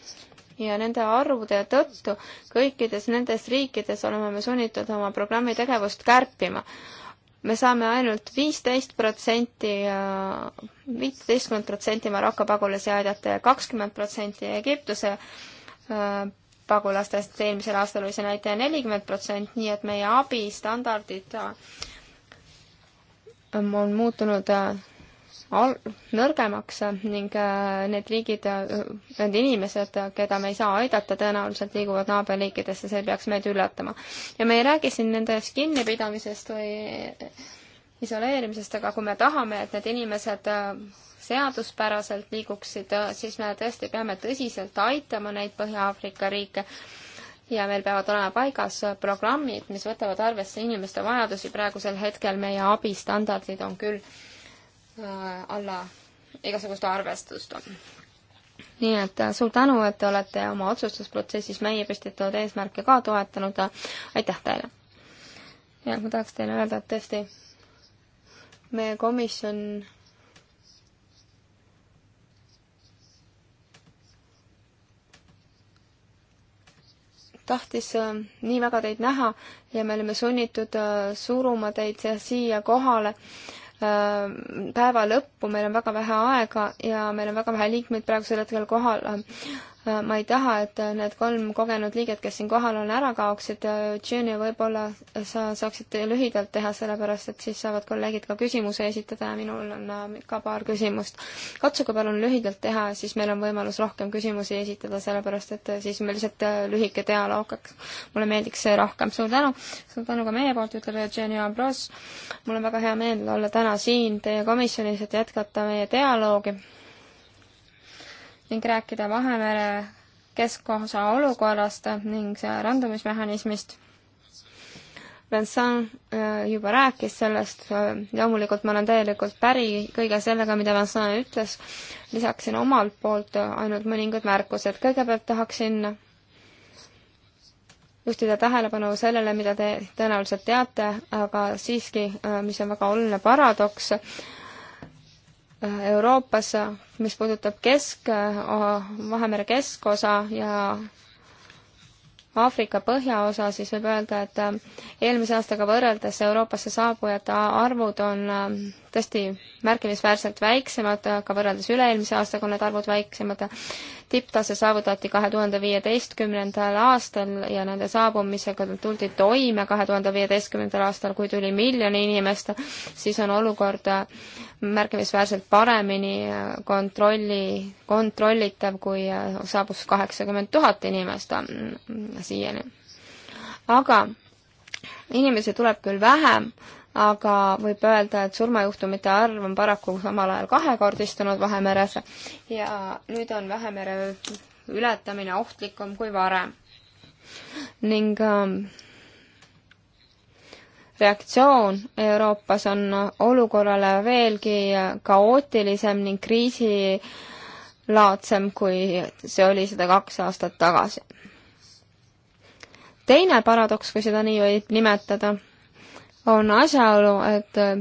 ja nende arvude tõttu kõikides nendes riikides oleme me sunnitud oma programmi tegevust kärpima me saame ainult viisteist protsenti, viiteistkümmend protsenti Maroko pagulasi aidata ja kakskümmend protsenti Egiptuse äh, pagulastest, eelmisel aastal oli see näitaja nelikümmend protsenti, nii et meie abistandardid äh, on muutunud äh, al-, nõrgemaks ning äh, need riigid, äh, need inimesed, keda me ei saa aidata, tõenäoliselt liiguvad naaberriikidesse, see peaks meid üllatama. ja me ei räägi siin nendest kinnipidamisest või isoleerimisest, aga kui me tahame, et need inimesed äh, seaduspäraselt liiguksid, siis me tõesti peame tõsiselt aitama neid Põhja-Aafrika riike ja meil peavad olema paigas programmid, mis võtavad arvesse inimeste vajadusi, praegusel hetkel meie abistandardid on küll Äh, alla igasugust arvestust. nii et äh, suur tänu, et te olete oma otsustusprotsessis meie püstitatud eesmärke ka toetanud. aitäh teile! ja ma tahaks teile öelda, et tõesti meie komisjon tahtis äh, nii väga teid näha ja me olime sunnitud suruma teid siia kohale Äh, päeva lõppu, meil on väga vähe aega ja meil on väga vähe liikmeid praegusel hetkel kohal ma ei taha, et need kolm kogenud liiget, kes siin kohal on, ära kaoksid. Jüri, võib-olla sa saaksid lühidalt teha, sellepärast et siis saavad kolleegid ka küsimuse esitada ja minul on äh, ka paar küsimust. katsuge palun lühidalt teha, siis meil on võimalus rohkem küsimusi esitada, sellepärast et äh, siis meil lihtsalt äh, lühike dialoog hakkaks. mulle meeldiks see rohkem. suur tänu! suur tänu ka meie poolt, ütleb Jüri Ambros. mul on väga hea meel olla täna siin teie komisjonis, et jätkata meie dialoogi ning rääkida Vahemere keskosa olukorrast ning randumismehhanismist. Vincent äh, juba rääkis sellest, äh, loomulikult ma olen täielikult päri kõige sellega, mida Vincent ütles, lisaksin omalt poolt ainult mõningad märkused. kõigepealt tahaksin juhtida tähelepanu sellele, mida te tõenäoliselt teate, aga siiski, äh, mis on väga oluline paradoks, Euroopas, mis puudutab kesk, Vahemere keskosa ja Aafrika põhjaosa, siis võib öelda, et äh, eelmise aastaga võrreldes Euroopasse saabujate arvud on äh, tõesti märkimisväärselt väiksemad, äh, ka võrreldes üle-eelmise aastaga on need arvud väiksemad tipptase saavutati kahe tuhande viieteistkümnendal aastal ja nende saabumisega tuldi toime kahe tuhande viieteistkümnendal aastal, kui tuli miljon inimest, siis on olukord märkimisväärselt paremini kontrolli, kontrollitav, kui saabus kaheksakümmend tuhat inimest siiani. aga inimesi tuleb küll vähem aga võib öelda, et surmajuhtumite arv on paraku samal ajal kahekordistunud Vahemeres ja nüüd on Vahemere ületamine ohtlikum kui varem. ning ähm, reaktsioon Euroopas on olukorrale veelgi kaootilisem ning kriisilaadsem, kui see oli seda kaks aastat tagasi. teine paradoks, kui seda nii võib nimetada on asjaolu, et äh,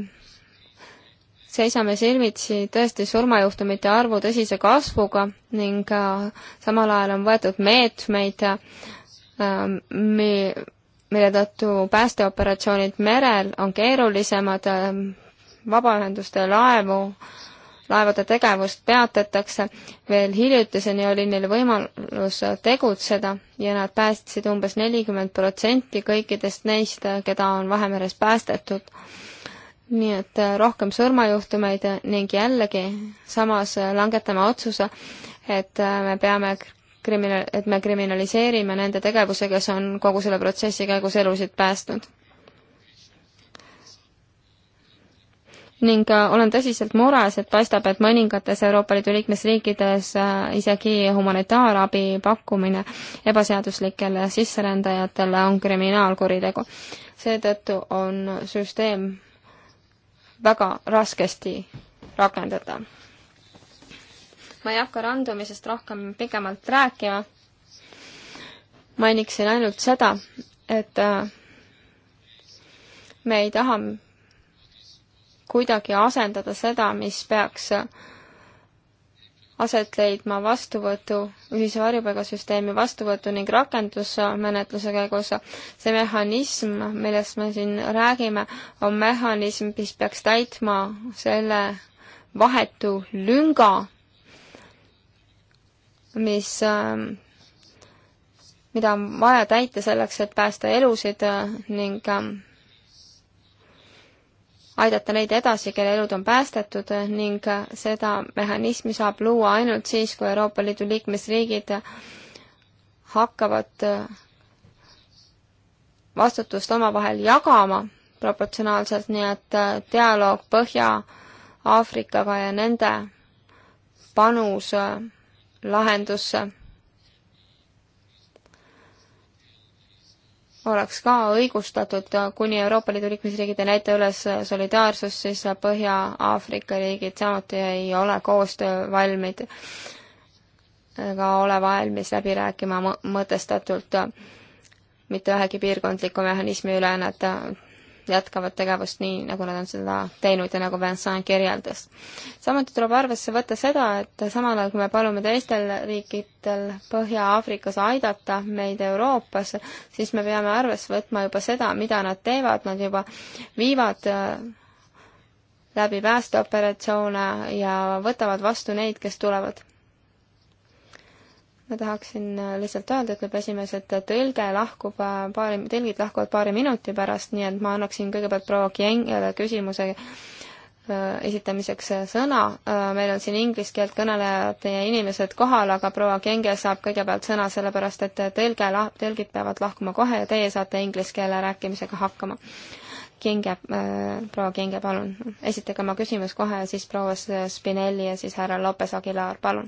seisame silmitsi tõesti surmajuhtumite arvu tõsise kasvuga ning äh, samal ajal on võetud meetmeid, äh, mille tõttu päästeoperatsioonid merel on keerulisemad, vabaühenduste laevu laevade tegevust peatatakse. veel hiljutiseni oli neil võimalus tegutseda ja nad päästsid umbes nelikümmend protsenti kõikidest neist, keda on Vahemeres päästetud. nii et rohkem surmajuhtumeid ning jällegi samas langetame otsuse, et me peame krimina-, et me kriminaliseerime nende tegevuse, kes on kogu selle protsessi käigus elusid päästnud ning äh, olen tõsiselt mures, et paistab, et mõningates Euroopa Liidu liikmesriikides äh, isegi humanitaarabi pakkumine ebaseaduslikele sisserändajatele on kriminaalkuritegu. seetõttu on süsteem väga raskesti rakendada. ma ei hakka randumisest rohkem pikemalt rääkima, mainiksin ainult seda, et äh, me ei taha kuidagi asendada seda, mis peaks aset leidma vastuvõtu, ühise varjupaigasüsteemi vastuvõtu ning rakendusmenetluse käigus. see mehhanism, millest me siin räägime, on mehhanism, mis peaks täitma selle vahetu lünga, mis, mida on vaja täita selleks, et päästa elusid ning aidata neid edasi, kelle elud on päästetud ning seda mehhanismi saab luua ainult siis, kui Euroopa Liidu liikmesriigid hakkavad vastutust omavahel jagama proportsionaalselt, nii et dialoog Põhja-Aafrikaga ja nende panus lahendusse oleks ka õigustatud, kuni Euroopa Liidu liikmesriigid ei näita üles solidaarsust, siis Põhja-Aafrika riigid samuti ei ole koostöövalmid ega ole valmis läbi rääkima mõtestatult mitte ühegi piirkondliku mehhanismi üle, nad jätkavad tegevust nii, nagu nad on seda teinud ja nagu Vincent kirjeldas. samuti tuleb arvesse võtta seda, et samal ajal, kui me palume teistel riikidel Põhja-Aafrikas aidata meid Euroopas, siis me peame arvesse võtma juba seda, mida nad teevad, nad juba viivad äh, läbi päästeoperatsioone ja võtavad vastu neid, kes tulevad ma tahaksin äh, lihtsalt öelda, ütleb esimees, et tõlge lahkub äh, paari, tõlgid lahkuvad paari minuti pärast, nii et ma annaksin kõigepealt proua Kiengele küsimuse äh, esitamiseks sõna. meil on siin inglise keelt kõnelevad teie inimesed kohal, aga proua Kienge saab kõigepealt sõna, sellepärast et tõlge lah-, tõlgid peavad lahkuma kohe ja teie saate inglise keele rääkimisega hakkama. Kienge, proua Kienge, palun, esitage oma küsimus kohe ja siis proua Spinelli ja siis härra Lopes Aguilar, palun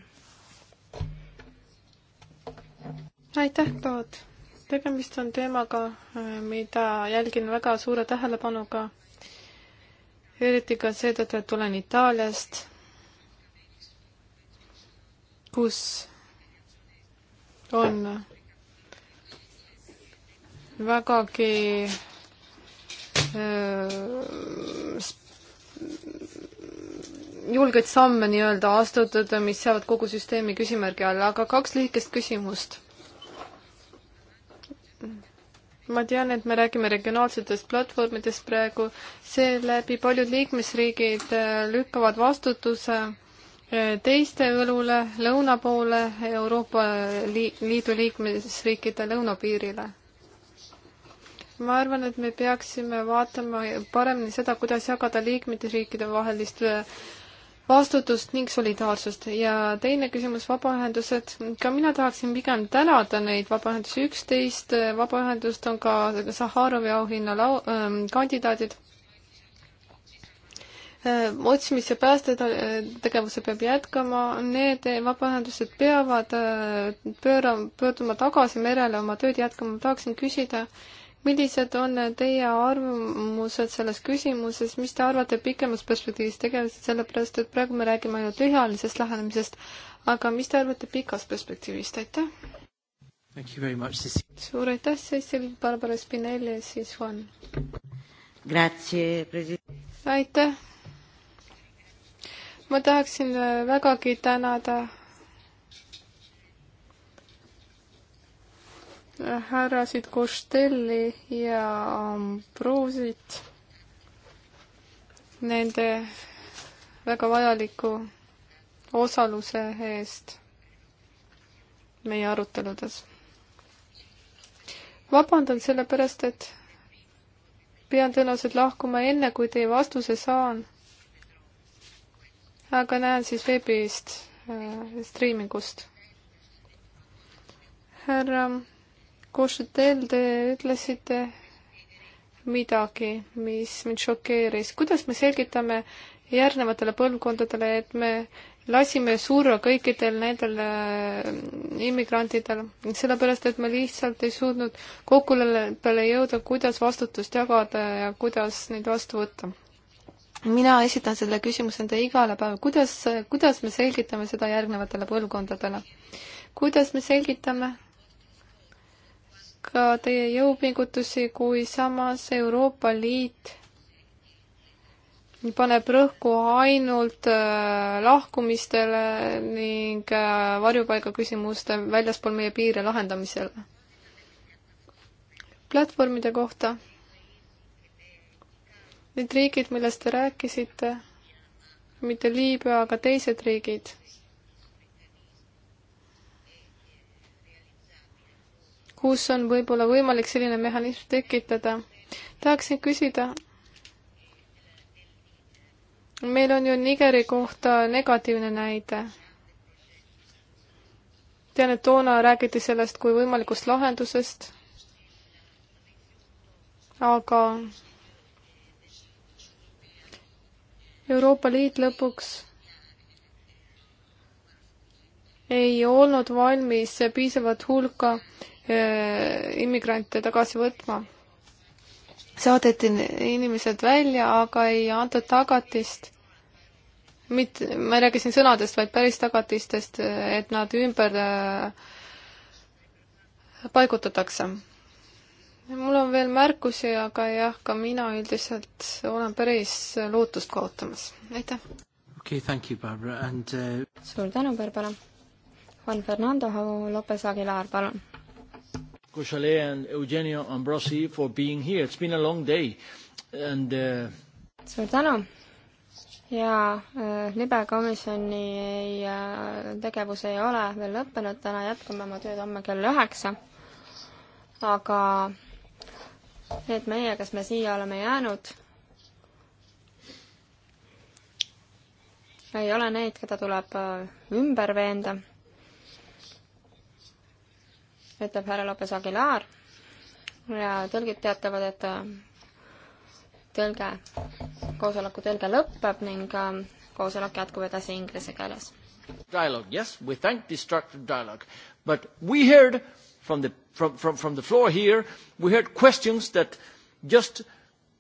aitäh, Toot! tegemist on teemaga, mida jälgin väga suure tähelepanuga, eriti ka seetõttu, et olen Itaaliast, kus on vägagi julgeid samme nii-öelda astutud, mis seavad kogu süsteemi küsimärgi alla, aga kaks lühikest küsimust ma tean, et me räägime regionaalsetest platvormidest praegu, seeläbi paljud liikmesriigid äh, lükkavad vastutuse äh, teiste õlule lõuna poole Euroopa Liidu liikmesriikide lõunapiirile. ma arvan, et me peaksime vaatama paremini seda, kuidas jagada liikmesriikide vahelist äh, vastutust ning solidaarsust ja teine küsimus, vabaühendused, ka mina tahaksin pigem tänada neid vabaühendusi, üksteist vabaühendust on ka Saharovi auhinna lau- ähm,, kandidaadid. Äh, otsimis- ja päästetegevuse peab jätkama, need vabaühendused peavad äh, pööra-, pöörduma tagasi merele oma tööd jätkama, ma tahaksin küsida äh, millised on teie arvamused selles küsimuses, mis te arvate pikemas perspektiivis tegelikult, sellepärast et praegu me räägime ainult lühiajalisest lähenemisest, aga mis te arvate pikast perspektiivist, aitäh! suur aitäh, Cecil, Barbara Spinelli ja siis Juan. aitäh! ma tahaksin vägagi tänada härrasid Kostelli ja Ambrosit nende väga vajaliku osaluse eest meie aruteludes. vabandan selle pärast, et pean tõenäoliselt lahkuma enne, kui teie vastuse saan. aga näen siis veebist äh,, striimingust. härra Košetel, te ütlesite midagi, mis mind šokeeris. kuidas me selgitame järgnevatele põlvkondadele, et me lasime surra kõikidel nendel äh, immigrantidel, sellepärast et me lihtsalt ei suutnud kokkuleppele jõuda, kuidas vastutust jagada ja kuidas neid vastu võtta. mina esitan selle küsimuse enda igale päevale, kuidas, kuidas me selgitame seda järgnevatele põlvkondadele? kuidas me selgitame ka teie jõupingutusi, kui samas Euroopa Liit paneb rõhku ainult äh, lahkumistele ning äh, varjupaigaküsimuste väljaspool meie piire lahendamisele. platvormide kohta. Need riigid, millest te rääkisite, mitte Liibüa, aga teised riigid kus on võib-olla võimalik selline mehhanism tekitada. tahaksin küsida, meil on ju Nigeri kohta negatiivne näide. tean, et toona räägiti sellest kui võimalikust lahendusest, aga Euroopa Liit lõpuks ei olnud valmis piisavat hulka Äh, immigrante tagasi võtma. saadeti inimesed välja, aga ei antud tagatist mitte, ma ei räägi siin sõnadest, vaid päris tagatistest, et nad ümber äh, paigutatakse. mul on veel märkusi, aga jah, ka mina üldiselt olen päris lootust kaotamas. aitäh! okei okay,, thank you, Barbara and uh... suur tänu, Barbara! Juan Fernando Lopez Aguilar, palun! Cochelet and Eugenio Ambrosi for being here. It's been a long day and uh... suur tänu ja äh, libekomisjoni ei äh,, tegevus ei ole veel lõppenud, täna jätkame oma tööd homme kell üheksa. aga need meie, kes me siia oleme jäänud, ei ole need, keda tuleb äh, ümber veenda ütleb härra Lopes Aguilar ja tõlgid teatavad, et äh, tõlge, koosoleku tõlge lõpeb ning äh, koosolek jätkub edasi inglise keeles. Dialogue, yes, we thank destructive dialogue, but we heard from the from, from, from the floor here, we heard questions that just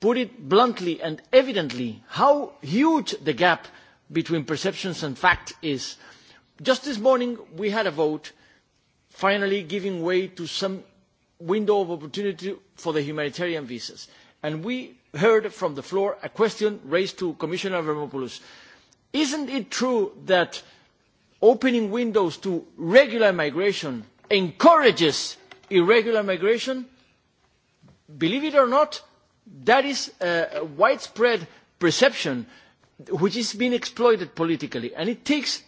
put it bluntly and evidently how huge the gap between perceptions and fact is. Just this morning we had a vote finally giving way to some window of opportunity for the humanitarian visas. And we heard from the floor a question raised to Commissioner Vermopoulos. Isn't it true that opening windows to regular migration encourages irregular migration? Believe it or not, that is a widespread perception which is being exploited politically, and it takes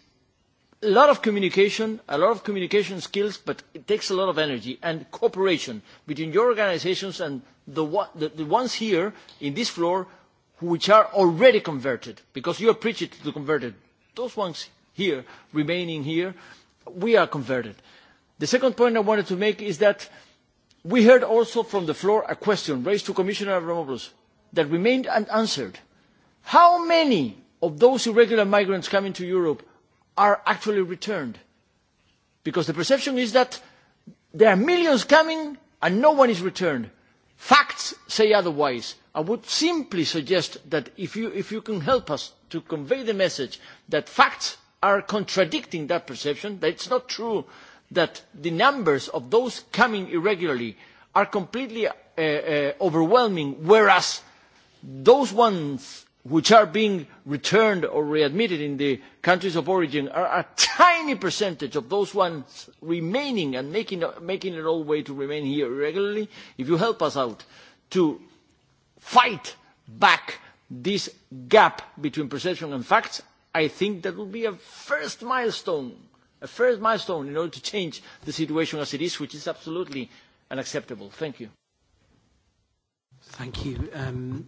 a lot of communication, a lot of communication skills, but it takes a lot of energy and cooperation between your organizations and the, the, the ones here in this floor which are already converted, because you are preaching to the converted. Those ones here, remaining here, we are converted. The second point I wanted to make is that we heard also from the floor a question raised to Commissioner Avramopoulos that remained unanswered. How many of those irregular migrants coming to Europe are actually returned. Because the perception is that there are millions coming and no one is returned. Facts say otherwise. I would simply suggest that if you, if you can help us to convey the message that facts are contradicting that perception, that it's not true that the numbers of those coming irregularly are completely uh, uh, overwhelming, whereas those ones which are being returned or readmitted in the countries of origin are a tiny percentage of those ones remaining and making, making it all way to remain here irregularly, if you help us out to fight back this gap between perception and facts, I think that would be a first milestone, a first milestone in order to change the situation as it is, which is absolutely unacceptable. Thank you. Thank you. Um,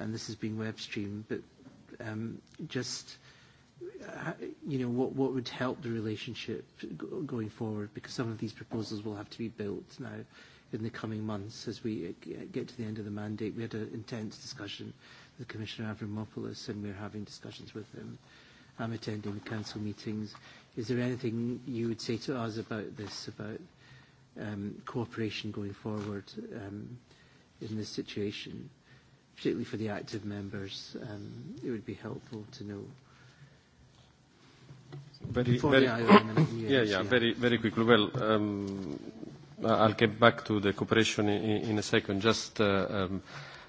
and this is being web streamed, but um, just uh, you know what what would help the relationship going forward because some of these proposals will have to be built now in the coming months as we get to the end of the mandate. We had an intense discussion with Commissioner Avramopoulos and we're having discussions with him. I'm attending the council meetings. Is there anything you would say to us about this, about um, cooperation going forward um, in this situation? particularly for the active members, um, it would be helpful to know. Very, very, e yeah, yeah, very, very quickly. Well, um, I'll get back to the cooperation in, in a second. Just uh, um,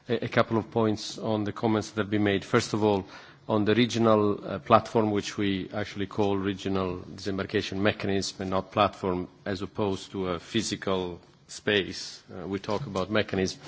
a, a couple of points on the comments that have been made. First of all, on the regional uh, platform, which we actually call regional disembarkation mechanism and not platform, as opposed to a physical space. Uh, we talk about mechanism. Uh,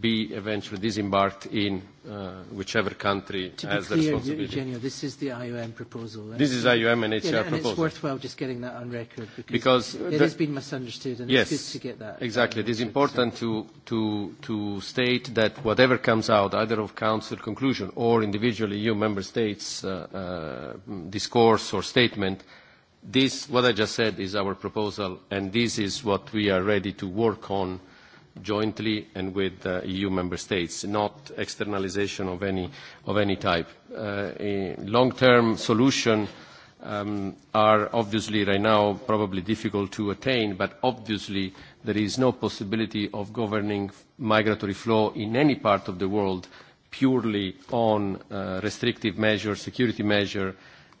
be eventually disembarked in uh, whichever country to has be clear, the responsibility. Eugenio, this is the IOM proposal. Eh? This is IOM and HCR yeah, and proposal. And it's worthwhile just getting that on record because, because it the, has been misunderstood and yes, it's good to get that. Exactly. It is important so. to, to, to state that whatever comes out, either of Council conclusion or individually EU member states' uh, uh, discourse or statement, this, what I just said, is our proposal and this is what we are ready to work on uh, jointly and with uh, EU member states, not externalization of any, of any type. Uh, a long-term solution um, are obviously right now probably difficult to attain, but obviously there is no possibility of governing migratory flow in any part of the world purely on uh, restrictive measures, security measures,